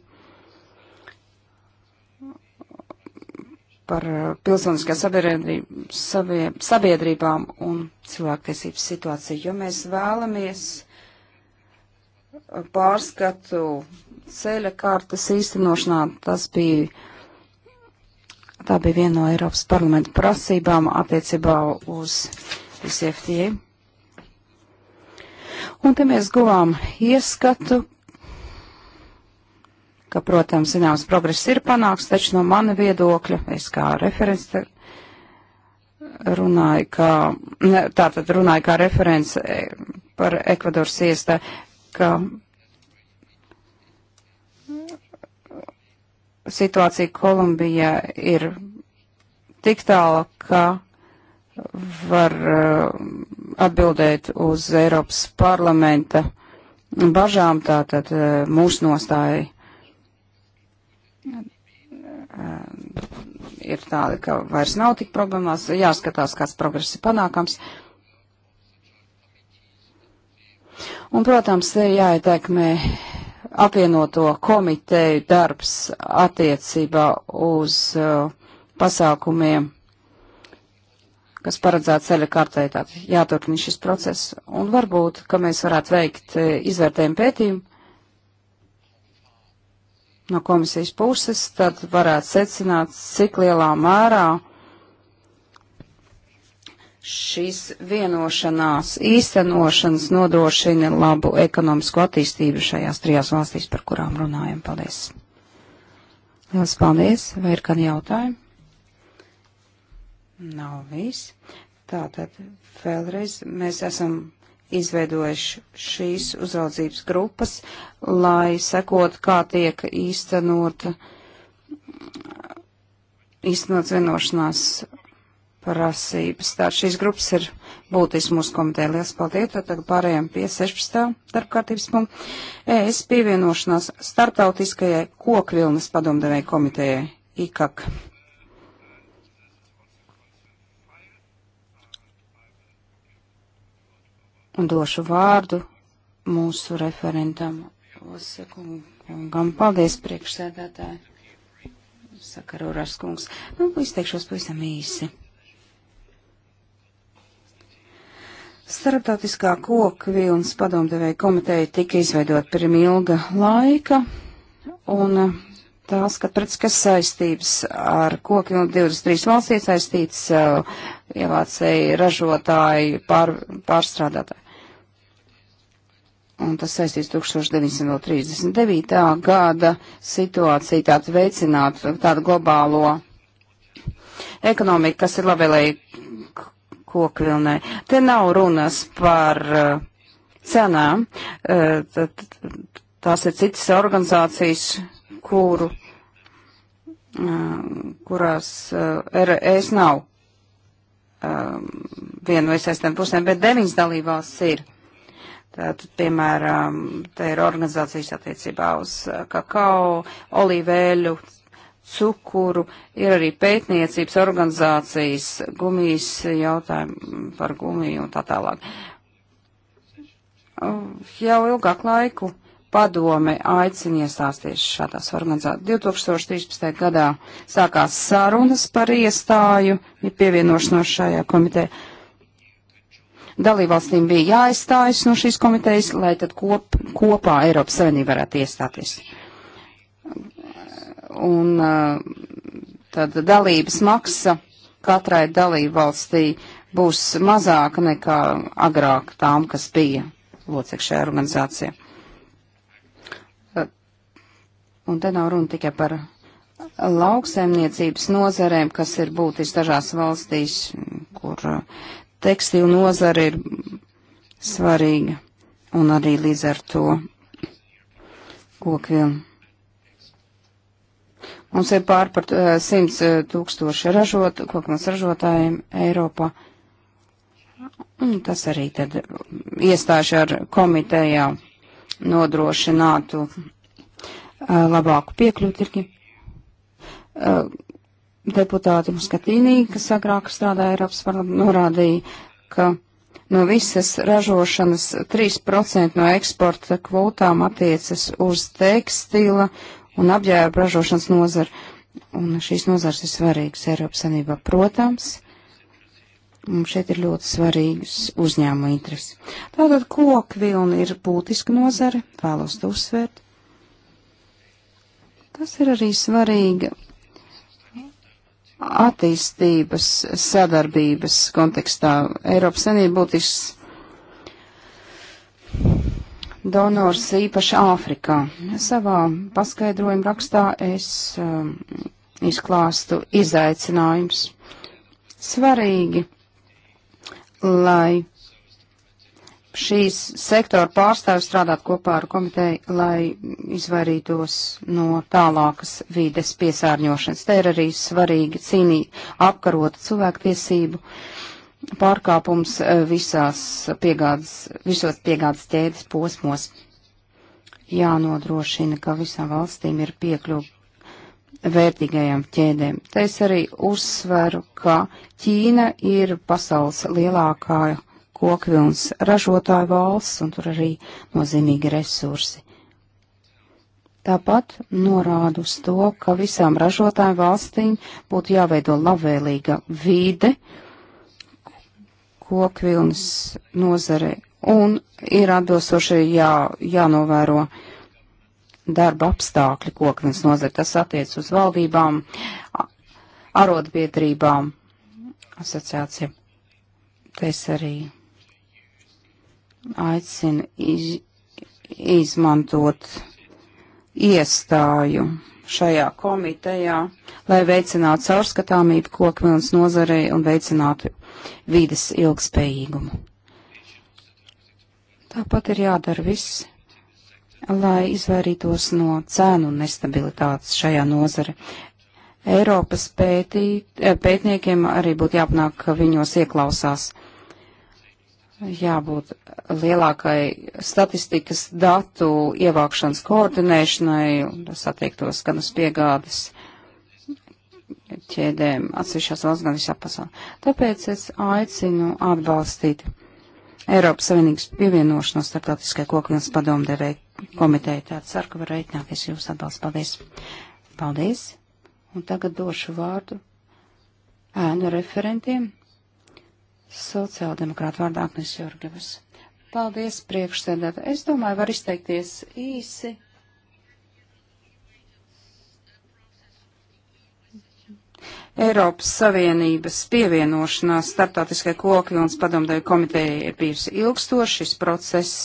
C: par uh, pilsoniskā savie, sabiedrībām un cilvēktiesības situāciju, jo mēs vēlamies uh, pārskatu ceļa kārtas īstenošanā. Tas bija, tā bija viena no Eiropas parlamenta prasībām attiecībā uz ICFTA. Un te mēs guvām ieskatu, ka, protams, zināms, progress ir panāks, taču no mana viedokļa, es kā referents runāju, kā, ne, tātad runāju kā referents e, par Ekvadoras iestā, ka situācija Kolumbijā ir tik tāla, ka var eh, atbildēt uz Eiropas parlamenta bažām, tātad eh, mūsu nostāja eh, ir tāda, ka vairs nav tik problēmās, jāskatās, kāds progress ir panākams. Un, protams, ir jāietekmē apvienoto komiteju darbs attiecībā uz pasākumiem kas paredzēts ceļa kartē, tad jāturpina šis process. Un varbūt, ka mēs varētu veikt e, izvērtējumu pētījumu no komisijas puses, tad varētu secināt, cik lielā mērā šīs vienošanās īstenošanas nodrošina labu ekonomisko attīstību šajās trijās valstīs, par kurām runājam. Paldies! Lielas paldies! Vai ir kādi jautājumi? Nav viss. Tātad vēlreiz mēs esam izveidojuši šīs uzraudzības grupas, lai sekot, kā tiek īstenota īstenot vienošanās prasības. Tā šīs grupas ir būtiski mūsu komitē. Lielas paldies. Tagad pārējām pie 16. darbkārtības punkta. ES pievienošanās startautiskajai kokvilnas padomdevēja komitejai IKAK. un došu vārdu mūsu referentam Osekungam. Paldies, priekšsēdētāji! Saka Rūras kungs. Nu, izteikšos pavisam īsi. Starptautiskā koku vilnas padomdevēja komiteja tika izveidot pirms ilga laika, un tās, ka pret, kas saistības ar koku vilnu 23 valsts iesaistīts, uh, ievācēji, ražotāji, pār, pārstrādātāji un tas saistīts 1939. gada situāciju, tātad veicināt tādu globālo ekonomiku, kas ir labvēlēji kokvilnē. Te nav runas par uh, cenām, uh, tās ir citas organizācijas, kuru, uh, kurās es nav vienu vai sestiem pusēm, bet deviņas dalībās ir. Tātad, piemēram, te ir organizācijas attiecībā uz eh, kakao, olīvēļu, cukuru, ir arī pētniecības organizācijas gumijas jautājumu par gumiju un tā tālāk. Jau ilgāk laiku padome aicina iestāties šādās organizācijās. 2013. gadā sākās sarunas par iestāju, ir pievienošanos šajā komitē dalībvalstīm bija jāizstājas no šīs komitejas, lai tad kop, kopā Eiropas Savienība varētu iestāties. Un eh, tad dalības maksa katrai dalībvalstī būs mazāka nekā agrāk tām, kas bija locekšajā organizācijā. Eh, un te nav runa tikai par lauksaimniecības nozarēm, kas ir būtis dažās valstīs, kur eh, tekstīlu nozara ir svarīga un arī līdz ar to kokvilna. Mums ir pār par 100 eh, eh, tūkstoši ražot, kokvilnas ražotājiem Eiropā. Un tas arī tad iestāšu ar komitejā nodrošinātu eh, labāku piekļūtirgi deputāti Muskatīnī, kas agrāk strādāja Eiropas parlamentā, norādīja, ka no visas ražošanas 3% no eksporta kvotām attiecas uz tekstila un apģērba ražošanas nozaru. Un šīs nozars ir svarīgas Eiropas Sanībā, protams. Mums šeit ir ļoti svarīgas uzņēmuma interesi. Tātad kokvilna ir būtiska nozare, vēlos to uzsvērt. Tas ir arī svarīga attīstības sadarbības kontekstā. Eiropas Savienība būtisks donors īpaši Āfrikā. Savā paskaidrojuma rakstā es um, izklāstu izaicinājums. Svarīgi, lai šīs sektora pārstāvis strādāt kopā ar komiteju, lai izvairītos no tālākas vīdes piesārņošanas. Te ir arī svarīgi cīnīt apkarot cilvēktiesību pārkāpums eh, visās piegādes, visos piegādes ķēdes posmos. Jānodrošina, ka visām valstīm ir piekļuva vērtīgajām ķēdēm. Te es arī uzsveru, ka Ķīna ir pasaules lielākā kokvilns ražotāju valsts, un tur arī nozīmīgi resursi. Tāpat norādu uz to, ka visām ražotāju valstīm būtu jāveido labvēlīga vīde kokvilnas nozare, un ir atbilstoši jā, jānovēro darba apstākļi kokvilnas nozare. Tas attiec uz valdībām, arotbiedrībām, asociācijām. Te es arī aicina iz, izmantot iestāju šajā komitejā, lai veicinātu caurskatāmību kokvilnas nozarei un veicinātu vides ilgspējīgumu. Tāpat ir jādara viss, lai izvairītos no cēnu nestabilitātes šajā nozare. Eiropas pētī, eh, pētniekiem arī būtu jāpanāk, ka viņos ieklausās jābūt lielākai statistikas datu ievākšanas koordinēšanai, un tas attiektos gan uz piegādes ķēdēm atsevišķās valsts, gan visā pasaulē. Tāpēc es aicinu atbalstīt Eiropas Savienības pievienošanos starptautiskai kokvilnas padomdevēja komiteja. Tāds ceru, ka var reiķināties jūs atbalsts. Paldies! Paldies! Un tagad došu vārdu ēnu referentiem. Sociāldemokrāta vārdā Agnes Jorgevas. Paldies, priekšsēdētāji. Es domāju, var izteikties īsi. Eiropas Savienības pievienošanās starptautiskai kokļu un padomdeju komiteja ir bijusi ilgstoši šis process,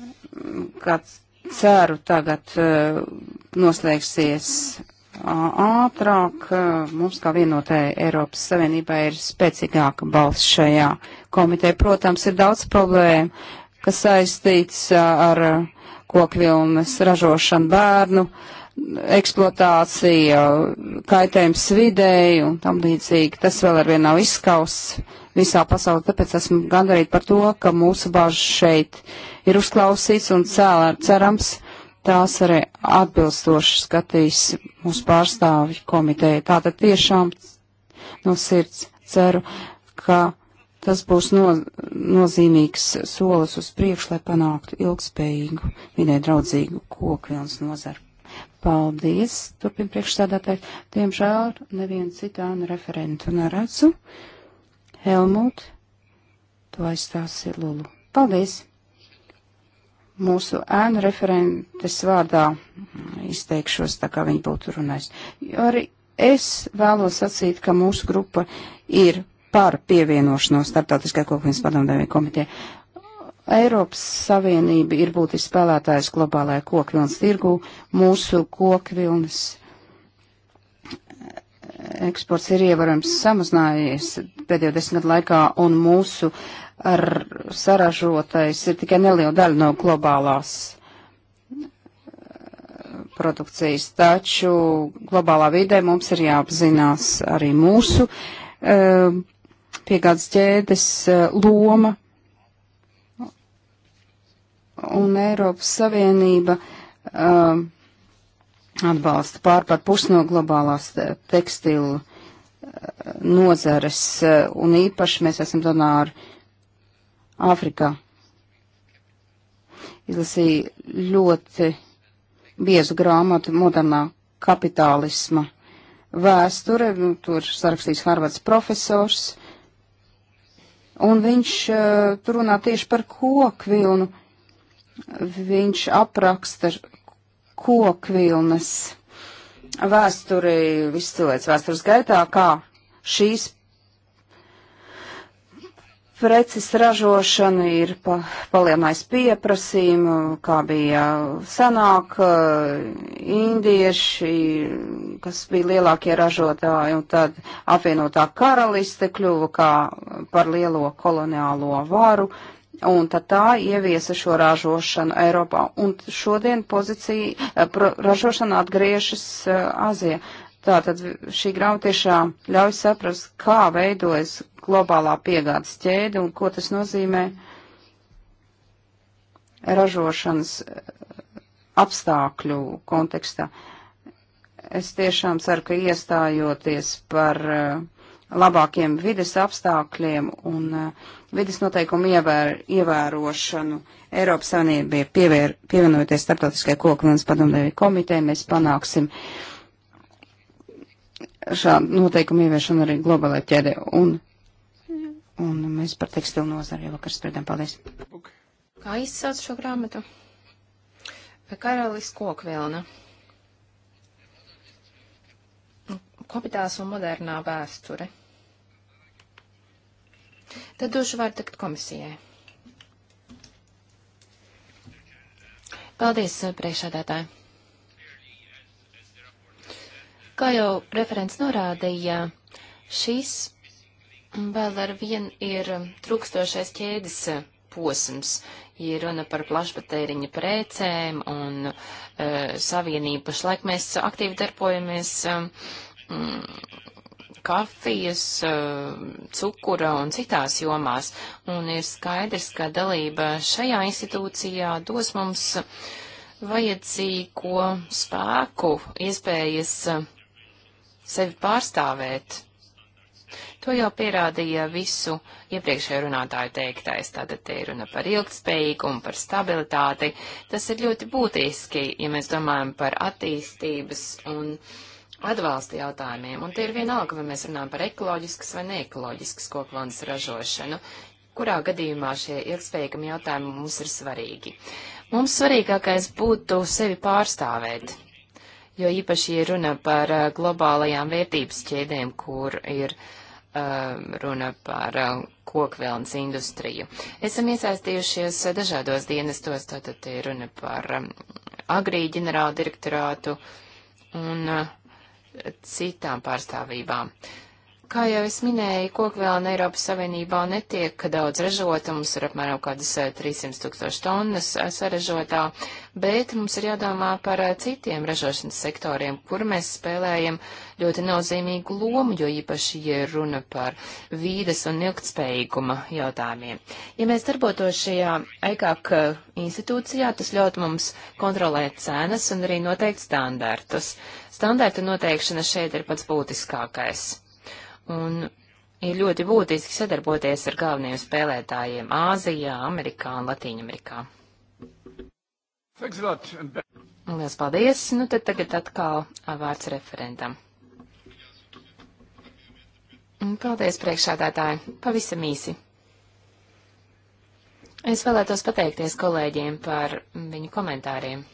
C: mm, kad ceru tagad eh, noslēgsies ātrāk. Mums kā vienotai Eiropas Savienībai ir spēcīgāka balss šajā komitē. Protams, ir daudz problēmu, kas saistīts ar kokvilnes ražošanu bērnu, eksploatācija, kaitējums vidēji un tam līdzīgi. Tas vēl arvien nav izskausts visā pasaulē, tāpēc esmu gandarīt par to, ka mūsu bāžas šeit ir uzklausīts un cēl, cerams, tās arī atbilstoši skatīs mūsu pārstāvju komiteja. Tātad tiešām no sirds ceru, ka tas būs no, nozīmīgs solis uz priekšu, lai panāktu ilgspējīgu, vidē draudzīgu kokvilnas nozaru. Paldies, turpin priekšstādātāji. Diemžēl nevienu citānu referentu neredzu. Helmut, tu aizstāsi Lulu. Paldies! mūsu ēnu referentes vārdā izteikšos, tā kā viņi būtu runājis. Jo arī es vēlos sacīt, ka mūsu grupa ir par pievienošanos starptautiskai kokvienas padomdevēja komitē. Eiropas Savienība ir būtisks spēlētājs globālajā kokvilnas tirgū. Mūsu kokvilnas eksports ir ievērojams samazinājies pēdējo desmit gadu laikā, un mūsu uh, ar saražotais ir tikai neliela daļa no globālās eh, produkcijas, taču globālā vidē mums ir jāapzinās arī mūsu uh, piegādes ķēdes uh, loma. Un Eiropas Savienība uh, atbalsta pār par pusi no globālās tekstilu nozares, un īpaši mēs esam donāri Āfrikā. Izlasīju ļoti biezu grāmatu modernā kapitālisma vēsture, nu, tur sarakstīs Harvards profesors, un viņš eh, tur runā tieši par kokvilnu. Viņš apraksta kokvilnas vēsturi, visu cilvēks vēstures gaitā, kā šīs preces ražošana ir pa, palielinājis pieprasījumu, kā bija senāk, eh, indieši, kas bija lielākie ražotāji, un tad apvienotā karaliste kļuva kā par lielo koloniālo varu, un tad tā ieviesa šo ražošanu Eiropā, un šodien pozīcija, eh, ražošana atgriežas eh, Azijā. Tātad šī grāmata tiešām ļauj saprast, kā veidojas globālā piegādes ķēde un ko tas nozīmē ražošanas eh, apstākļu kontekstā. Es tiešām ceru, ka iestājoties par eh, labākiem vides apstākļiem un eh, vides noteikumu ievēr, ievērošanu Eiropas Savienībai pievienojoties starptautiskajai koku vienas padomdevēju komitē, mēs panāksim uh, šādu noteikumu ieviešanu arī globālajā ķēdē. Un, un mēs par tekstilu nozari jau vakar spriedām. Paldies.
A: Kā izsauc šo grāmatu? Vai karalis kokvēlna? Kopitās un modernā vēsture. Tad došu vārdu tagad komisijai. Paldies, priekšādātāji. Kā jau referents norādīja, šis vēl ar vien ir trūkstošais ķēdes posms, ja runa par plašpatēriņa precēm un e, savienību. Pašlaik mēs aktīvi darbojamies e, mm, kafijas, e, cukura un citās jomās, un ir skaidrs, ka dalība šajā institūcijā dos mums vajadzīgo spēku, iespējas sevi pārstāvēt. To jau pierādīja visu iepriekšējo runātāju teiktais. Tātad te ir runa par ilgspējīgumu, par stabilitāti. Tas ir ļoti būtiski, ja mēs domājam par attīstības un atbalsta jautājumiem. Un te ir vienalga, vai mēs runājam par ekoloģiskas vai neekoloģiskas kokvandas ražošanu, kurā gadījumā šie ilgspējīgumi jautājumi mums ir svarīgi. Mums svarīgākais būtu sevi pārstāvēt, jo īpaši ir runa par uh, globālajām vērtības ķēdēm, kur ir uh, runa par uh, kokvilnas industriju. Esam iesaistījušies dažādos dienestos, tātad ir runa par um, agrī ģenerāla direktorātu un citām pārstāvībām. Uh, Kā jau es minēju, kokvēlna Eiropas Savienībā netiek daudz ražota, mums ir apmēram kādas 300 eh, tūkstoši tonnas eh, saražotā, bet mums ir jādomā par eh, citiem ražošanas sektoriem, kur mēs spēlējam ļoti nozīmīgu lomu, jo īpaši, ja runa par vīdes un ilgtspējīguma jautājumiem. Ja mēs darbotos šajā EKAK institūcijā, tas ļaut mums kontrolēt cenas un arī noteikt standartus. Standarta noteikšana šeit ir pats būtiskākais. Un ir ļoti būtiski sadarboties ar galvenajiem spēlētājiem Āzijā, Amerikā un Latīņamerikā. Lielas paldies! Nu tad tagad atkal vārds referentam. Paldies, priekšādātāji! Pavisam īsi. Es vēlētos pateikties kolēģiem par viņu komentāriem.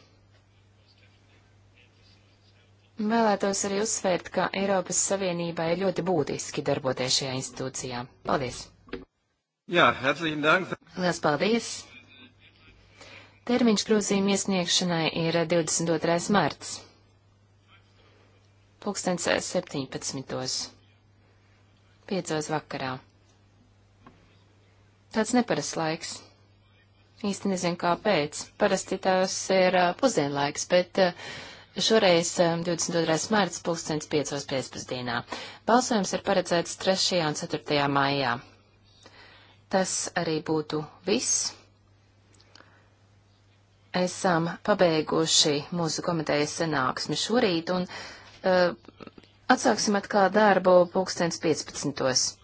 A: Vēlētos arī uzsvērt, ka Eiropas Savienībai ir ļoti būtiski darboties šajā institūcijā. Paldies!
B: Jā, herzlichen Dank!
A: Lielas paldies! Termiņš grozījuma iesniegšanai ir 22. marts. Pulkstens 17. 5. vakarā. Tāds neparasts laiks. Īsti nezinu kāpēc. Parasti tās ir pusdienlaiks, bet uh, Šoreiz 22. mārts 2005. pēcpusdienā. Balsojums ir paredzēts 3. un 4. maijā. Tas arī būtu viss. Esam pabeiguši mūsu komitejas sanāksmi šorīt un uh, atsāksim atkal darbu 2015.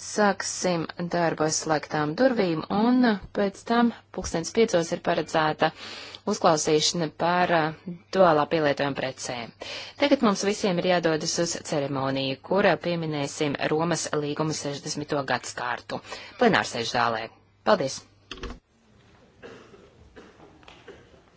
A: Sāksim darbu aizslēgtām durvīm un pēc tam 2005. ir paredzēta uh, uzklausīšana par uh, duālā pielietojuma precēm. Tagad mums visiem ir jādodas uz ceremoniju, kura uh, pieminēsim Romas līguma 60. gadskārtu plenārsēžu zālē. Paldies!